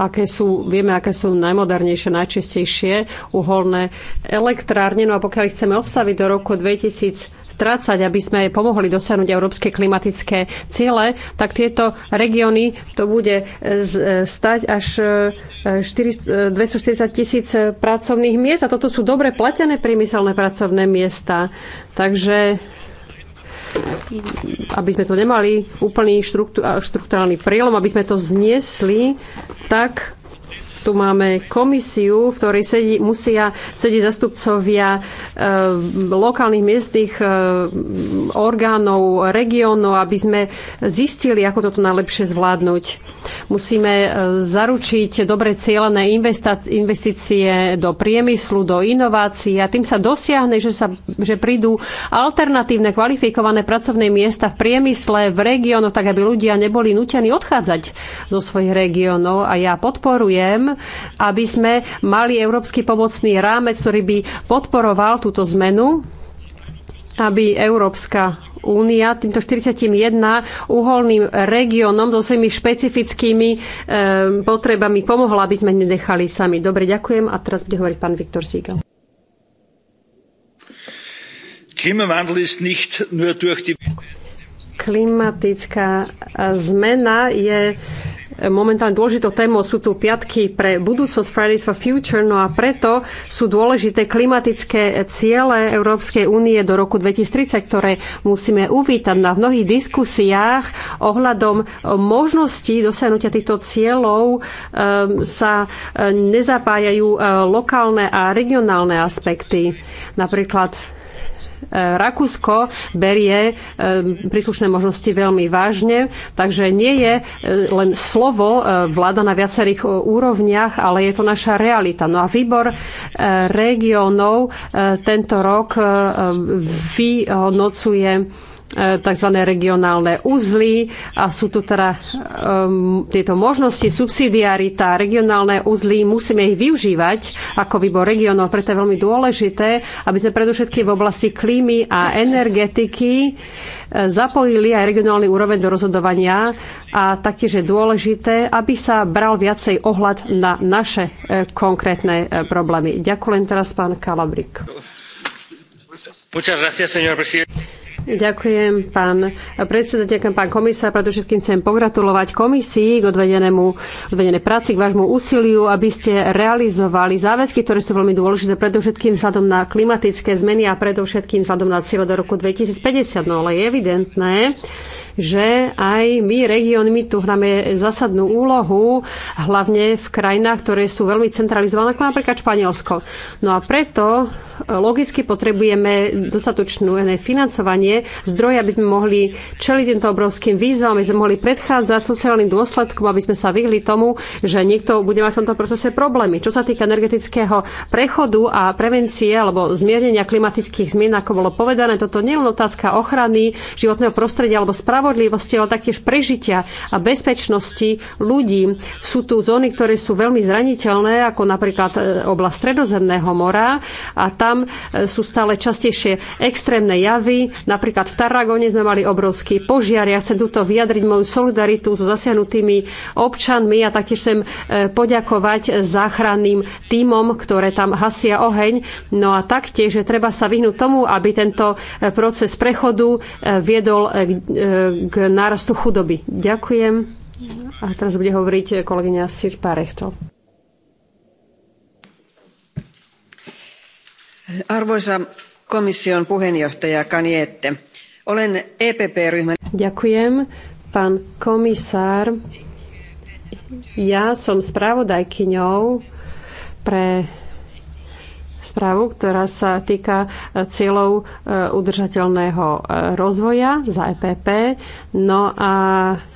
aké sú, vieme, aké sú najmodernejšie, najčistejšie uholné elektrárne. No a pokiaľ ich chceme odstaviť do roku 2000, strácať, aby sme pomohli dosiahnuť európske klimatické ciele, tak tieto regióny to bude e, e, stať až 240 e, tisíc pracovných miest a toto sú dobre platené priemyselné pracovné miesta. Takže aby sme to nemali úplný štruktúrálny prielom, aby sme to zniesli, tak tu máme komisiu, v ktorej sedí, musia sedieť zastupcovia e, lokálnych miestnych e, orgánov, regiónov, aby sme zistili, ako toto najlepšie zvládnuť. Musíme e, zaručiť dobre cieľené investície do priemyslu, do inovácií a tým sa dosiahne, že, sa, že prídu alternatívne kvalifikované pracovné miesta v priemysle, v regiónoch, tak aby ľudia neboli nutení odchádzať do svojich regiónov. A ja podporujem aby sme mali európsky pomocný rámec, ktorý by podporoval túto zmenu, aby Európska únia týmto 41 uholným regiónom so svojimi špecifickými e, potrebami pomohla, aby sme nedechali sami. Dobre, ďakujem. A teraz bude hovoriť pán Viktor Siegel. Klimatická zmena je momentálne dôležitou témou sú tu piatky pre budúcnosť Fridays for Future, no a preto sú dôležité klimatické ciele Európskej únie do roku 2030, ktoré musíme uvítať. Na no mnohých diskusiách ohľadom možností dosiahnutia týchto cieľov eh, sa eh, nezapájajú eh, lokálne a regionálne aspekty. Napríklad Rakúsko berie e, príslušné možnosti veľmi vážne, takže nie je e, len slovo e, vláda na viacerých úrovniach, ale je to naša realita. No a výbor regionov tento rok vyhodnocuje E, tzv. regionálne uzly a sú tu teda um, tieto možnosti, subsidiarita, regionálne uzly, musíme ich využívať ako výbor regionov, preto je veľmi dôležité, aby sme predovšetkým v oblasti klímy a energetiky e, zapojili aj regionálny úroveň do rozhodovania a taktiež je dôležité, aby sa bral viacej ohľad na naše konkrétne problémy. Ďakujem teraz pán Kalabrik. Muchas gracias, señor presidente. Ďakujem, pán predseda, ďakujem, pán komisár. Predovšetkým chcem pogratulovať komisii k odvedenému, odvedené práci, k vášmu úsiliu, aby ste realizovali záväzky, ktoré sú veľmi dôležité, predovšetkým vzhľadom na klimatické zmeny a predovšetkým vzhľadom na cieľ do roku 2050. No ale je evidentné, že aj my, regiónmi my tu hráme zásadnú úlohu, hlavne v krajinách, ktoré sú veľmi centralizované, ako napríklad Španielsko. No a preto e, logicky potrebujeme dostatočné financovanie, zdroje, aby sme mohli čeliť týmto obrovským výzvam, aby sme mohli predchádzať sociálnym dôsledkom, aby sme sa vyhli tomu, že niekto bude mať v tomto procese problémy. Čo sa týka energetického prechodu a prevencie alebo zmiernenia klimatických zmien, ako bolo povedané, toto nie je len otázka ochrany životného prostredia alebo spravodlivosti, spravodlivosti, ale taktiež prežitia a bezpečnosti ľudí. Sú tu zóny, ktoré sú veľmi zraniteľné, ako napríklad e, oblasť Stredozemného mora a tam e, sú stále častejšie extrémne javy. Napríklad v Tarragone sme mali obrovský požiar. Ja chcem túto vyjadriť moju solidaritu so zasiahnutými občanmi a taktiež chcem e, poďakovať záchranným týmom, ktoré tam hasia oheň. No a taktiež, že treba sa vyhnúť tomu, aby tento proces prechodu viedol k nárastu chudoby. Ďakujem. A teraz bude hovoriť kolegyňa Sirpa Rechtel. Arvoisa komission puheenjohtaja Kaniette, olen EPP-ryhmän... Ďakujem, pán komisár. Ja som spravodajkyňou pre správu, ktorá sa týka e, cieľov e, udržateľného e, rozvoja za EPP. No a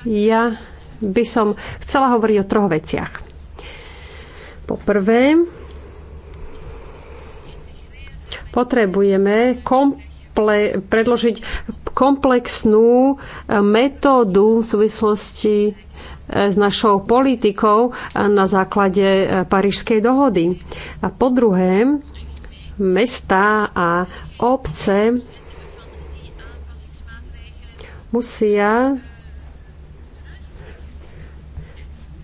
ja by som chcela hovoriť o troch veciach. Po prvé, potrebujeme komple- predložiť komplexnú metódu v súvislosti s našou politikou na základe Parížskej dohody. A po druhé, mesta a obce musia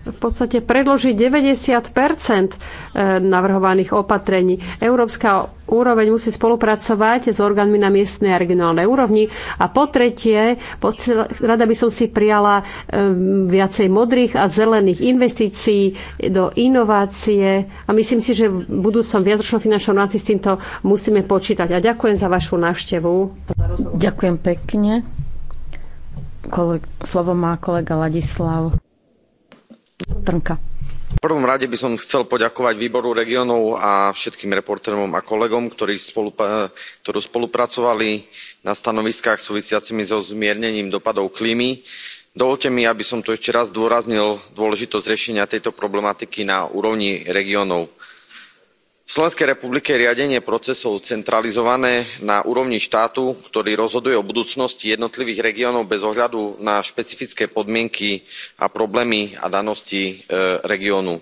v podstate predložiť 90 e, navrhovaných opatrení. Európska úroveň musí spolupracovať s orgánmi na miestnej a regionálnej úrovni. A po tretie, rada by som si prijala e, viacej modrých a zelených investícií do inovácie a myslím si, že v budúcom viacročnom finančnom rámci s týmto musíme počítať. A ďakujem za vašu návštevu. Ďakujem pekne. Slovo má kolega Ladislav. Trnka. V prvom rade by som chcel poďakovať výboru regiónov a všetkým reportérom a kolegom, ktorí spolu, spolupracovali na stanoviskách súvisiacimi so zmiernením dopadov klímy. Dovolte mi, aby som tu ešte raz zdôraznil dôležitosť riešenia tejto problematiky na úrovni regiónov slovenskej republike je riadenie procesov centralizované na úrovni štátu ktorý rozhoduje o budúcnosti jednotlivých regiónov bez ohľadu na špecifické podmienky a problémy a danosti e, regiónu.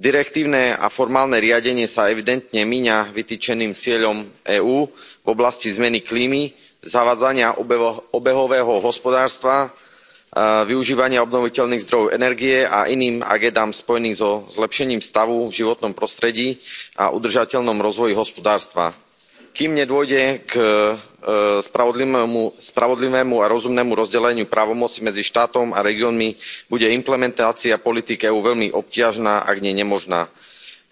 direktívne a formálne riadenie sa evidentne míňa vytýčeným cieľom eú v oblasti zmeny klímy zavádzania obehového hospodárstva využívania obnoviteľných zdrojov energie a iným agendám spojeným so zlepšením stavu v životnom prostredí a udržateľnom rozvoji hospodárstva kým nedôjde k e, spravodlivému a rozumnému rozdeleniu právomoci medzi štátom a regiónmi bude implementácia politík eú veľmi obťažná ak nie nemožná.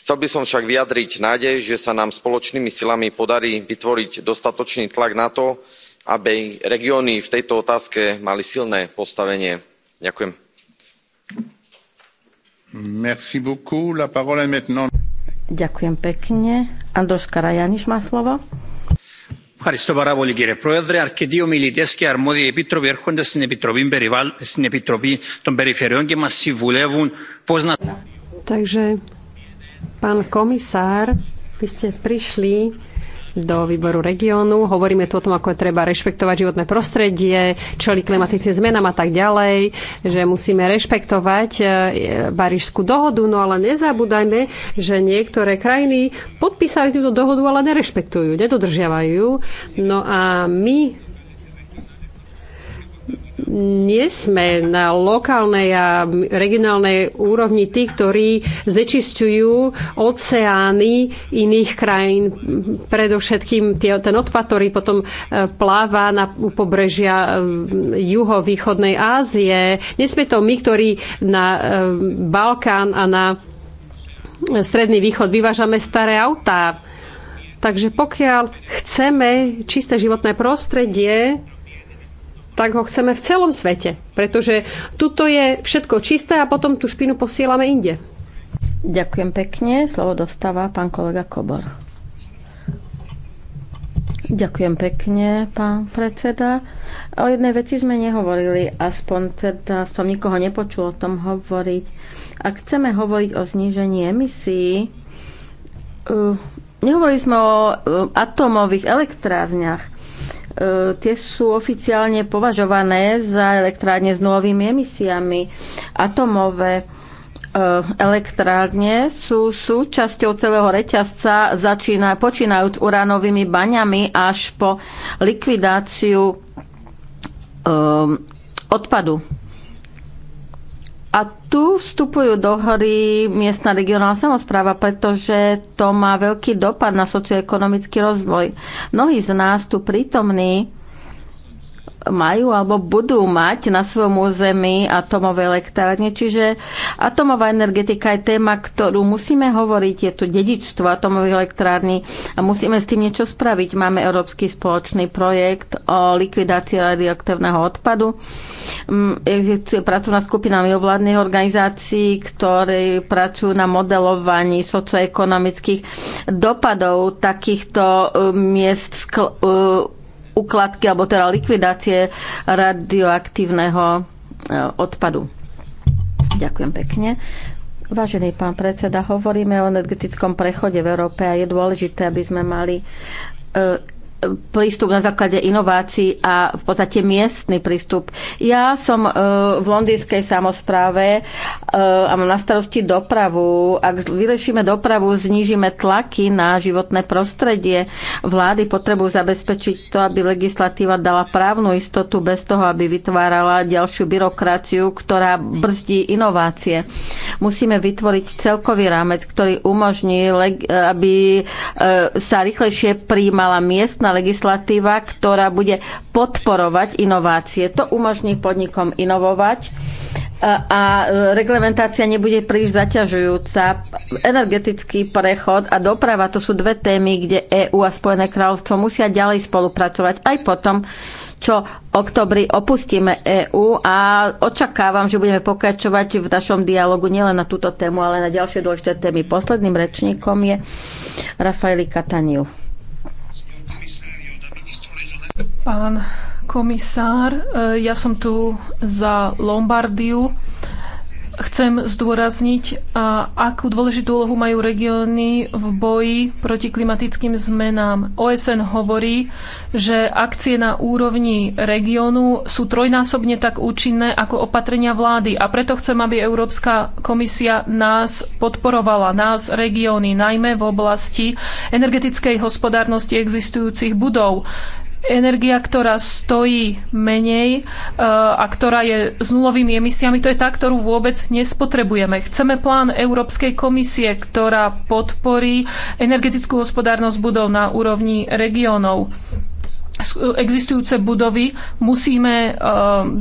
chcel by som však vyjadriť nádej že sa nám spoločnými silami podarí vytvoriť dostatočný tlak na to aby regióny v tejto otázke mali silné postavenie. ďakujem. ďakujem pekne. andros karajanis má slovo. Ευχαριστώ πάρα πολύ κύριε Πρόεδρε. Αρκετοί ομιλητέ και αρμόδιοι επίτροποι έρχονται στην Επιτροπή, Περιβάλλ, στην Επιτροπή των Περιφερειών και μα συμβουλεύουν πώ να. Takže, pán komisár, vy ste prišli do výboru regiónu. Hovoríme tu o tom, ako je treba rešpektovať životné prostredie, čeli klimatickým zmenám a tak ďalej, že musíme rešpektovať Barížskú e, dohodu, no ale nezabúdajme, že niektoré krajiny podpísali túto dohodu, ale nerešpektujú, nedodržiavajú. No a my nie sme na lokálnej a regionálnej úrovni tí, ktorí zečisťujú oceány iných krajín. Predovšetkým ten odpad, ktorý potom e, pláva na pobrežia e, juhovýchodnej Ázie. Nie sme to my, ktorí na e, Balkán a na Stredný východ vyvážame staré autá. Takže pokiaľ chceme čisté životné prostredie, tak ho chceme v celom svete. Pretože tuto je všetko čisté a potom tú špinu posielame inde. Ďakujem pekne. Slovo dostáva pán kolega Kobor. Ďakujem pekne, pán predseda. O jednej veci sme nehovorili, aspoň teda som nikoho nepočul o tom hovoriť. Ak chceme hovoriť o znížení emisí, uh, nehovorili sme o uh, atómových elektrárniach E, tie sú oficiálne považované za elektrárne s nulovými emisiami. Atomové e, elektrárne sú súčasťou celého reťazca, začína, počínajúc uránovými baňami až po likvidáciu e, odpadu a tu vstupujú do hory miestna regionálna samozpráva, pretože to má veľký dopad na socioekonomický rozvoj. Mnohí z nás tu prítomní majú alebo budú mať na svojom území atomové elektrárne. Čiže atomová energetika je téma, ktorú musíme hovoriť. Je tu dedičstvo atomových elektrární a musíme s tým niečo spraviť. Máme Európsky spoločný projekt o likvidácii radioaktívneho odpadu. Mm, existuje pracovná skupina mimovládnych organizácií, ktoré pracujú na modelovaní socioekonomických dopadov takýchto e, miest skl- e, ukladky alebo teda likvidácie radioaktívneho e, odpadu. Ďakujem pekne. Vážený pán predseda, hovoríme o energetickom prechode v Európe a je dôležité, aby sme mali e, prístup na základe inovácií a v podstate miestny prístup. Ja som e, v londýnskej samozpráve e, a mám na starosti dopravu. Ak vyriešime dopravu, znížime tlaky na životné prostredie. Vlády potrebujú zabezpečiť to, aby legislatíva dala právnu istotu bez toho, aby vytvárala ďalšiu byrokraciu, ktorá brzdí inovácie. Musíme vytvoriť celkový rámec, ktorý umožní, aby e, sa rýchlejšie príjmala miestna národná legislatíva, ktorá bude podporovať inovácie. To umožní podnikom inovovať e, a e, reglementácia nebude príliš zaťažujúca. Energetický prechod a doprava to sú dve témy, kde EÚ a Spojené kráľovstvo musia ďalej spolupracovať aj potom, čo v oktobri opustíme EÚ a očakávam, že budeme pokračovať v našom dialogu nielen na túto tému, ale na ďalšie dôležité témy. Posledným rečníkom je Rafaeli Kataniu. Pán komisár, e, ja som tu za Lombardiu. Chcem zdôrazniť, e, akú dôležitú úlohu majú regióny v boji proti klimatickým zmenám. OSN hovorí, že akcie na úrovni regiónu sú trojnásobne tak účinné ako opatrenia vlády. A preto chcem, aby Európska komisia nás podporovala, nás regióny, najmä v oblasti energetickej hospodárnosti existujúcich budov energia, ktorá stojí menej e, a ktorá je s nulovými emisiami, to je tá, ktorú vôbec nespotrebujeme. Chceme plán Európskej komisie, ktorá podporí energetickú hospodárnosť budov na úrovni regiónov existujúce budovy musíme e,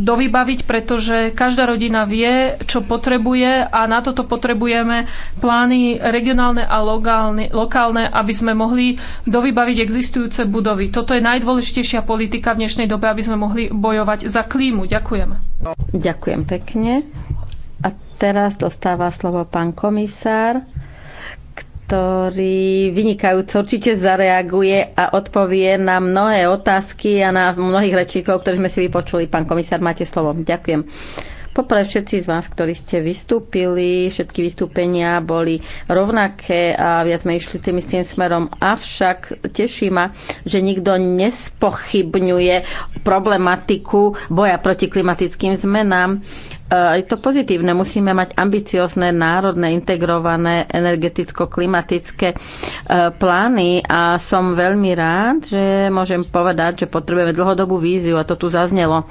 dovybaviť, pretože každá rodina vie, čo potrebuje a na toto potrebujeme plány regionálne a lokálne, lokálne, aby sme mohli dovybaviť existujúce budovy. Toto je najdôležitejšia politika v dnešnej dobe, aby sme mohli bojovať za klímu. Ďakujem. Ďakujem pekne. A teraz dostáva slovo pán komisár ktorý vynikajúco určite zareaguje a odpovie na mnohé otázky a na mnohých rečníkov, ktorých sme si vypočuli. Pán komisár, máte slovo. Ďakujem. Poprvé všetci z vás, ktorí ste vystúpili, všetky vystúpenia boli rovnaké a viac sme išli tým istým smerom. Avšak teší ma, že nikto nespochybňuje problematiku boja proti klimatickým zmenám Eh, je to pozitívne. Musíme mať ambiciozne národné integrované energeticko-klimatické eh, plány a som veľmi rád, že môžem povedať, že potrebujeme dlhodobú víziu a to tu zaznelo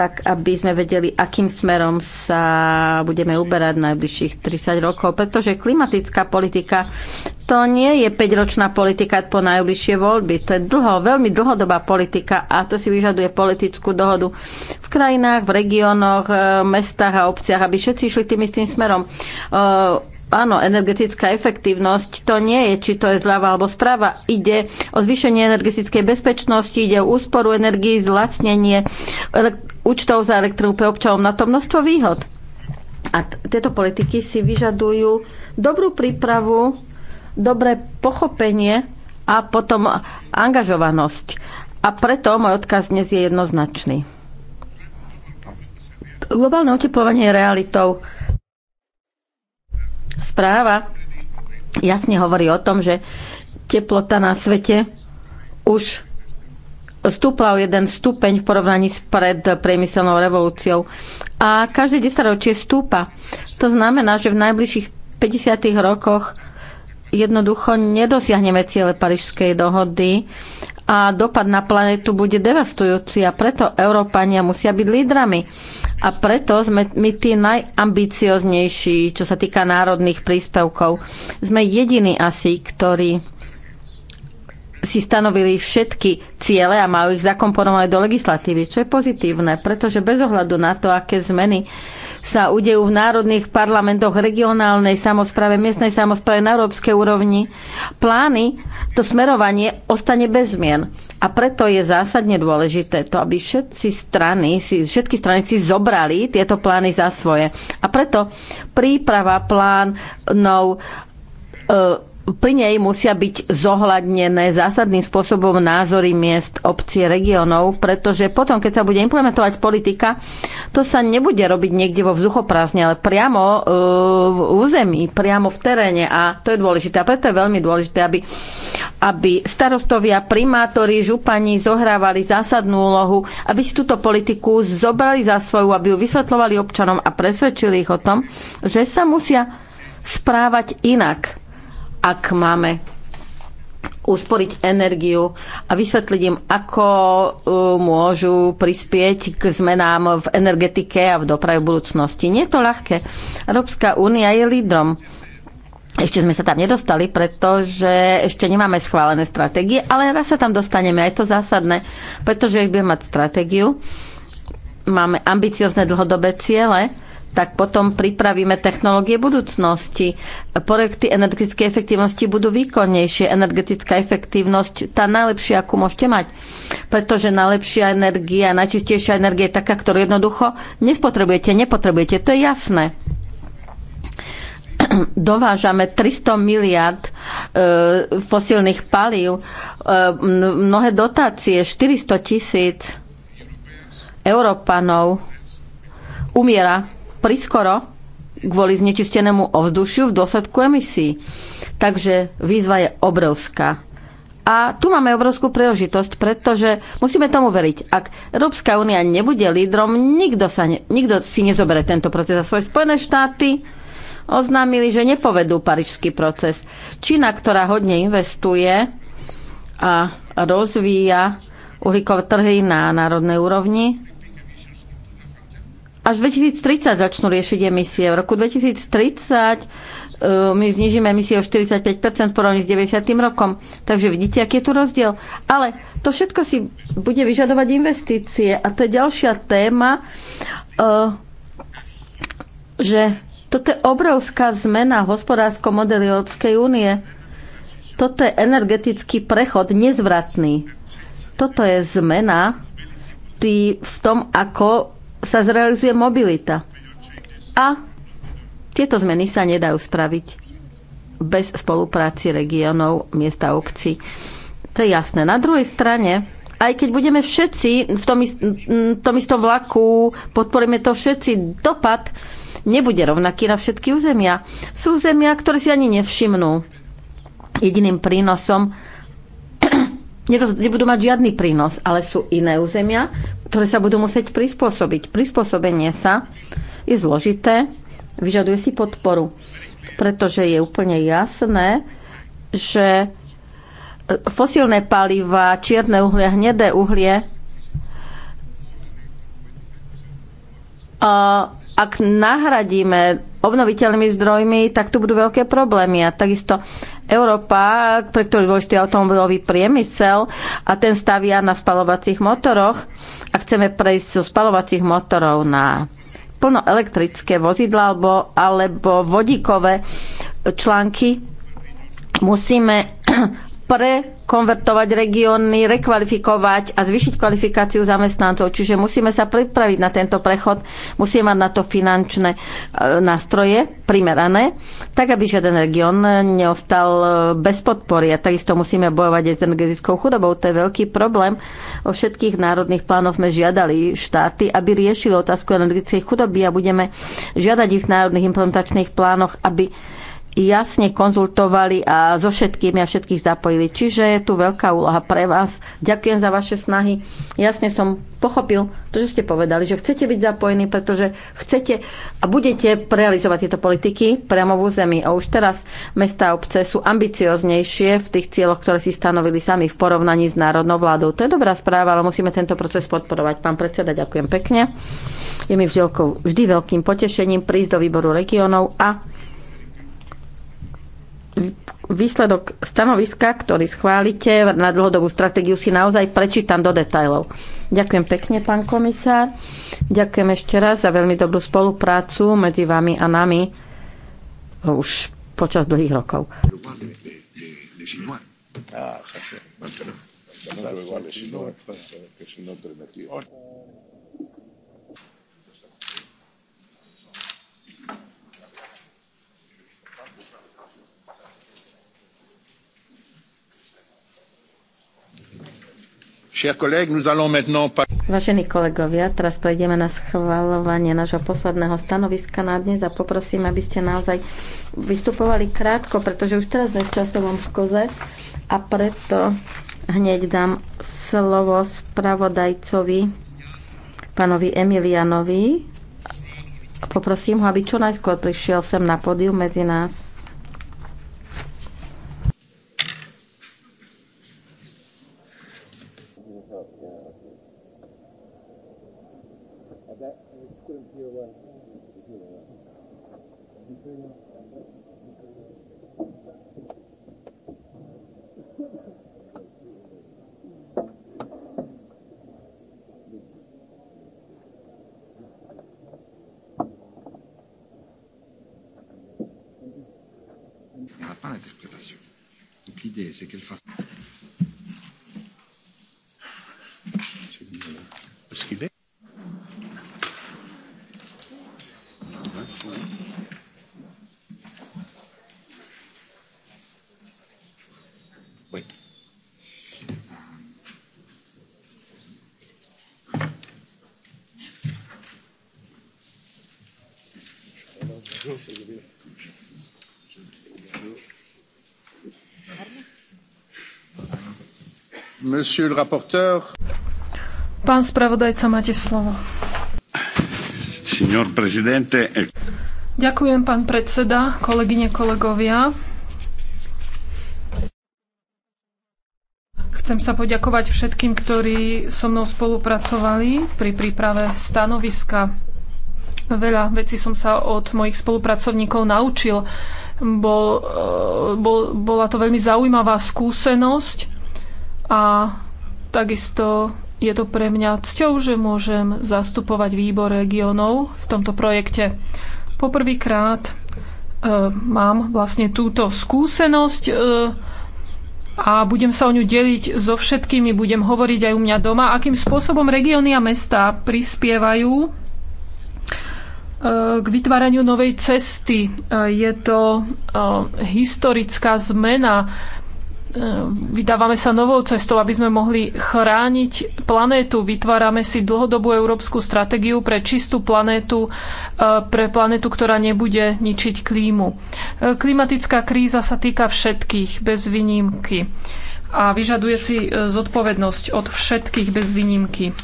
tak aby sme vedeli, akým smerom sa budeme uberať najbližších 30 rokov. Pretože klimatická politika to nie je 5-ročná politika po najbližšie voľby. To je dlho, veľmi dlhodobá politika a to si vyžaduje politickú dohodu v krajinách, v regiónoch, eh, mestách a obciach, aby všetci išli tým istým smerom. Eh, Áno, energetická efektívnosť to nie je, či to je zľava alebo správa. Ide o zvýšenie energetickej bezpečnosti, ide o úsporu energii, zlacnenie účtov za elektrínu pre občanov. Na to množstvo výhod. A tieto politiky si vyžadujú dobrú prípravu, dobré pochopenie a potom angažovanosť. A preto môj odkaz dnes je jednoznačný. Globálne oteplovanie je realitou správa jasne hovorí o tom, že teplota na svete už stúpla o jeden stupeň v porovnaní s pred priemyselnou revolúciou. A každé 10 ročie stúpa. To znamená, že v najbližších 50 rokoch jednoducho nedosiahneme ciele Parížskej dohody a dopad na planetu bude devastujúci a preto Európania musia byť lídrami. A preto sme my tí najambicioznejší, čo sa týka národných príspevkov. Sme jediní asi, ktorí si stanovili všetky ciele a majú ich zakomponované do legislatívy, čo je pozitívne, pretože bez ohľadu na to, aké zmeny sa udejú v národných parlamentoch, regionálnej samozprave, miestnej samozprave na európskej úrovni, plány, to smerovanie ostane bez zmien. A preto je zásadne dôležité to, aby všetci strany, si, všetky strany si zobrali tieto plány za svoje. A preto príprava plánov e, pri nej musia byť zohľadnené zásadným spôsobom názory miest, obcie, regiónov, pretože potom, keď sa bude implementovať politika, to sa nebude robiť niekde vo vzduchoprázdne, ale priamo e, v území, priamo v teréne a to je dôležité. A preto je veľmi dôležité, aby, aby starostovia, primátori, župani zohrávali zásadnú úlohu, aby si túto politiku zobrali za svoju, aby ju vysvetlovali občanom a presvedčili ich o tom, že sa musia správať inak ak máme usporiť energiu a vysvetliť im, ako e, môžu prispieť k zmenám v energetike a v doprave budúcnosti. Nie je to ľahké. Európska únia je lídrom. Ešte sme sa tam nedostali, pretože ešte nemáme schválené stratégie, ale raz sa tam dostaneme, aj to zásadné, pretože ak budeme mať stratégiu, máme ambiciozne dlhodobé ciele, tak potom pripravíme technológie budúcnosti. Projekty energetickej efektívnosti budú výkonnejšie. Energetická efektívnosť, tá najlepšia, akú môžete mať. Pretože najlepšia energia, najčistejšia energia je taká, ktorú jednoducho nespotrebujete, nepotrebujete. To je jasné dovážame 300 miliard e, fosílnych palív, e, mnohé dotácie, 400 tisíc Európanov umiera priskoro kvôli znečistenému ovzdušiu v dôsledku emisí. Takže výzva je obrovská. A tu máme obrovskú príležitosť, pretože musíme tomu veriť. Ak Európska únia nebude lídrom, nikto, sa ne, nikto si nezobere tento proces. A svoje Spojené štáty oznámili, že nepovedú parížský proces. Čína, ktorá hodne investuje a rozvíja uhlíkové trhy na národnej úrovni, až 2030 začnú riešiť emisie. V roku 2030 e, my znižíme emisie o 45% v porovnaní s 90. rokom. Takže vidíte, aký je tu rozdiel. Ale to všetko si bude vyžadovať investície. A to je ďalšia téma, e, že toto je obrovská zmena v hospodárskom modeli Európskej únie. Toto je energetický prechod, nezvratný. Toto je zmena v tom, ako sa zrealizuje mobilita. A tieto zmeny sa nedajú spraviť bez spolupráci regiónov, miesta obcí. To je jasné. Na druhej strane, aj keď budeme všetci v tom, ist- tom istom vlaku, podporíme to všetci, dopad nebude rovnaký na všetky územia. Sú územia, ktoré si ani nevšimnú. Jediným prínosom nebudú mať žiadny prínos, ale sú iné územia, ktoré sa budú musieť prispôsobiť. Prispôsobenie sa je zložité, vyžaduje si podporu, pretože je úplne jasné, že e, fosílne paliva, čierne uhlie, hnedé uhlie a ak nahradíme obnoviteľnými zdrojmi, tak tu budú veľké problémy. A takisto Európa, pre ktorú je dôležitý automobilový priemysel a ten stavia na spalovacích motoroch a chceme prejsť zo spalovacích motorov na plno elektrické vozidla alebo, alebo vodíkové články, musíme prekonvertovať regióny, rekvalifikovať a zvýšiť kvalifikáciu zamestnancov. Čiže musíme sa pripraviť na tento prechod, musíme mať na to finančné e, nástroje primerané, tak aby žiaden región neostal e, bez podpory. A takisto musíme bojovať aj s energetickou chudobou. To je veľký problém. O všetkých národných plánoch sme žiadali štáty, aby riešili otázku energetickej chudoby a budeme žiadať ich v národných implementačných plánoch, aby jasne konzultovali a so všetkými a všetkých zapojili. Čiže je tu veľká úloha pre vás. Ďakujem za vaše snahy. Jasne som pochopil to, že ste povedali, že chcete byť zapojení, pretože chcete a budete realizovať tieto politiky priamo v území. A už teraz mesta a obce sú ambicioznejšie v tých cieľoch, ktoré si stanovili sami v porovnaní s národnou vládou. To je dobrá správa, ale musíme tento proces podporovať. Pán predseda, ďakujem pekne. Je mi vždy veľkým potešením prísť do výboru regionov a výsledok stanoviska, ktorý schválite na dlhodobú stratégiu, si naozaj prečítam do detajlov. Ďakujem pekne, pán komisár. Ďakujem ešte raz za veľmi dobrú spoluprácu medzi vami a nami už počas dlhých rokov. Ah, Vážení kolegovia, teraz prejdeme na schvalovanie nášho posledného stanoviska na dnes a poprosím, aby ste naozaj vystupovali krátko, pretože už teraz sme v časovom skoze a preto hneď dám slovo spravodajcovi pánovi Emilianovi. Poprosím ho, aby čo najskôr prišiel sem na pódium medzi nás. l'idée, c'est qu'elle fasse. Parce qu'il est. Oui. Merci. Pán spravodajca, máte slovo. Eh, Ďakujem, pán predseda, kolegyne, kolegovia. Chcem sa poďakovať všetkým, ktorí so mnou spolupracovali pri príprave stanoviska. Veľa vecí som sa od mojich spolupracovníkov naučil. Bol, eh, bol, bola to veľmi zaujímavá skúsenosť a takisto je to pre mňa cťou, že môžem zastupovať výbor regionov v tomto projekte. Poprvýkrát e, mám vlastne túto skúsenosť e, a budem sa o ňu deliť so všetkými, budem hovoriť aj u mňa doma, akým spôsobom regióny a mesta prispievajú e, k vytváraniu novej cesty. E, je to e, historická zmena. Ehm, vydávame sa novou cestou, aby sme mohli chrániť planétu. Vytvárame si dlhodobú európsku stratégiu pre čistú planétu, e, pre planétu, ktorá nebude ničiť klímu. E, klimatická kríza sa týka všetkých, bez výnimky. A vyžaduje si e, zodpovednosť od všetkých, bez výnimky.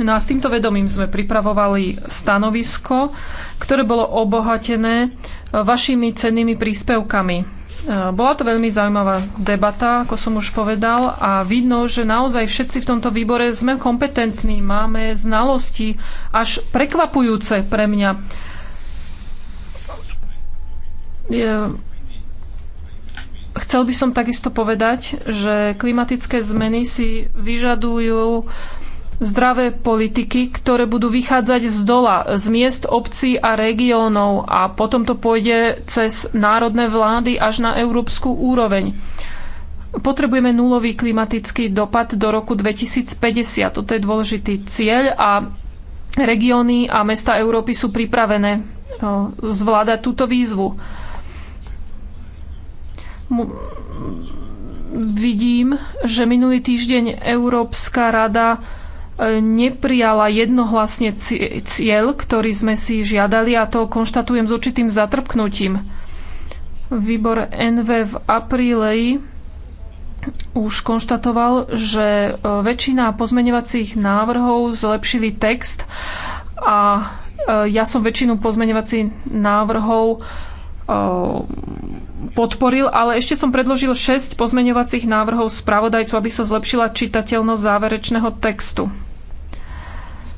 No a s týmto vedomím sme pripravovali stanovisko, ktoré bolo obohatené vašimi cennými príspevkami E, bola to veľmi zaujímavá debata, ako som už povedal, a vidno, že naozaj všetci v tomto výbore sme kompetentní, máme znalosti až prekvapujúce pre mňa. Chcel by som takisto povedať, že klimatické zmeny si vyžadujú zdravé politiky, ktoré budú vychádzať z dola, z miest, obcí a regiónov a potom to pôjde cez národné vlády až na európsku úroveň. Potrebujeme nulový klimatický dopad do roku 2050. Toto je dôležitý cieľ a regióny a mesta Európy sú pripravené zvládať túto výzvu. Vidím, že minulý týždeň Európska rada E, neprijala jednohlasne cieľ, ktorý sme si žiadali a to konštatujem s určitým zatrpknutím. Výbor NV v apríli už konštatoval, že e, väčšina pozmeňovacích návrhov zlepšili text a e, ja som väčšinu pozmeňovacích návrhov Ehm, podporil, ale ešte som predložil 6 pozmeňovacích návrhov spravodajcu, aby sa zlepšila čitateľnosť záverečného textu.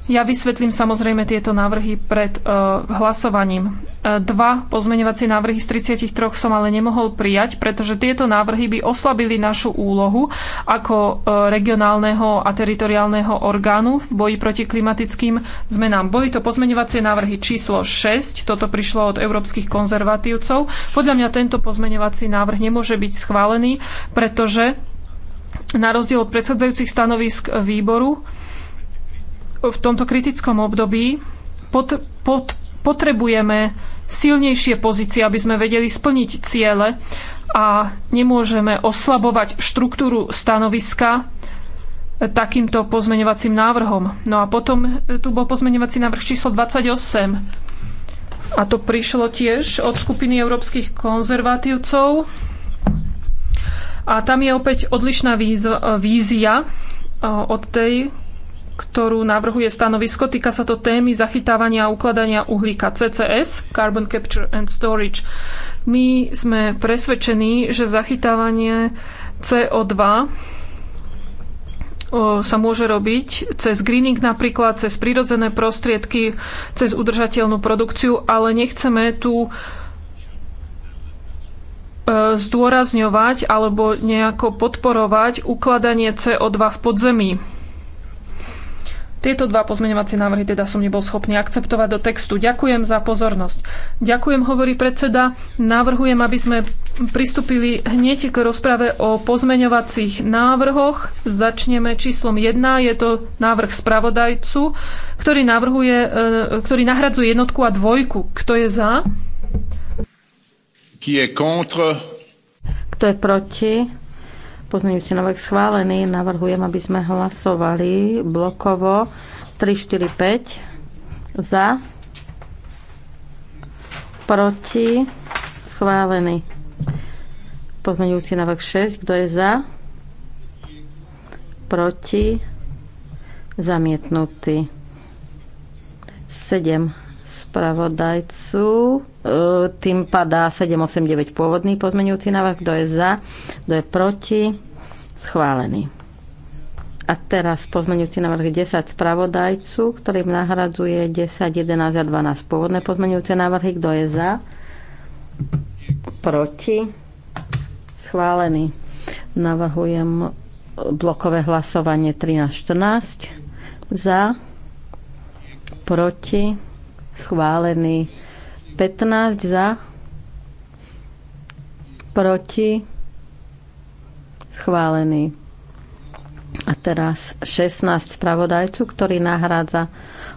Ja vysvetlím samozrejme tieto návrhy pred uh, hlasovaním. E, dva pozmeňovacie návrhy z 33 som ale nemohol prijať, pretože tieto návrhy by oslabili našu úlohu ako e, regionálneho a teritoriálneho orgánu v boji proti klimatickým zmenám. Boli to pozmeňovacie návrhy číslo 6, toto prišlo od európskych konzervatívcov. Podľa mňa tento pozmeňovací návrh nemôže byť schválený, pretože na rozdiel od predchádzajúcich stanovisk výboru, v tomto kritickom období pod, pod, potrebujeme silnejšie pozície, aby sme vedeli splniť ciele a nemôžeme oslabovať štruktúru stanoviska takýmto pozmeňovacím návrhom. No a potom e, tu bol pozmeňovací návrh číslo 28. A to prišlo tiež od skupiny európskych konzervatívcov. A tam je opäť odlišná vízia e, od tej, ktorú navrhuje stanovisko. Týka sa to témy zachytávania a ukladania uhlíka CCS, Carbon Capture and Storage. My sme presvedčení, že zachytávanie CO2 sa môže robiť cez greening napríklad, cez prírodzené prostriedky, cez udržateľnú produkciu, ale nechceme tu e, zdôrazňovať alebo nejako podporovať ukladanie CO2 v podzemí. Tieto dva pozmeňovacie návrhy teda som nebol schopný akceptovať do textu. Ďakujem za pozornosť. Ďakujem, hovorí predseda. Navrhujem, aby sme pristúpili hneď k rozprave o pozmeňovacích návrhoch. Začneme číslom 1. Je to návrh spravodajcu, ktorý, navrhuje, e, ktorý nahradzuje jednotku a dvojku. Kto je za? Qui est contre? Kto je proti? Pozmeňujúci návrh schválený. Navrhujem, aby sme hlasovali blokovo 3, 4, 5 za, proti, schválený. Pozmeňujúci návrh 6. Kto je za? Proti, zamietnutý. 7 spravodajcu. E, tým padá 789 pôvodný pozmenujúci návrh. Kto je za, kto je proti? Schválený. A teraz pozmenujúci návrh 10 spravodajcu, ktorým nahradzuje 10, 11 a 12 pôvodné pozmenujúce návrhy. Kto je za? Proti? Schválený. Navrhujem blokové hlasovanie 13, 14. Za? Proti? schválený. 15 za, proti, schválený. A teraz 16 spravodajcu, ktorý nahrádza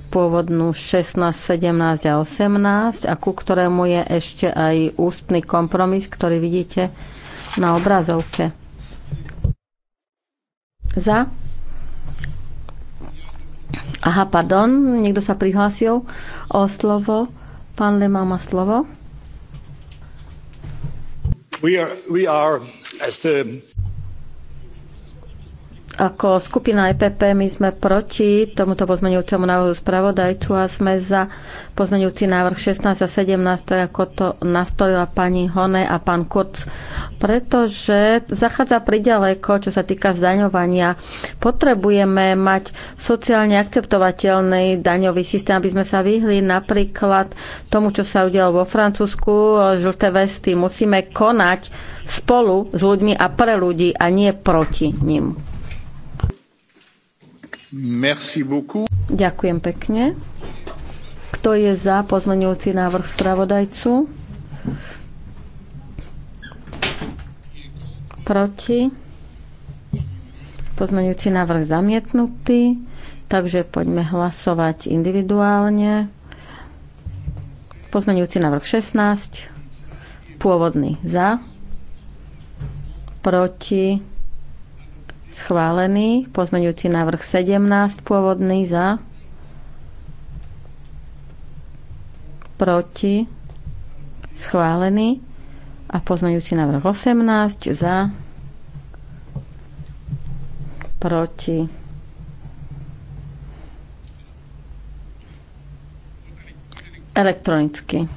pôvodnú 16, 17 a 18 a ku ktorému je ešte aj ústny kompromis, ktorý vidíte na obrazovke. Za, Aha, pardon, niekto sa prihlásil o slovo. Pán Lema má slovo. We are, we are, as the ako skupina EPP my sme proti tomuto pozmeňujúcemu návrhu spravodajcu a sme za pozmeňujúci návrh 16 a 17, ako to nastolila pani Hone a pán Kurz, pretože zachádza priďaleko, čo sa týka zdaňovania. Potrebujeme mať sociálne akceptovateľný daňový systém, aby sme sa vyhli napríklad tomu, čo sa udialo vo Francúzsku, žlté vesty. Musíme konať spolu s ľuďmi a pre ľudí a nie proti ním. Merci beaucoup. Ďakujem pekne. Kto je za pozmeňujúci návrh spravodajcu? Proti? Pozmeňujúci návrh zamietnutý. Takže poďme hlasovať individuálne. Pozmeňujúci návrh 16. Pôvodný za. Proti schválený. Pozmeňujúci návrh 17 pôvodný za. Proti. Schválený. A pozmeňujúci návrh 18 za. Proti. Elektronicky.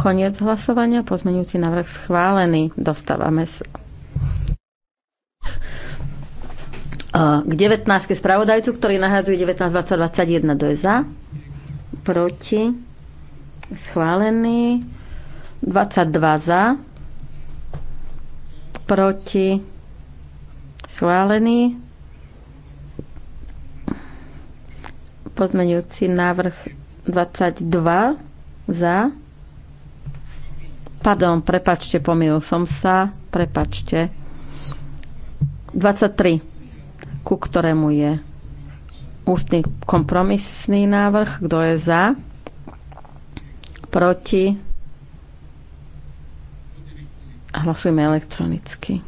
Koniec hlasovania, pozmeňujúci návrh schválený. Dostávame sa k 19. spravodajcu, ktorý nahádzuje 19, 20, 21. Kto je za? Proti? Schválený. 22 za. Proti? Schválený. Pozmeňujúci návrh 22 za. Pardon, prepačte, pomýlil som sa. Prepačte. 23, ku ktorému je ústny kompromisný návrh. Kto je za? Proti? Hlasujme elektronicky.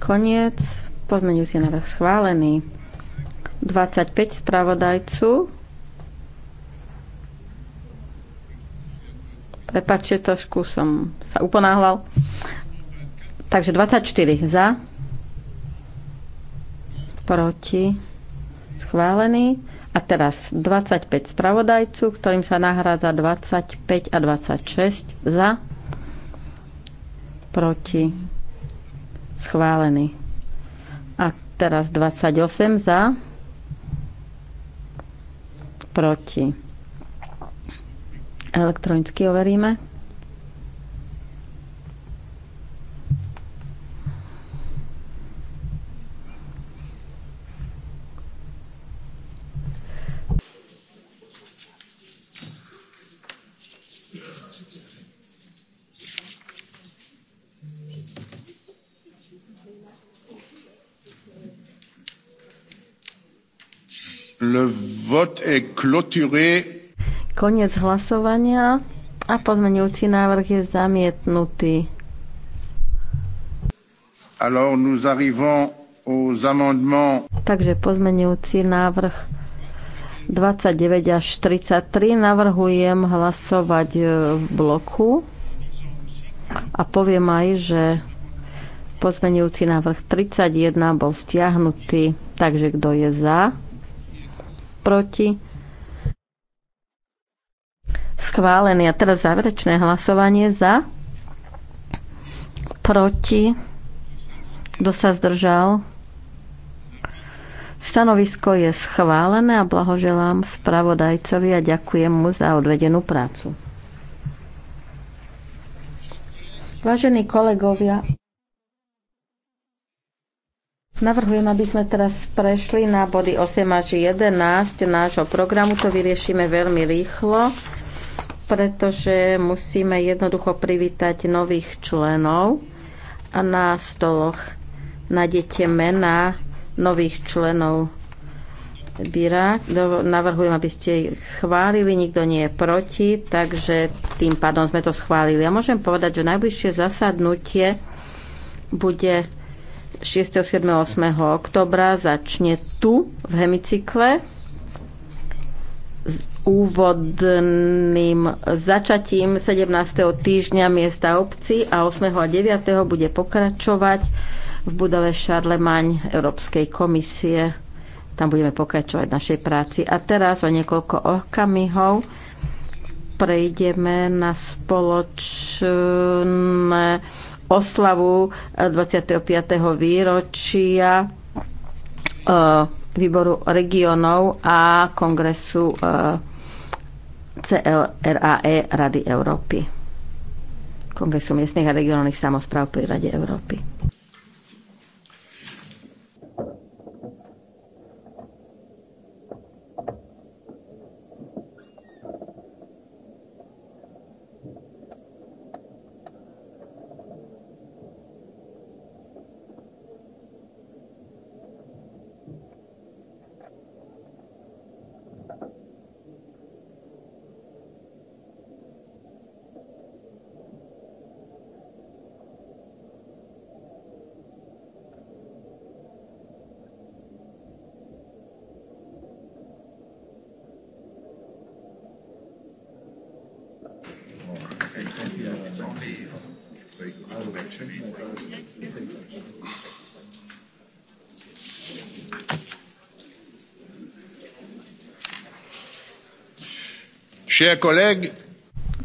Koniec. Pozmeňujúci návrh schválený. 25 spravodajcu. Prepačte, trošku som sa uponáhval. Takže 24 za. Proti. Schválený. A teraz 25 spravodajcu, ktorým sa nahrádza 25 a 26 za. Proti schválený. A teraz 28 za, proti. Elektronicky overíme. Le vote est clôturé. Koniec hlasovania a pozmenujúci návrh je zamietnutý. Alors nous arrivons aux amendements. Takže pozmeňujúci návrh 29 až 33 navrhujem hlasovať e, v bloku a poviem aj, že pozmeňujúci návrh 31 bol stiahnutý. Takže kto je za? proti, schválený. A teraz záverečné hlasovanie za, proti, kto sa zdržal. Stanovisko je schválené a blahoželám spravodajcovi a ďakujem mu za odvedenú prácu. Vážení kolegovia, Navrhujem, aby sme teraz prešli na body 8 až 11 nášho programu. To vyriešime veľmi rýchlo, pretože musíme jednoducho privítať nových členov a na stoloch nájdete mená nových členov Byra. Navrhujem, aby ste ich schválili, nikto nie je proti, takže tým pádom sme to schválili. A ja môžem povedať, že najbližšie zasadnutie bude 6. 7. 8. oktobra začne tu v hemicykle s úvodným začatím 17. týždňa miesta obci a 8. a 9. bude pokračovať v budove Šarlemaň Európskej komisie. Tam budeme pokračovať v našej práci. A teraz o niekoľko okamihov prejdeme na spoločné oslavu 25. Eh, výročia eh, výboru regionov a kongresu eh, CLRAE Rady Európy. Kongresu miestnych a regionálnych samozpráv pri Rade Európy.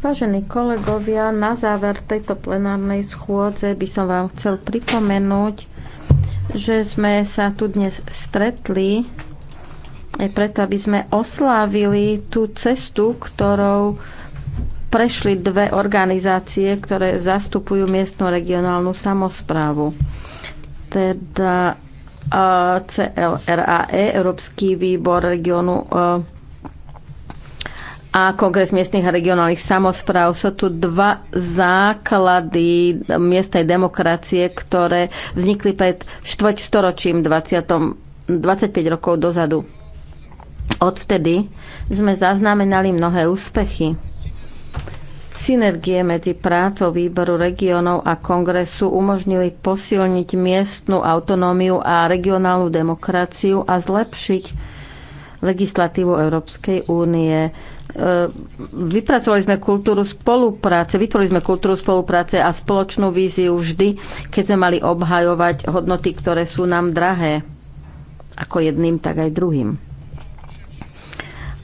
Vážení kolegovia, na záver tejto plenárnej schôdze by som vám chcel pripomenúť, že sme sa tu dnes stretli aj preto, aby sme oslávili tú cestu, ktorou prešli dve organizácie, ktoré zastupujú miestnu regionálnu samozprávu. Teda eh, CLRAE, Európsky výbor regionu eh, a Kongres miestnych a regionálnych samozpráv. Sú tu dva základy miestnej demokracie, ktoré vznikli pred štvrť storočím 20, 25 rokov dozadu. Odvtedy sme zaznamenali mnohé úspechy. Synergie medzi prácou výboru regionov a kongresu umožnili posilniť miestnu autonómiu a regionálnu demokraciu a zlepšiť legislatívu Európskej únie Vypracovali sme kultúru spolupráce, vytvorili sme kultúru spolupráce a spoločnú víziu vždy, keď sme mali obhajovať hodnoty, ktoré sú nám drahé. Ako jedným, tak aj druhým.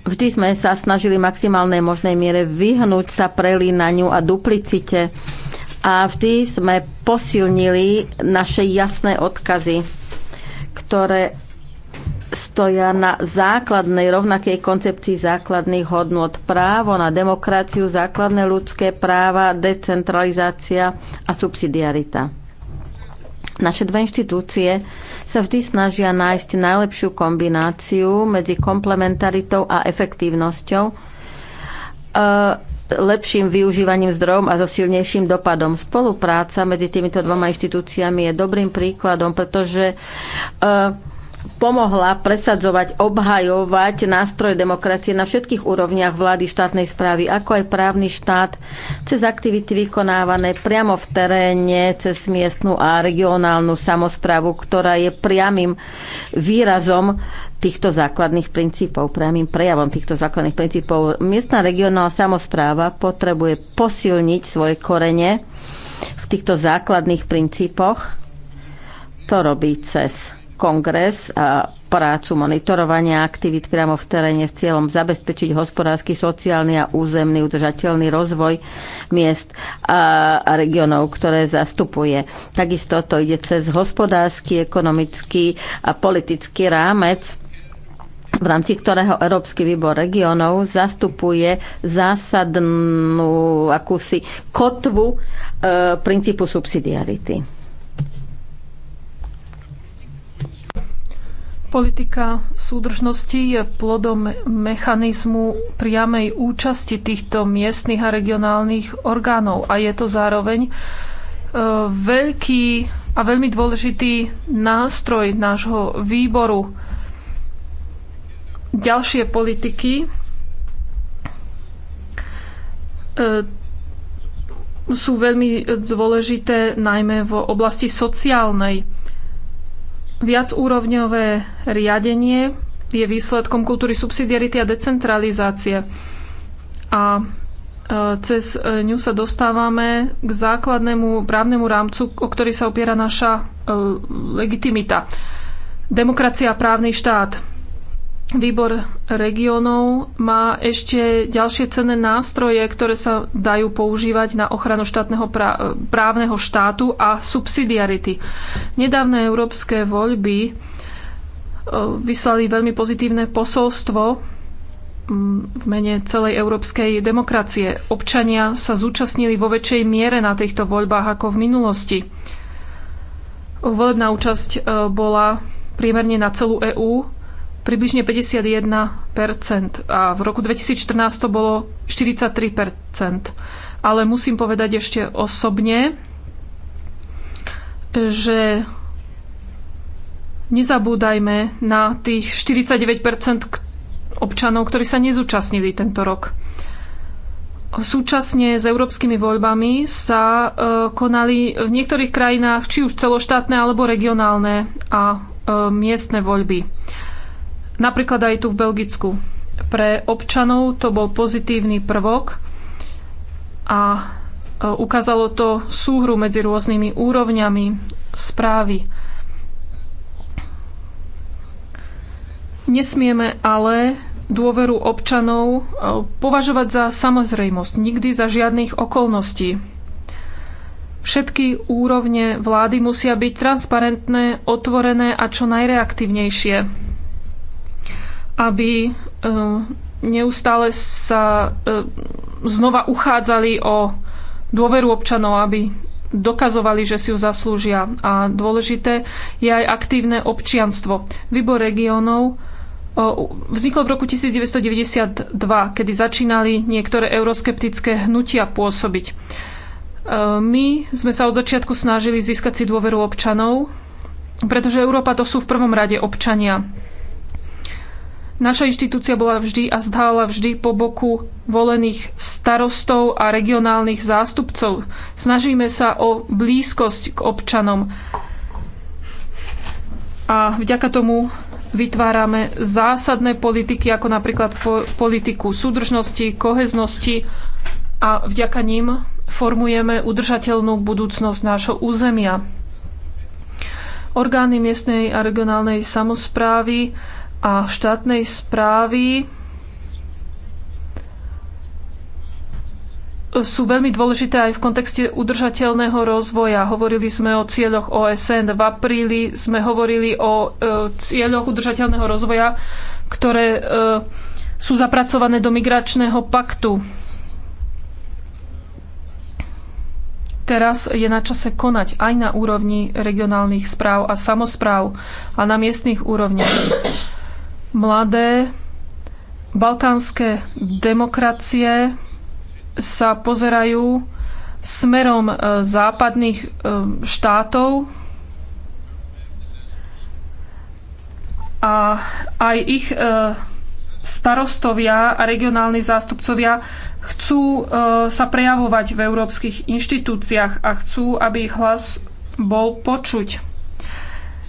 Vždy sme sa snažili maximálnej možnej miere vyhnúť sa prelínaniu a duplicite a vždy sme posilnili naše jasné odkazy, ktoré stoja na základnej, rovnakej koncepcii základných hodnot. Právo na demokraciu, základné ľudské práva, decentralizácia a subsidiarita. Naše dve inštitúcie sa vždy snažia nájsť najlepšiu kombináciu medzi komplementaritou a efektívnosťou, e, lepším využívaním zdrojom a so silnejším dopadom. Spolupráca medzi týmito dvoma inštitúciami je dobrým príkladom, pretože e, pomohla presadzovať, obhajovať nástroje demokracie na všetkých úrovniach vlády, štátnej správy, ako aj právny štát, cez aktivity vykonávané priamo v teréne, cez miestnu a regionálnu samozprávu, ktorá je priamým výrazom týchto základných princípov, priamým prejavom týchto základných princípov. Miestna regionálna samozpráva potrebuje posilniť svoje korene v týchto základných princípoch. To robí cez kongres a prácu monitorovania aktivít priamo v teréne s cieľom zabezpečiť hospodársky, sociálny a územný udržateľný rozvoj miest a regionov, ktoré zastupuje. Takisto to ide cez hospodársky, ekonomický a politický rámec v rámci ktorého Európsky výbor regionov zastupuje zásadnú akúsi kotvu e, princípu subsidiarity. Politika súdržnosti je plodom mechanizmu priamej účasti týchto miestnych a regionálnych orgánov a je to zároveň e, veľký a veľmi dôležitý nástroj nášho výboru. Ďalšie politiky e, sú veľmi dôležité najmä v oblasti sociálnej. Viacúrovňové riadenie je výsledkom kultúry subsidiarity a decentralizácie. A e, cez e, ňu sa dostávame k základnému právnemu rámcu, o ktorý sa opiera naša e, legitimita. Demokracia a právny štát. Výbor regiónov má ešte ďalšie cenné nástroje, ktoré sa dajú používať na ochranu štátneho právneho štátu a subsidiarity. Nedávne európske voľby e, vyslali veľmi pozitívne posolstvo v mene celej európskej demokracie. Občania sa zúčastnili vo väčšej miere na týchto voľbách ako v minulosti. Volebná účasť e, bola priemerne na celú EÚ približne 51 a v roku 2014 to bolo 43 Ale musím povedať ešte osobne, že nezabúdajme na tých 49 občanov, ktorí sa nezúčastnili tento rok. Súčasne s európskymi voľbami sa e, konali v niektorých krajinách či už celoštátne alebo regionálne a e, miestne voľby. Napríklad aj tu v Belgicku. Pre občanov to bol pozitívny prvok a e, ukázalo to súhru medzi rôznymi úrovňami správy. Nesmieme ale dôveru občanov e, považovať za samozrejmosť, nikdy za žiadnych okolností. Všetky úrovne vlády musia byť transparentné, otvorené a čo najreaktívnejšie aby e, neustále sa e, znova uchádzali o dôveru občanov, aby dokazovali, že si ju zaslúžia. A dôležité je aj aktívne občianstvo. Výbor regiónov vznikol v roku 1992, kedy začínali niektoré euroskeptické hnutia pôsobiť. E, my sme sa od začiatku snažili získať si dôveru občanov, pretože Európa to sú v prvom rade občania. Naša inštitúcia bola vždy a zdála vždy po boku volených starostov a regionálnych zástupcov. Snažíme sa o blízkosť k občanom. A vďaka tomu vytvárame zásadné politiky, ako napríklad po politiku súdržnosti, koheznosti a vďaka ním formujeme udržateľnú budúcnosť nášho územia. Orgány miestnej a regionálnej samozprávy a štátnej správy sú veľmi dôležité aj v kontexte udržateľného rozvoja. Hovorili sme o cieľoch OSN. V apríli sme hovorili o e, cieľoch udržateľného rozvoja, ktoré e, sú zapracované do migračného paktu. Teraz je na čase konať aj na úrovni regionálnych správ a samospráv a na miestnych úrovniach. Mladé balkánske demokracie sa pozerajú smerom e, západných e, štátov a aj ich e, starostovia a regionálni zástupcovia chcú sa prejavovať v európskych inštitúciách a chcú, aby ich hlas bol počuť.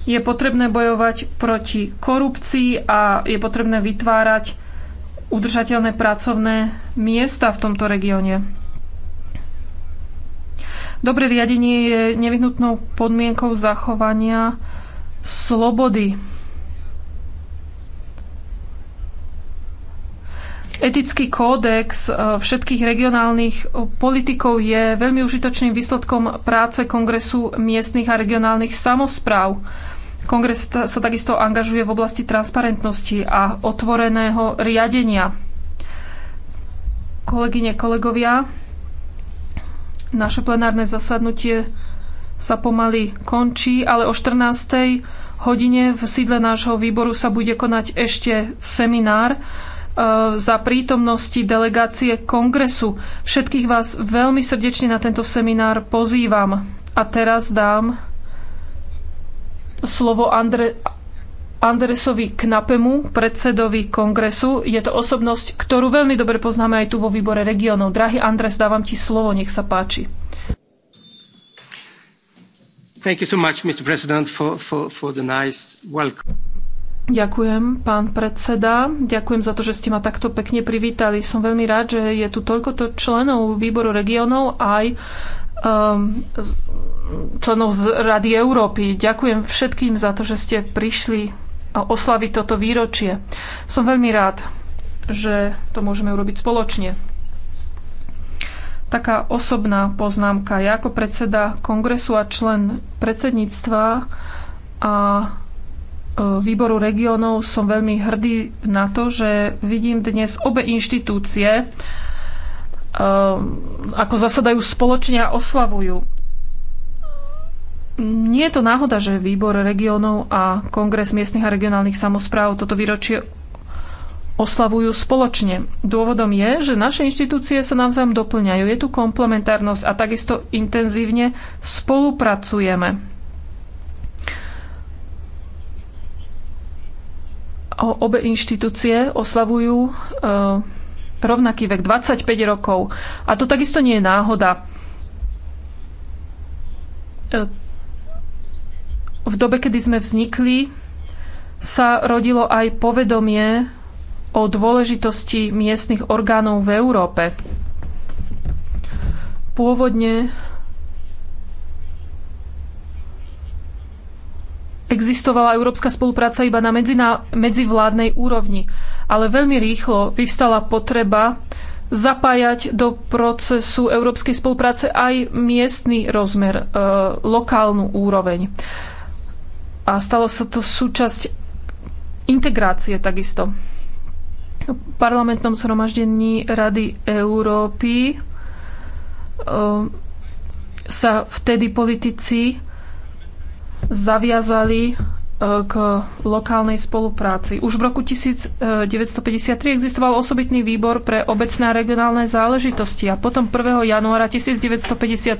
Je potrebné bojovať proti korupcii a je potrebné vytvárať udržateľné pracovné miesta v tomto regióne. Dobré riadenie je nevyhnutnou podmienkou zachovania slobody. Etický kódex e, všetkých regionálnych politikov je veľmi užitočným výsledkom práce Kongresu miestnych a regionálnych samozpráv. Kongres sa takisto angažuje v oblasti transparentnosti a otvoreného riadenia. Kolegyne, kolegovia, naše plenárne zasadnutie sa pomaly končí, ale o 14. hodine v sídle nášho výboru sa bude konať ešte seminár e, za prítomnosti delegácie kongresu. Všetkých vás veľmi srdečne na tento seminár pozývam. A teraz dám slovo Andre, Andresovi Knapemu, predsedovi kongresu. Je to osobnosť, ktorú veľmi dobre poznáme aj tu vo výbore regionov. Drahý Andres, dávam ti slovo, nech sa páči. So much, for, for, for nice Ďakujem, pán predseda. Ďakujem za to, že ste ma takto pekne privítali. Som veľmi rád, že je tu toľkoto členov výboru regionov aj um, členov z Rady Európy. Ďakujem všetkým za to, že ste prišli oslaviť toto výročie. Som veľmi rád, že to môžeme urobiť spoločne. Taká osobná poznámka. Ja ako predseda kongresu a člen predsedníctva a e, výboru regiónov som veľmi hrdý na to, že vidím dnes obe inštitúcie, e, ako zasadajú spoločne a oslavujú. Nie je to náhoda, že výbor regiónov a kongres miestnych a regionálnych samozpráv toto výročie oslavujú spoločne. Dôvodom je, že naše inštitúcie sa navzájom doplňajú. Je tu komplementárnosť a takisto intenzívne spolupracujeme. Obe inštitúcie oslavujú e, rovnaký vek, 25 rokov. A to takisto nie je náhoda e, v dobe, kedy sme vznikli, sa rodilo aj povedomie o dôležitosti miestnych orgánov v Európe. Pôvodne existovala európska spolupráca iba na medziná, medzivládnej úrovni, ale veľmi rýchlo vyvstala potreba zapájať do procesu európskej spolupráce aj miestny rozmer, e, lokálnu úroveň a stalo sa to súčasť integrácie takisto. V parlamentnom zhromaždení Rady Európy eh, sa vtedy politici zaviazali k lokálnej spolupráci. Už v roku 1953 existoval osobitný výbor pre obecné a regionálne záležitosti a potom 1. januára 1957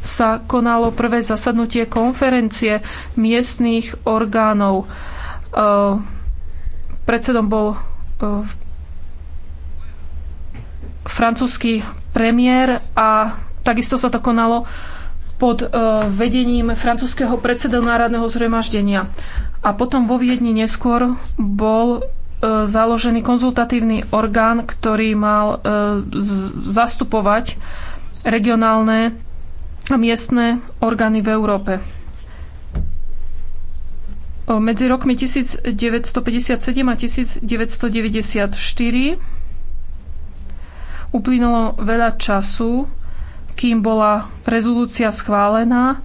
sa konalo prvé zasadnutie konferencie miestných orgánov. E, predsedom bol e, francúzsky premiér a takisto sa to konalo pod e, vedením francúzského predsedu Národného zhromaždenia. A potom vo Viedni neskôr bol e, založený konzultatívny orgán, ktorý mal e, zastupovať regionálne a miestne orgány v Európe. Medzi rokmi 1957 a 1994 uplynulo veľa času kým bola rezolúcia schválená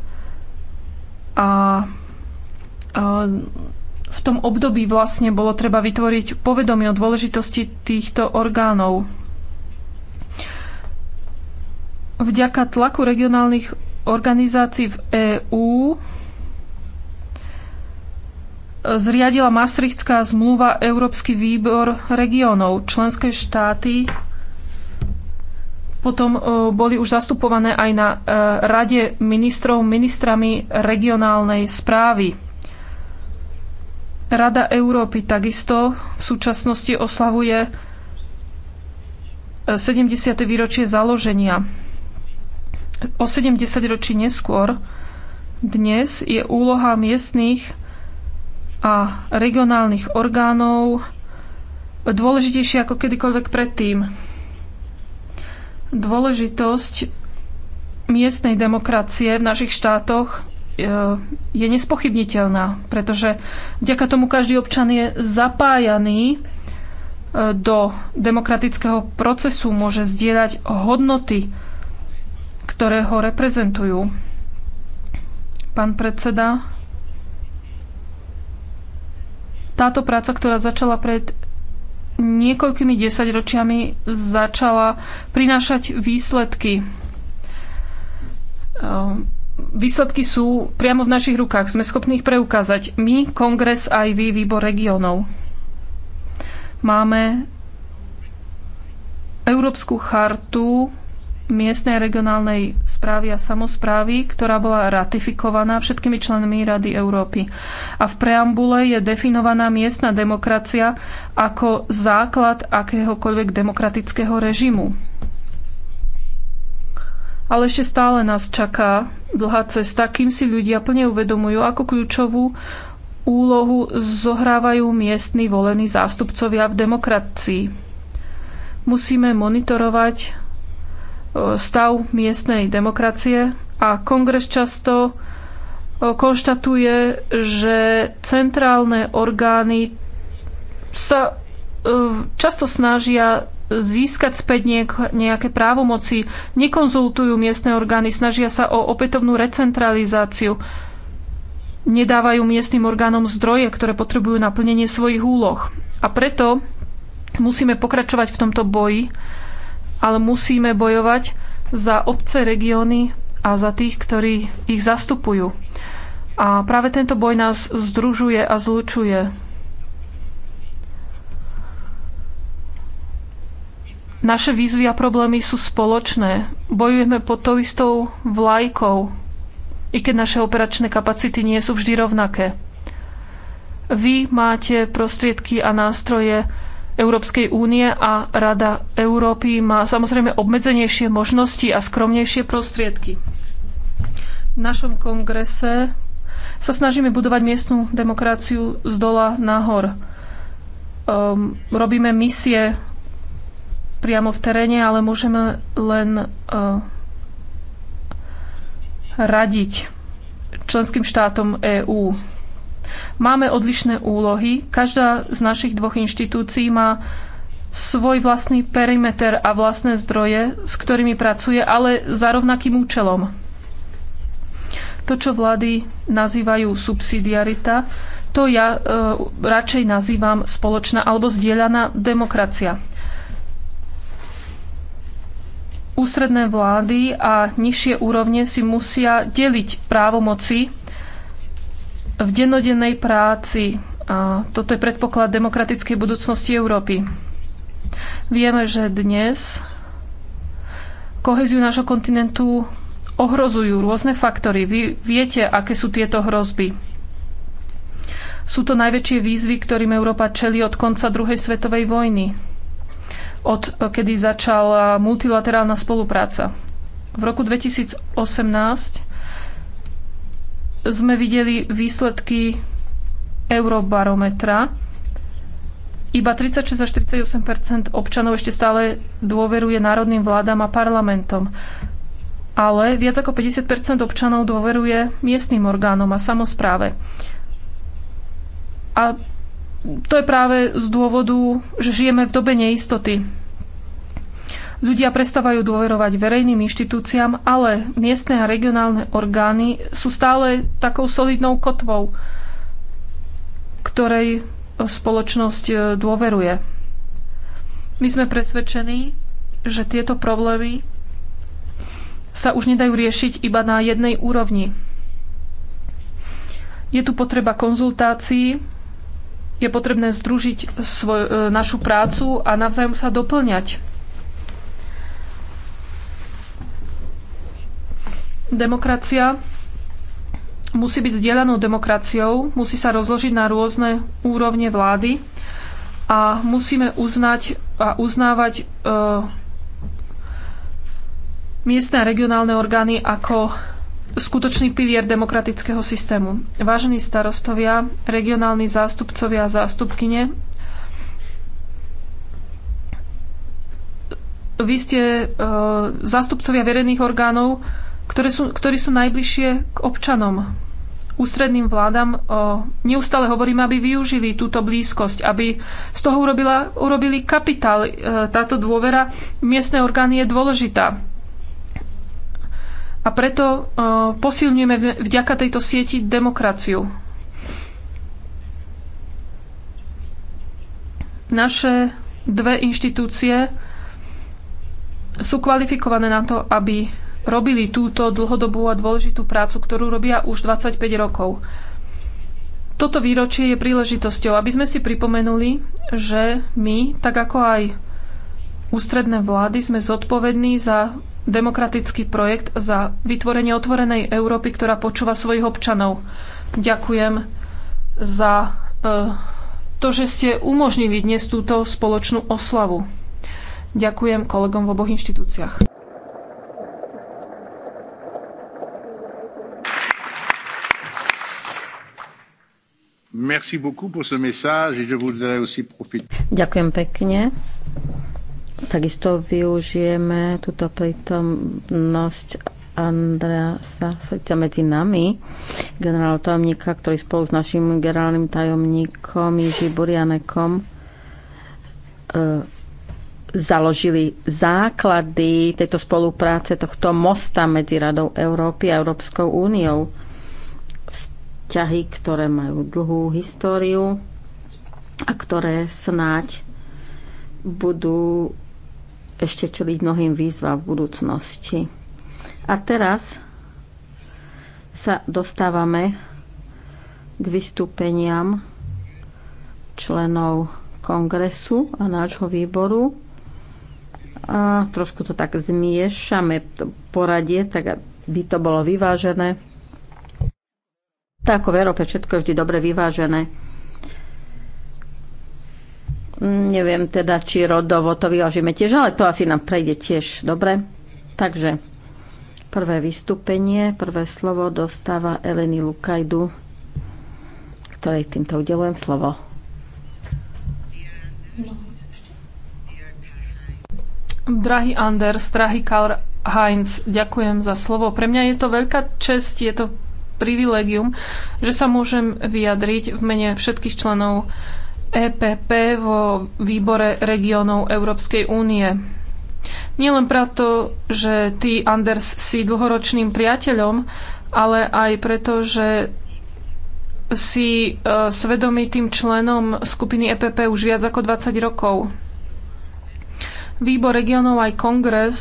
a v tom období vlastne bolo treba vytvoriť povedomie o dôležitosti týchto orgánov. Vďaka tlaku regionálnych organizácií v EÚ zriadila Maastrichtská zmluva Európsky výbor regiónov. Členské štáty potom e, boli už zastupované aj na e, Rade ministrov ministrami regionálnej správy. Rada Európy takisto v súčasnosti oslavuje 70. E, výročie založenia. O 70 ročí neskôr dnes je úloha miestných a regionálnych orgánov dôležitejšia ako kedykoľvek predtým Dôležitosť miestnej demokracie v našich štátoch e, je nespochybniteľná, pretože vďaka tomu každý občan je zapájaný e, do demokratického procesu, môže zdieľať hodnoty, ktoré ho reprezentujú. Pán predseda, táto práca, ktorá začala pred niekoľkými desaťročiami začala prinášať výsledky. Ehm, výsledky sú priamo v našich rukách. Sme schopní ich preukázať. My, kongres, aj vy, výbor regionov. Máme Európsku chartu miestnej regionálnej správy a samozprávy, ktorá bola ratifikovaná všetkými členmi Rady Európy. A v preambule je definovaná miestna demokracia ako základ akéhokoľvek demokratického režimu. Ale ešte stále nás čaká dlhá cesta, kým si ľudia plne uvedomujú, ako kľúčovú úlohu zohrávajú miestni volení zástupcovia v demokracii. Musíme monitorovať stav miestnej demokracie a kongres často konštatuje, že centrálne orgány sa e, často snažia získať späť nejaké právomoci, nekonzultujú miestne orgány, snažia sa o opätovnú recentralizáciu, nedávajú miestnym orgánom zdroje, ktoré potrebujú na plnenie svojich úloh. A preto musíme pokračovať v tomto boji ale musíme bojovať za obce, regióny a za tých, ktorí ich zastupujú. A práve tento boj nás združuje a zlučuje. Naše výzvy a problémy sú spoločné. Bojujeme pod tou istou vlajkou, i keď naše operačné kapacity nie sú vždy rovnaké. Vy máte prostriedky a nástroje Európskej únie a Rada Európy má samozrejme obmedzenejšie možnosti a skromnejšie prostriedky. V našom kongrese sa snažíme budovať miestnú demokraciu z dola nahor. Um, robíme misie priamo v teréne, ale môžeme len uh, radiť členským štátom EÚ. Máme odlišné úlohy. Každá z našich dvoch inštitúcií má svoj vlastný perimeter a vlastné zdroje, s ktorými pracuje, ale za rovnakým účelom. To, čo vlády nazývajú subsidiarita, to ja e, radšej nazývam spoločná alebo zdieľaná demokracia. Ústredné vlády a nižšie úrovne si musia deliť právomoci v dennodennej práci. A toto je predpoklad demokratickej budúcnosti Európy. Vieme, že dnes koheziu nášho kontinentu ohrozujú rôzne faktory. Vy viete, aké sú tieto hrozby. Sú to najväčšie výzvy, ktorým Európa čelí od konca druhej svetovej vojny, od e, kedy začala multilaterálna spolupráca. V roku 2018 sme videli výsledky eurobarometra. Iba 36 až 38 občanov ešte stále dôveruje národným vládam a parlamentom. Ale viac ako 50 občanov dôveruje miestnym orgánom a samozpráve. A to je práve z dôvodu, že žijeme v dobe neistoty. Ľudia prestávajú dôverovať verejným inštitúciám, ale miestne a regionálne orgány sú stále takou solidnou kotvou, ktorej spoločnosť e, dôveruje. My sme presvedčení, že tieto problémy sa už nedajú riešiť iba na jednej úrovni. Je tu potreba konzultácií, je potrebné združiť svoj, e, našu prácu a navzájom sa doplňať. Demokracia musí byť zdieľanou demokraciou, musí sa rozložiť na rôzne úrovne vlády a musíme uznať a uznávať e, miestne a regionálne orgány ako skutočný pilier demokratického systému. Vážení starostovia, regionálni zástupcovia a zástupkyne, vy ste e, zástupcovia verejných orgánov, ktoré sú, ktorí sú najbližšie k občanom. Ústredným vládam o, neustále hovorím, aby využili túto blízkosť, aby z toho urobila, urobili kapitál. E, táto dôvera miestne orgány je dôležitá. A preto e, posilňujeme vďaka tejto sieti demokraciu. Naše dve inštitúcie sú kvalifikované na to, aby robili túto dlhodobú a dôležitú prácu, ktorú robia už 25 rokov. Toto výročie je príležitosťou, aby sme si pripomenuli, že my, tak ako aj ústredné vlády, sme zodpovední za demokratický projekt, za vytvorenie otvorenej Európy, ktorá počúva svojich občanov. Ďakujem za eh, to, že ste umožnili dnes túto spoločnú oslavu. Ďakujem kolegom v oboch inštitúciách. Merci beaucoup pour ce message et je voudrais aussi profiter. Ďakujem pekne. Takisto využijeme túto prítomnosť Andreasa Frica medzi nami, generál tajomníka, ktorý spolu s našim generálnym tajomníkom Jiži Burianekom e, založili základy tejto spolupráce, tohto mosta medzi Radou Európy a Európskou úniou vzťahy, ktoré majú dlhú históriu a ktoré snáď budú ešte čeliť mnohým výzvam v budúcnosti. A teraz sa dostávame k vystúpeniam členov kongresu a nášho výboru. A trošku to tak zmiešame, to poradie, tak aby to bolo vyvážené. Tak ako v Európe všetko je vždy dobre vyvážené. Mm, neviem teda, či rodovo to vyvážime tiež, ale to asi nám prejde tiež dobre. Takže prvé vystúpenie, prvé slovo dostáva Eleni Lukajdu, ktorej týmto udelujem slovo. Drahý Anders, drahý Karl Heinz, ďakujem za slovo. Pre mňa je to veľká čest, je to privilegium, že sa môžem vyjadriť v mene všetkých členov EPP vo výbore regiónov Európskej únie. Nielen preto, že ty, Anders, si dlhoročným priateľom, ale aj preto, že si e, svedomitým členom skupiny EPP už viac ako 20 rokov. Výbor regionov aj kongres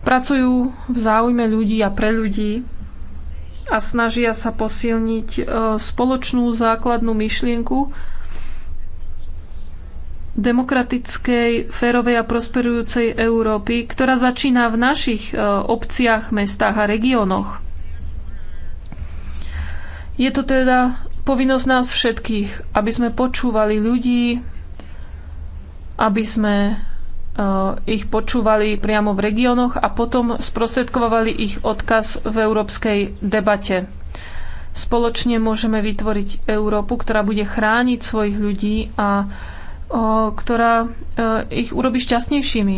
pracujú v záujme ľudí a pre ľudí a snažia sa posilniť e, spoločnú základnú myšlienku demokratickej, férovej a prosperujúcej Európy, ktorá začína v našich e, obciach, mestách a regiónoch. Je to teda povinnosť nás všetkých, aby sme počúvali ľudí, aby sme Eh, ich počúvali priamo v regiónoch a potom sprostredkovali ich odkaz v európskej debate. Spoločne môžeme vytvoriť Európu, ktorá bude chrániť svojich ľudí a ktorá eh, ich urobi šťastnejšími.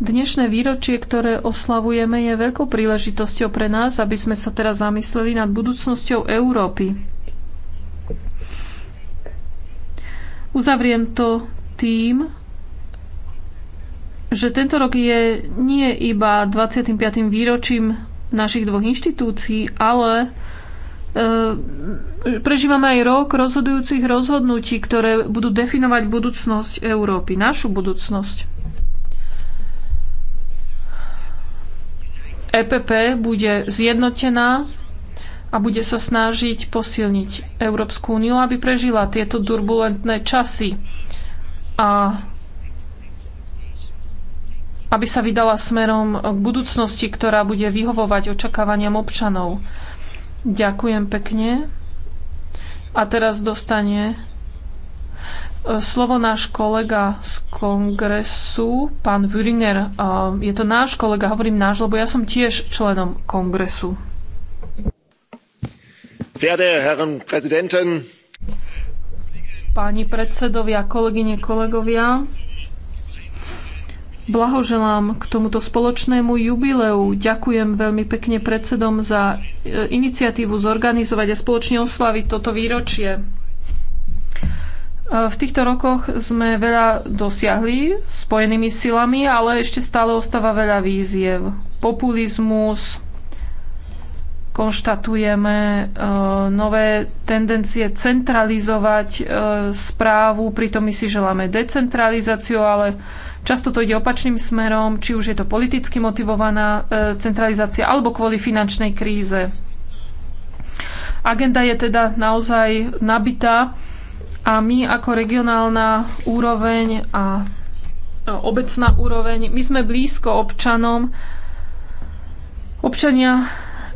Dnešné výročie, ktoré oslavujeme, je veľkou príležitosťou pre nás, aby sme sa teraz zamysleli nad budúcnosťou Európy. Uzavriem to tým, že tento rok je nie iba 25. výročím našich dvoch inštitúcií, ale e, prežívame aj rok rozhodujúcich rozhodnutí, ktoré budú definovať budúcnosť Európy, našu budúcnosť. EPP bude zjednotená a bude sa snažiť posilniť Európsku úniu, aby prežila tieto turbulentné časy a aby sa vydala smerom k budúcnosti, ktorá bude vyhovovať očakávaniam občanov. Ďakujem pekne. A teraz dostane e, slovo náš kolega z kongresu, pán Würinger. Je to náš kolega, hovorím náš, lebo ja som tiež členom kongresu. Verehrte Herren páni predsedovia, kolegyne, kolegovia. Blahoželám k tomuto spoločnému jubileu. Ďakujem veľmi pekne predsedom za e, iniciatívu zorganizovať a spoločne oslaviť toto výročie. E, v týchto rokoch sme veľa dosiahli spojenými silami, ale ešte stále ostáva veľa víziev. Populizmus, konštatujeme e, nové tendencie centralizovať e, správu, pritom my si želáme decentralizáciu, ale často to ide opačným smerom, či už je to politicky motivovaná e, centralizácia alebo kvôli finančnej kríze. Agenda je teda naozaj nabitá a my ako regionálna úroveň a obecná úroveň, my sme blízko občanom. Občania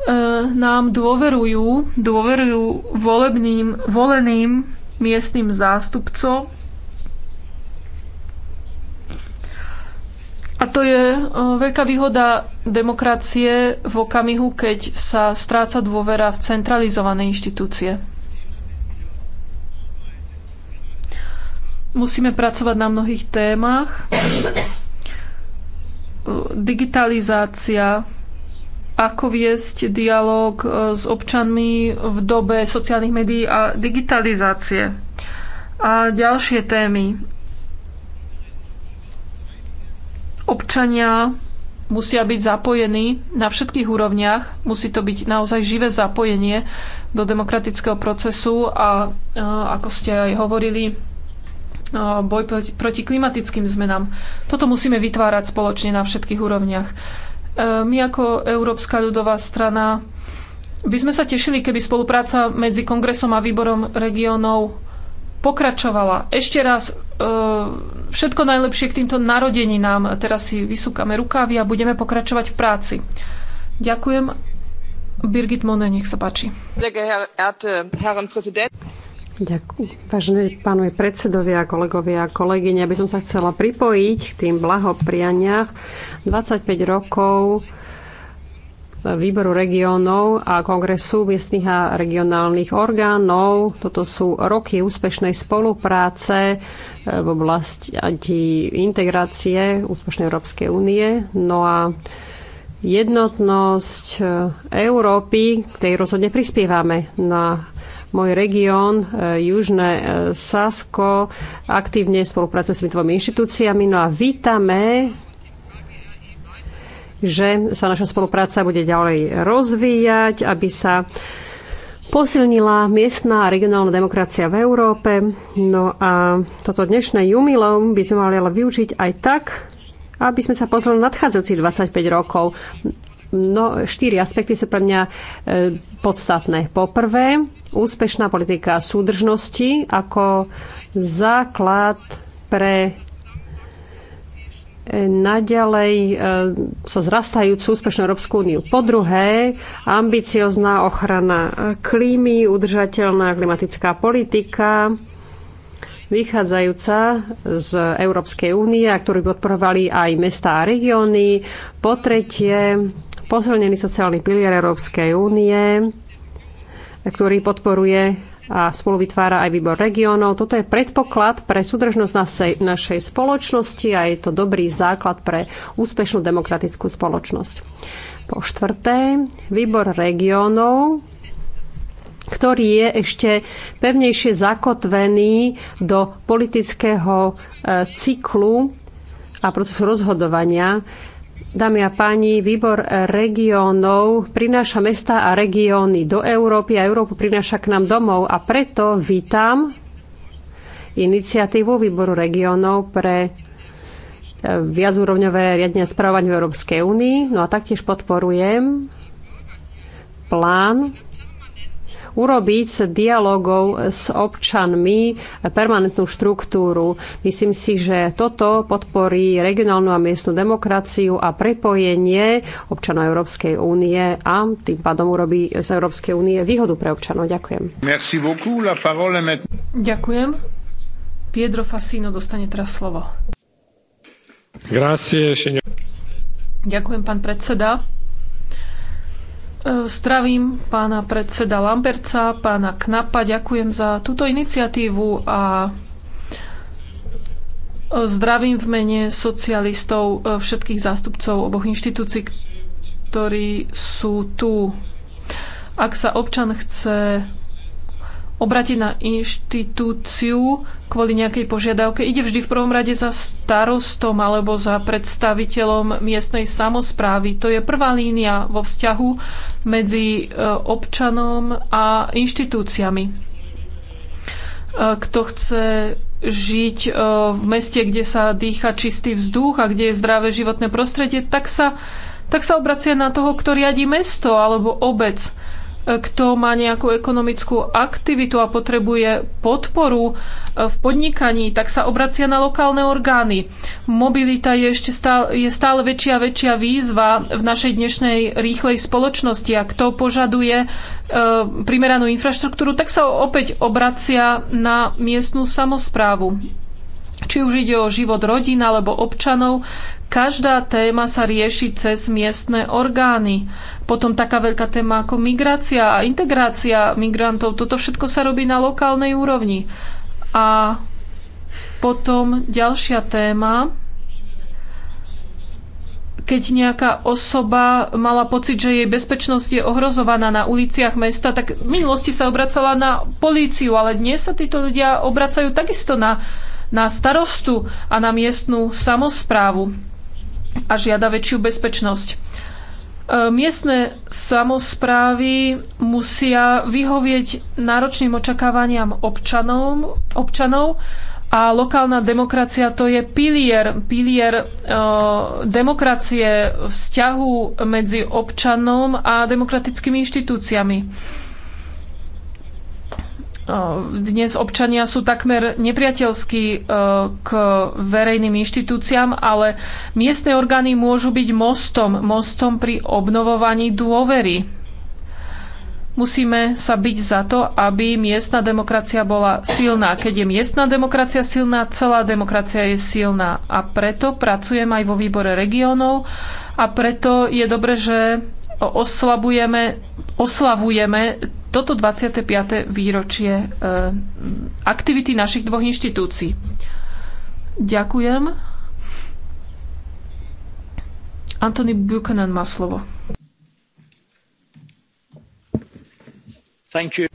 E, nám dôverujú, dôverujú volebným, voleným miestnym zástupcom. A to je e, veľká výhoda demokracie v okamihu, keď sa stráca dôvera v centralizované inštitúcie. Musíme pracovať na mnohých témach. Digitalizácia, ako viesť dialog e, s občanmi v dobe sociálnych médií a digitalizácie. A ďalšie témy. Občania musia byť zapojení na všetkých úrovniach. Musí to byť naozaj živé zapojenie do demokratického procesu a e, ako ste aj hovorili, e, boj proti klimatickým zmenám. Toto musíme vytvárať spoločne na všetkých úrovniach. E, my ako Európska ľudová strana by sme sa tešili, keby spolupráca medzi kongresom a výborom regiónov pokračovala. Ešte raz e, všetko najlepšie k týmto narodeninám. Teraz si vysúkame rukávy a budeme pokračovať v práci. Ďakujem. Birgit Mone, nech sa páči. Ďakujem. Vážené pánovi predsedovia, kolegovia a kolegyne, aby som sa chcela pripojiť k tým blahoprianiach. 25 rokov výboru regiónov a kongresu miestnych a regionálnych orgánov. Toto sú roky úspešnej spolupráce v oblasti integrácie úspešnej Európskej únie. No a jednotnosť Európy, k tej rozhodne prispievame. na no môj región, e, Južné e, Sasko, aktívne spolupracuje s svetovými inštitúciami. No a vítame že sa naša spolupráca bude ďalej rozvíjať, aby sa posilnila miestná a regionálna demokracia v Európe. No a toto dnešné jumilom by sme mali ale využiť aj tak, aby sme sa pozreli nadchádzajúcich 25 rokov. No, štyri aspekty sú pre mňa e, podstatné. Poprvé, úspešná politika súdržnosti ako základ pre e, naďalej e, sa zrastajúcu úspešnú Európsku úniu. Po druhé, ambiciozná ochrana klímy, udržateľná klimatická politika, vychádzajúca z Európskej únie, a ktorú podporovali aj mesta a regióny. Po tretie, posilnený sociálny pilier Európskej únie, ktorý podporuje a spolu vytvára aj výbor regiónov. Toto je predpoklad pre súdržnosť našej, našej spoločnosti a je to dobrý základ pre úspešnú demokratickú spoločnosť. Po štvrté, výbor regiónov ktorý je ešte pevnejšie zakotvený do politického e, cyklu a procesu rozhodovania Dámy a páni, výbor regiónov prináša mesta a regióny do Európy a Európu prináša k nám domov a preto vítam iniciatívu výboru regiónov pre e, viacúrovňové riadne správanie v Európskej únii. No a taktiež podporujem plán urobiť s dialogov s občanmi permanentnú štruktúru. Myslím si, že toto podporí regionálnu a miestnu demokraciu a prepojenie občanov Európskej únie a tým pádom urobí z Európskej únie výhodu pre občanov. Ďakujem. Merci beaucoup, la parole Ďakujem. Piedro Fasino dostane teraz slovo. Grazie, Ďakujem, pán predseda. E, zdravím pána predseda Lamberca, pána Knapa, ďakujem za túto iniciatívu a zdravím v mene socialistov e, všetkých zástupcov oboch inštitúcií, ktorí sú tu. Ak sa občan chce obrátiť na inštitúciu kvôli nejakej požiadavke. Ide vždy v prvom rade za starostom alebo za predstaviteľom miestnej samozprávy. To je prvá línia vo vzťahu medzi e, občanom a inštitúciami. E, kto chce žiť e, v meste, kde sa dýcha čistý vzduch a kde je zdravé životné prostredie, tak sa, tak sa obracia na toho, kto riadi mesto alebo obec kto má nejakú ekonomickú aktivitu a potrebuje podporu e, v podnikaní, tak sa obracia na lokálne orgány. Mobilita je ešte stále, je stále väčšia a väčšia výzva v našej dnešnej rýchlej spoločnosti a kto požaduje e, primeranú infraštruktúru, tak sa opäť obracia na miestnú samozprávu. Či už ide o život rodín alebo občanov, každá téma sa rieši cez miestne orgány. Potom taká veľká téma ako migrácia a integrácia migrantov, toto všetko sa robí na lokálnej úrovni. A potom ďalšia téma, keď nejaká osoba mala pocit, že jej bezpečnosť je ohrozovaná na uliciach mesta, tak v minulosti sa obracala na políciu, ale dnes sa títo ľudia obracajú takisto na na starostu a na miestnú samozprávu a žiada väčšiu bezpečnosť. E, miestne samozprávy musia vyhovieť náročným očakávaniam občanov, občanov a lokálna demokracia to je pilier, pilier e, demokracie, vzťahu medzi občanom a demokratickými inštitúciami. Eh, dnes občania sú takmer nepriateľskí eh, k verejným inštitúciám, ale miestne orgány môžu byť mostom, mostom pri obnovovaní dôvery. Musíme sa byť za to, aby miestna demokracia bola silná. Keď je miestna demokracia silná, celá demokracia je silná. A preto pracujem aj vo výbore regiónov a preto je dobre, že oslabujeme, oslavujeme toto 25. výročie e, aktivity našich dvoch inštitúcií. Ďakujem. Anthony Buchanan má slovo. Thank you.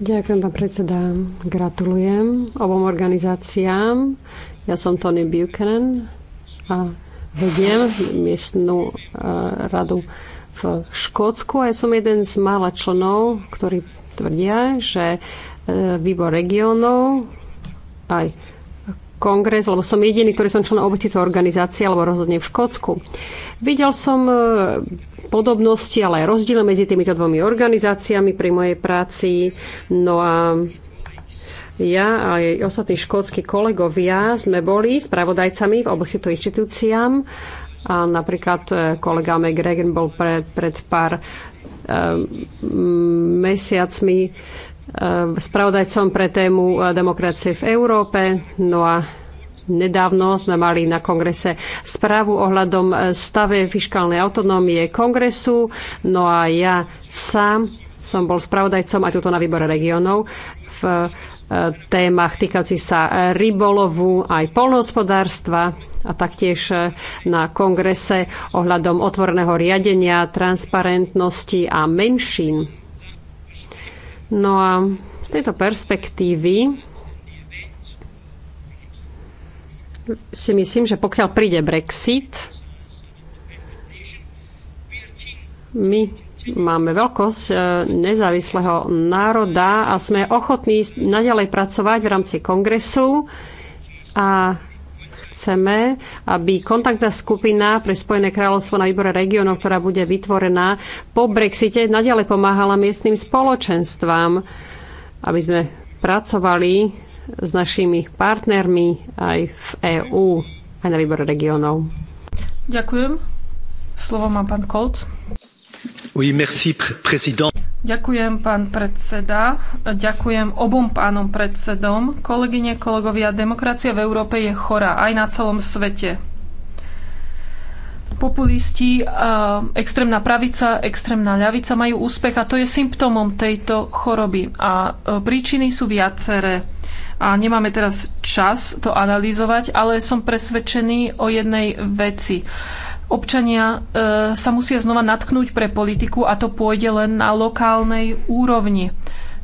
Ďakujem, pán predseda. Gratulujem obom organizáciám. Ja som Tony Buchanan a vediem miestnú uh, e, radu v Škótsku a ja som jeden z mála členov, ktorí tvrdia, že e, výbor regiónov aj kongres, lebo som jediný, ktorý som členom obetito organizácie, alebo rozhodne v Škótsku. Videl som e, podobnosti, ale aj rozdiely medzi týmito dvomi organizáciami pri mojej práci. No a ja a aj ostatní škótsky kolegovia sme boli spravodajcami v obetito inštitúciám a napríklad e, kolega McGregor bol pred, pred pár e, mesiacmi e, spravodajcom pre tému demokracie v Európe. No a nedávno sme mali na kongrese správu ohľadom stave fiskálnej autonómie kongresu. No a ja sám som bol spravodajcom aj tuto na výbore regionov v témach týkajúcich sa rybolovu aj polnohospodárstva a taktiež e, na kongrese ohľadom otvorného riadenia, transparentnosti a menšín. No a z tejto perspektívy si myslím, že pokiaľ príde Brexit, my máme veľkosť e, nezávislého národa a sme ochotní naďalej pracovať v rámci kongresu a chceme, aby kontaktná skupina pre Spojené kráľovstvo na výbore regiónov, ktorá bude vytvorená po Brexite, nadalej pomáhala miestnym spoločenstvám, aby sme pracovali s našimi partnermi aj v EÚ, aj na výbore regiónov. Ďakujem. Slovo má pán Kolc. Ďakujem, pán predseda. Ďakujem obom pánom predsedom. Kolegyne, kolegovia, demokracia v Európe je chorá, aj na celom svete. Populisti, eh, extrémna pravica, extrémna ľavica majú úspech a to je symptómom tejto choroby. A eh, príčiny sú viaceré. A nemáme teraz čas to analyzovať, ale som presvedčený o jednej veci Občania e, sa musia znova natknúť pre politiku a to pôjde len na lokálnej úrovni.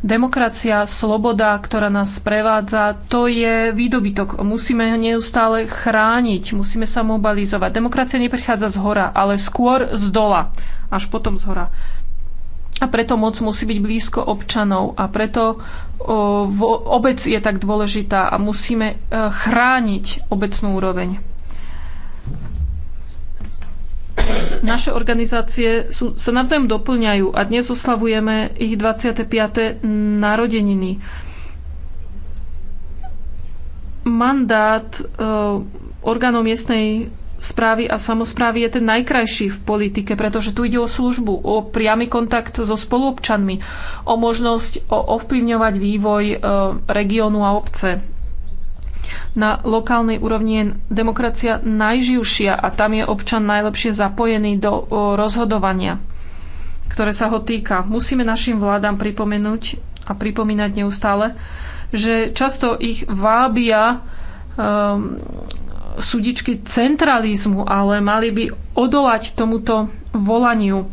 Demokracia, sloboda, ktorá nás sprevádza, to je výdobytok. Musíme ho neustále chrániť, musíme sa mobilizovať. Demokracia neprichádza z hora, ale skôr z dola, až potom z hora. A preto moc musí byť blízko občanov a preto o, vo, obec je tak dôležitá a musíme e, chrániť obecnú úroveň. Naše organizácie sú, sa navzájom doplňajú a dnes oslavujeme ich 25. narodeniny. Mandát e, orgánov miestnej správy a samozprávy je ten najkrajší v politike, pretože tu ide o službu, o priamy kontakt so spoluobčanmi, o možnosť ovplyvňovať vývoj e, regiónu a obce na lokálnej úrovni je demokracia najživšia a tam je občan najlepšie zapojený do rozhodovania, ktoré sa ho týka. Musíme našim vládám pripomenúť a pripomínať neustále, že často ich vábia um, súdičky centralizmu, ale mali by odolať tomuto volaniu.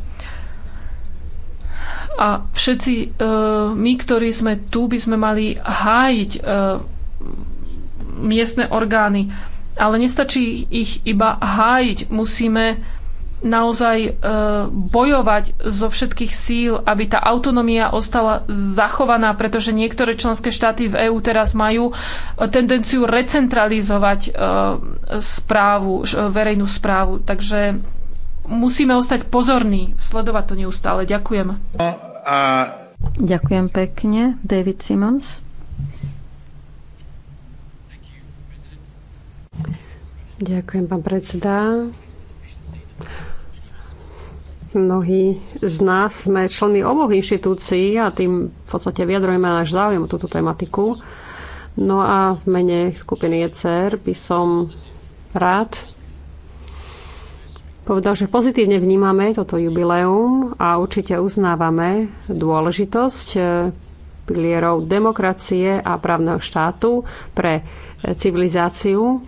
A všetci e, my, ktorí sme tu, by sme mali hájiť e, miestne orgány. Ale nestačí ich iba hájiť. Musíme naozaj e, bojovať zo všetkých síl, aby tá autonomia ostala zachovaná, pretože niektoré členské štáty v EÚ teraz majú e, tendenciu recentralizovať e, správu, verejnú správu. Takže musíme ostať pozorní, sledovať to neustále. Ďakujem. A... Ďakujem pekne. David Simons. Ďakujem, pán predseda. Mnohí z nás sme členmi oboch inštitúcií a tým v podstate vyjadrujeme náš záujem o túto tematiku. No a v mene skupiny ECR by som rád povedal, že pozitívne vnímame toto jubileum a určite uznávame dôležitosť eh, pilierov demokracie a právneho štátu pre civilizáciu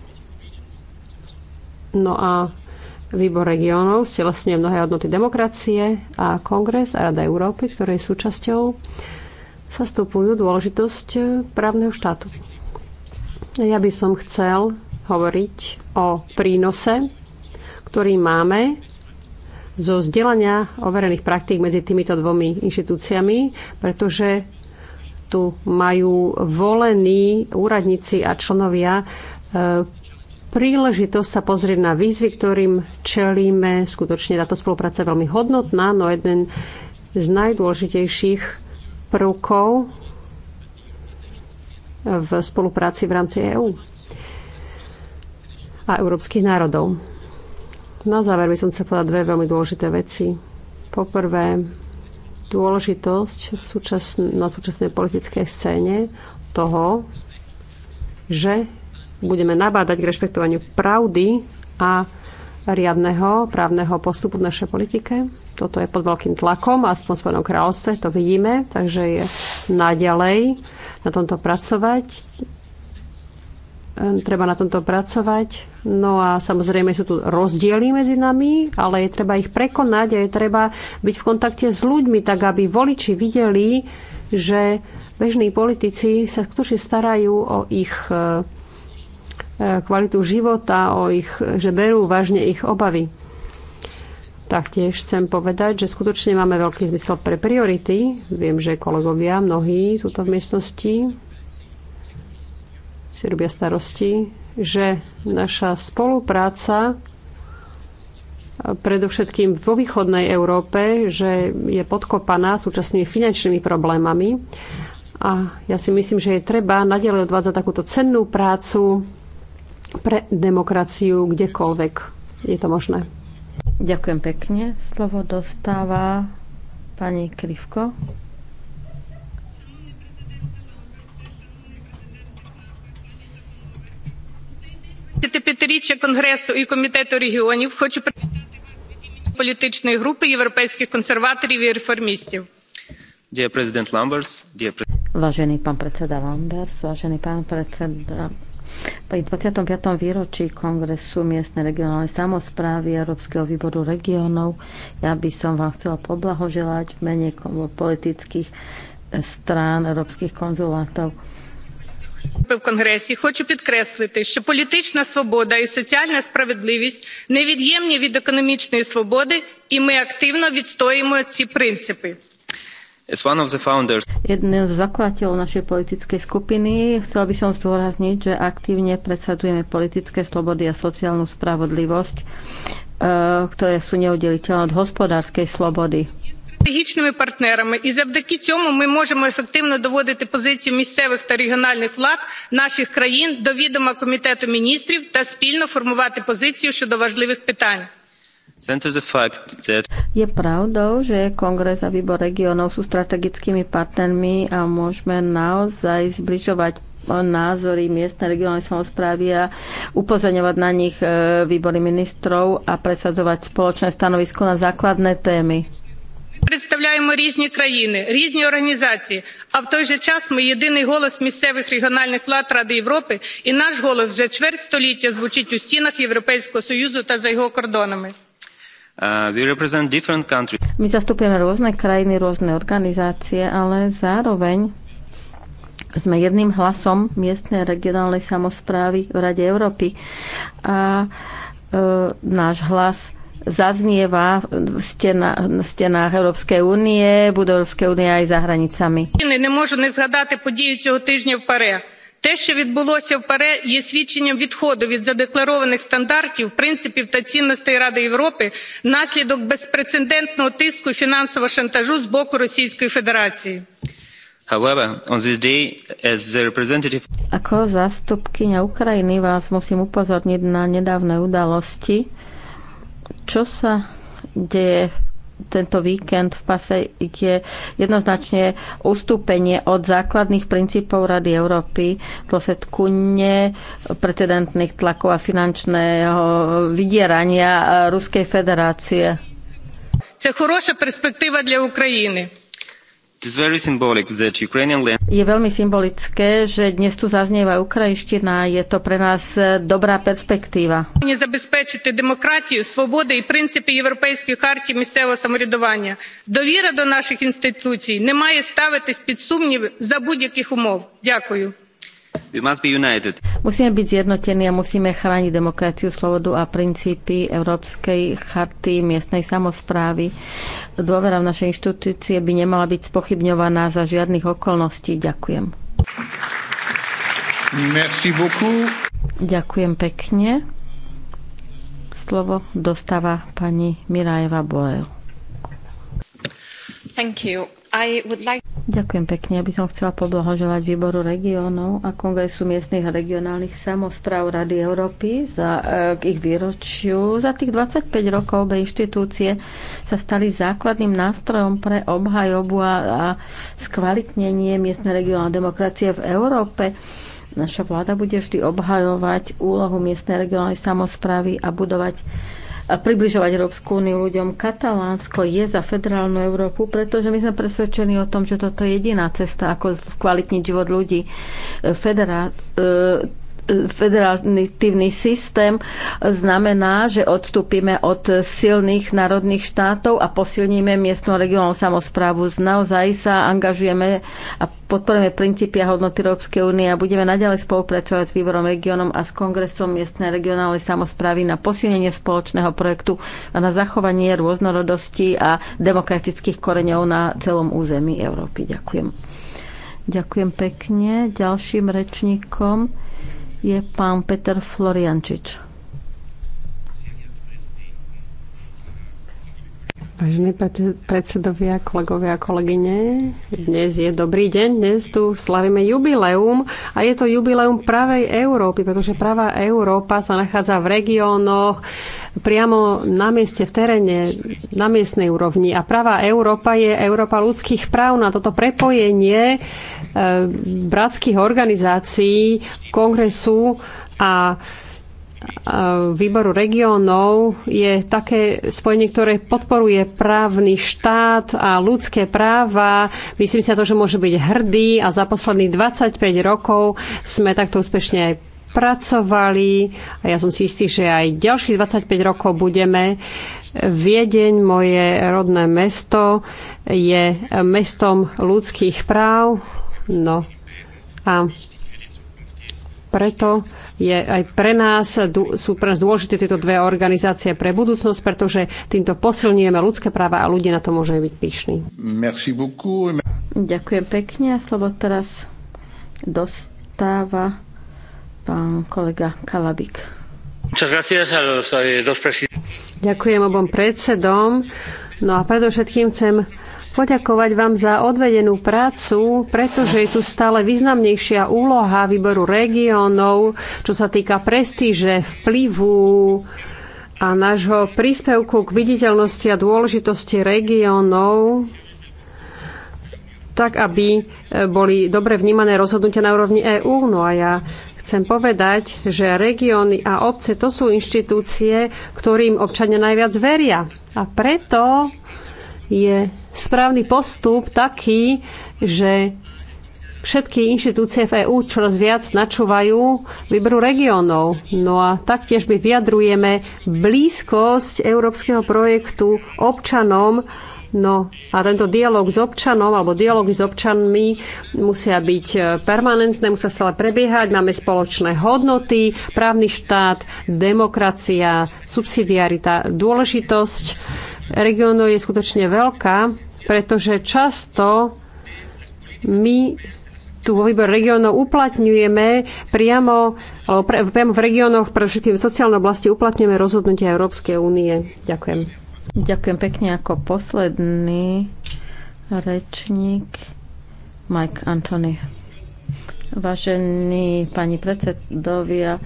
No a Výbor regiónov stelesňuje mnohé hodnoty demokracie a Kongres a Rada Európy, ktorej súčasťou sa stupujú dôležitosť právneho štátu. Ja by som chcel hovoriť o prínose, ktorý máme zo vzdelania overených praktík medzi týmito dvomi inštitúciami, pretože tu majú volení úradníci a členovia e, príležitosť sa pozrieť na výzvy, ktorým čelíme. Skutočne táto spolupráca je veľmi hodnotná, no jeden z najdôležitejších prvkov v spolupráci v rámci EÚ a európskych národov. Na záver by som chcel povedať dve veľmi dôležité veci. Poprvé, dôležitosť súčasn- na súčasnej politickej scéne toho, že budeme nabádať k rešpektovaniu pravdy a riadneho právneho postupu v našej politike. Toto je pod veľkým tlakom, aspoň v Spojenom kráľovstve, to vidíme, takže je naďalej na tomto pracovať. Ehm, treba na tomto pracovať. No a samozrejme sú tu rozdiely medzi nami, ale je treba ich prekonať a je treba byť v kontakte s ľuďmi, tak aby voliči videli, že bežní politici sa skutočne starajú o ich ehm, kvalitu života, o ich, že berú vážne ich obavy. Taktiež chcem povedať, že skutočne máme veľký zmysel pre priority. Viem, že kolegovia mnohí tuto v miestnosti si robia starosti, že naša spolupráca predovšetkým vo východnej Európe, že je podkopaná súčasnými finančnými problémami. A ja si myslím, že je treba nadalej odvádzať takúto cennú prácu pre demokraciu kdekoľvek je to možné. Ďakujem pekne. Slovo dostáva pani Krivko. Конгресу і Комітету регіонів хочу привітати політичної групи європейських консерваторів і реформістів. Vážený pán predseda Lambers, vážený pán predseda pri 25. výročí Kongresu miestnej regionálnej samozprávy Európskeho výboru regionov. Ja by som vám chcela poblahoželať v mene politických e, strán európskych konzulátov. В конгресі хочу підкреслити, що політична свобода і соціальна справедливість невід'ємні від економічної свободи, і ми активно відстоюємо ці принципи. Jedného z zakladateľov našej politickej skupiny chcel by som zdôrazniť, že aktívne presadzujeme politické slobody a sociálnu spravodlivosť, ktoré sú neudeliteľné od hospodárskej slobody. Стратегічними партнерами, і завдяки цьому ми можемо ефективно доводити позиції місцевих та регіональних влад наших країн до відома комітету міністрів та спільно формувати позицію щодо важливих питань. Je pravdou, že Kongres a Výbor regionov sú strategickými partnermi a môžeme naozaj zbližovať názory miestnej regionálnej samozprávy a upozorňovať na nich e, výbory ministrov a presadzovať spoločné stanovisko na základné témy. Представляємо різні країни, різні організації, а в той же час ми єдиний голос місцевих регіональних влад Ради Європи, і наш голос вже чверть століття звучить у стінах Європейського Союзу та за його кордонами. My zastupujeme rôzne krajiny, rôzne organizácie, ale zároveň sme jedným hlasom miestnej regionálnej samozprávy v Rade Európy. A e, náš hlas zaznieva v, stena, v stenách Európskej únie, bude Európskej únie aj za hranicami. Nemôžu nezhadáte podiju týždňa v Paríži те що відбулося в паре є свідченням відходу від задекларованих стандартів принципів та цінностей ради європи внаслідок безпрецедентного тиску і фінансового шантажу з боку російської федерації. However, on this day, as a representative... Ako zástupkyňa Ukrajiny vás musím upozorniť na nedávne udalosti, čo sa deje v tento víkend v pase je jednoznačne ustúpenie od základných princípov Rady Európy v dôsledku neprecedentných tlakov a finančného vydierania Ruskej federácie. Це dobrá perspektíva pre Ukrajinu. Je veľmi symbolické, že dnes tu zaznieva ukrajinština. Je to pre nás dobrá perspektíva. Забезпечити демократію, свободи і принципи Європейської харті місцевого самоврядування. Довіра до наших інституцій не має ставитись під сумнів за будь-яких умов. Дякую. Musíme byť zjednotení a musíme chrániť demokraciu, slobodu a princípy Európskej charty miestnej samozprávy. Dôvera v naše inštitúcie by nemala byť spochybňovaná za žiadnych okolností. Ďakujem. Merci beaucoup. Ďakujem pekne. Slovo dostáva pani Mirajeva Borel. Thank you. Ďakujem pekne. Aby som chcela poblahoželať výboru regiónov a kongresu miestnych a regionálnych samozpráv Rady Európy za, e, k ich výročiu. Za tých 25 rokov obe inštitúcie sa stali základným nástrojom pre obhajobu a, a skvalitnenie miestnej regionálnej demokracie v Európe. Naša vláda bude vždy obhajovať úlohu miestnej regionálnej samozprávy a budovať približovať Európsku úniu ľuďom. Katalánsko je za federálnu Európu, pretože my sme presvedčení o tom, že toto je jediná cesta, ako skvalitniť život ľudí. Federá, e, federatívny systém znamená, že odstúpime od silných národných štátov a posilníme miestnu regionálnu samozprávu. Naozaj sa angažujeme a podporujeme princípy a hodnoty Európskej únie a budeme naďalej spolupracovať s výborom regionom a s kongresom miestnej regionálnej samozprávy na posilnenie spoločného projektu a na zachovanie rôznorodosti a demokratických koreňov na celom území Európy. Ďakujem. Ďakujem pekne. Ďalším rečníkom je pán Peter Floriančič. Vážení predsedovia, kolegovia a kolegyne, dnes je dobrý deň, dnes tu slavíme jubileum a je to jubileum pravej Európy, pretože pravá Európa sa nachádza v regiónoch, priamo na mieste, v teréne, na miestnej úrovni. A pravá Európa je Európa ľudských práv na toto prepojenie e, bratských organizácií, kongresu a výboru regiónov je také spojenie, ktoré podporuje právny štát a ľudské práva. Myslím si na to, že môže byť hrdý a za posledných 25 rokov sme takto úspešne aj pracovali a ja som si istý, že aj ďalších 25 rokov budeme. Viedeň, moje rodné mesto, je mestom ľudských práv. No a preto je aj pre nás, sú pre nás dôležité tieto dve organizácie pre budúcnosť, pretože týmto posilňujeme ľudské práva a ľudia na to môžu byť pyšní. Merci beaucoup. Ďakujem pekne a slovo teraz dostáva pán kolega Kalabik. Ďakujem obom predsedom. No a predovšetkým chcem poďakovať vám za odvedenú prácu, pretože je tu stále významnejšia úloha výboru regiónov, čo sa týka prestíže, vplyvu a nášho príspevku k viditeľnosti a dôležitosti regiónov tak, aby e, boli dobre vnímané rozhodnutia na úrovni EÚ. No a ja chcem povedať, že regióny a obce to sú inštitúcie, ktorým občania najviac veria. A preto je správny postup taký, že všetky inštitúcie v EÚ čoraz viac načúvajú výberu regiónov. No a taktiež my vyjadrujeme blízkosť európskeho projektu občanom. No a tento dialog s občanom alebo dialogy s občanmi musia byť e, permanentné, musia stále prebiehať. Máme spoločné hodnoty, právny štát, demokracia, subsidiarita, dôležitosť regiónov je skutočne veľká, pretože často my tu vo výbor regiónov uplatňujeme priamo, alebo pre, priamo v regiónoch, pre všetkým v sociálnej oblasti uplatňujeme rozhodnutia Európskej únie. Ďakujem. Ďakujem pekne ako posledný rečník Mike Antony. Vážení pani predsedovia,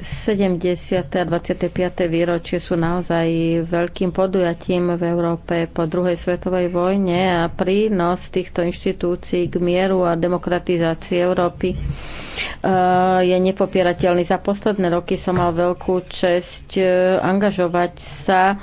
70. a 25. výročie sú naozaj veľkým podujatím v Európe po druhej svetovej vojne a prínos týchto inštitúcií k mieru a demokratizácii Európy eh, je nepopierateľný. Za posledné roky som mal veľkú česť eh, angažovať sa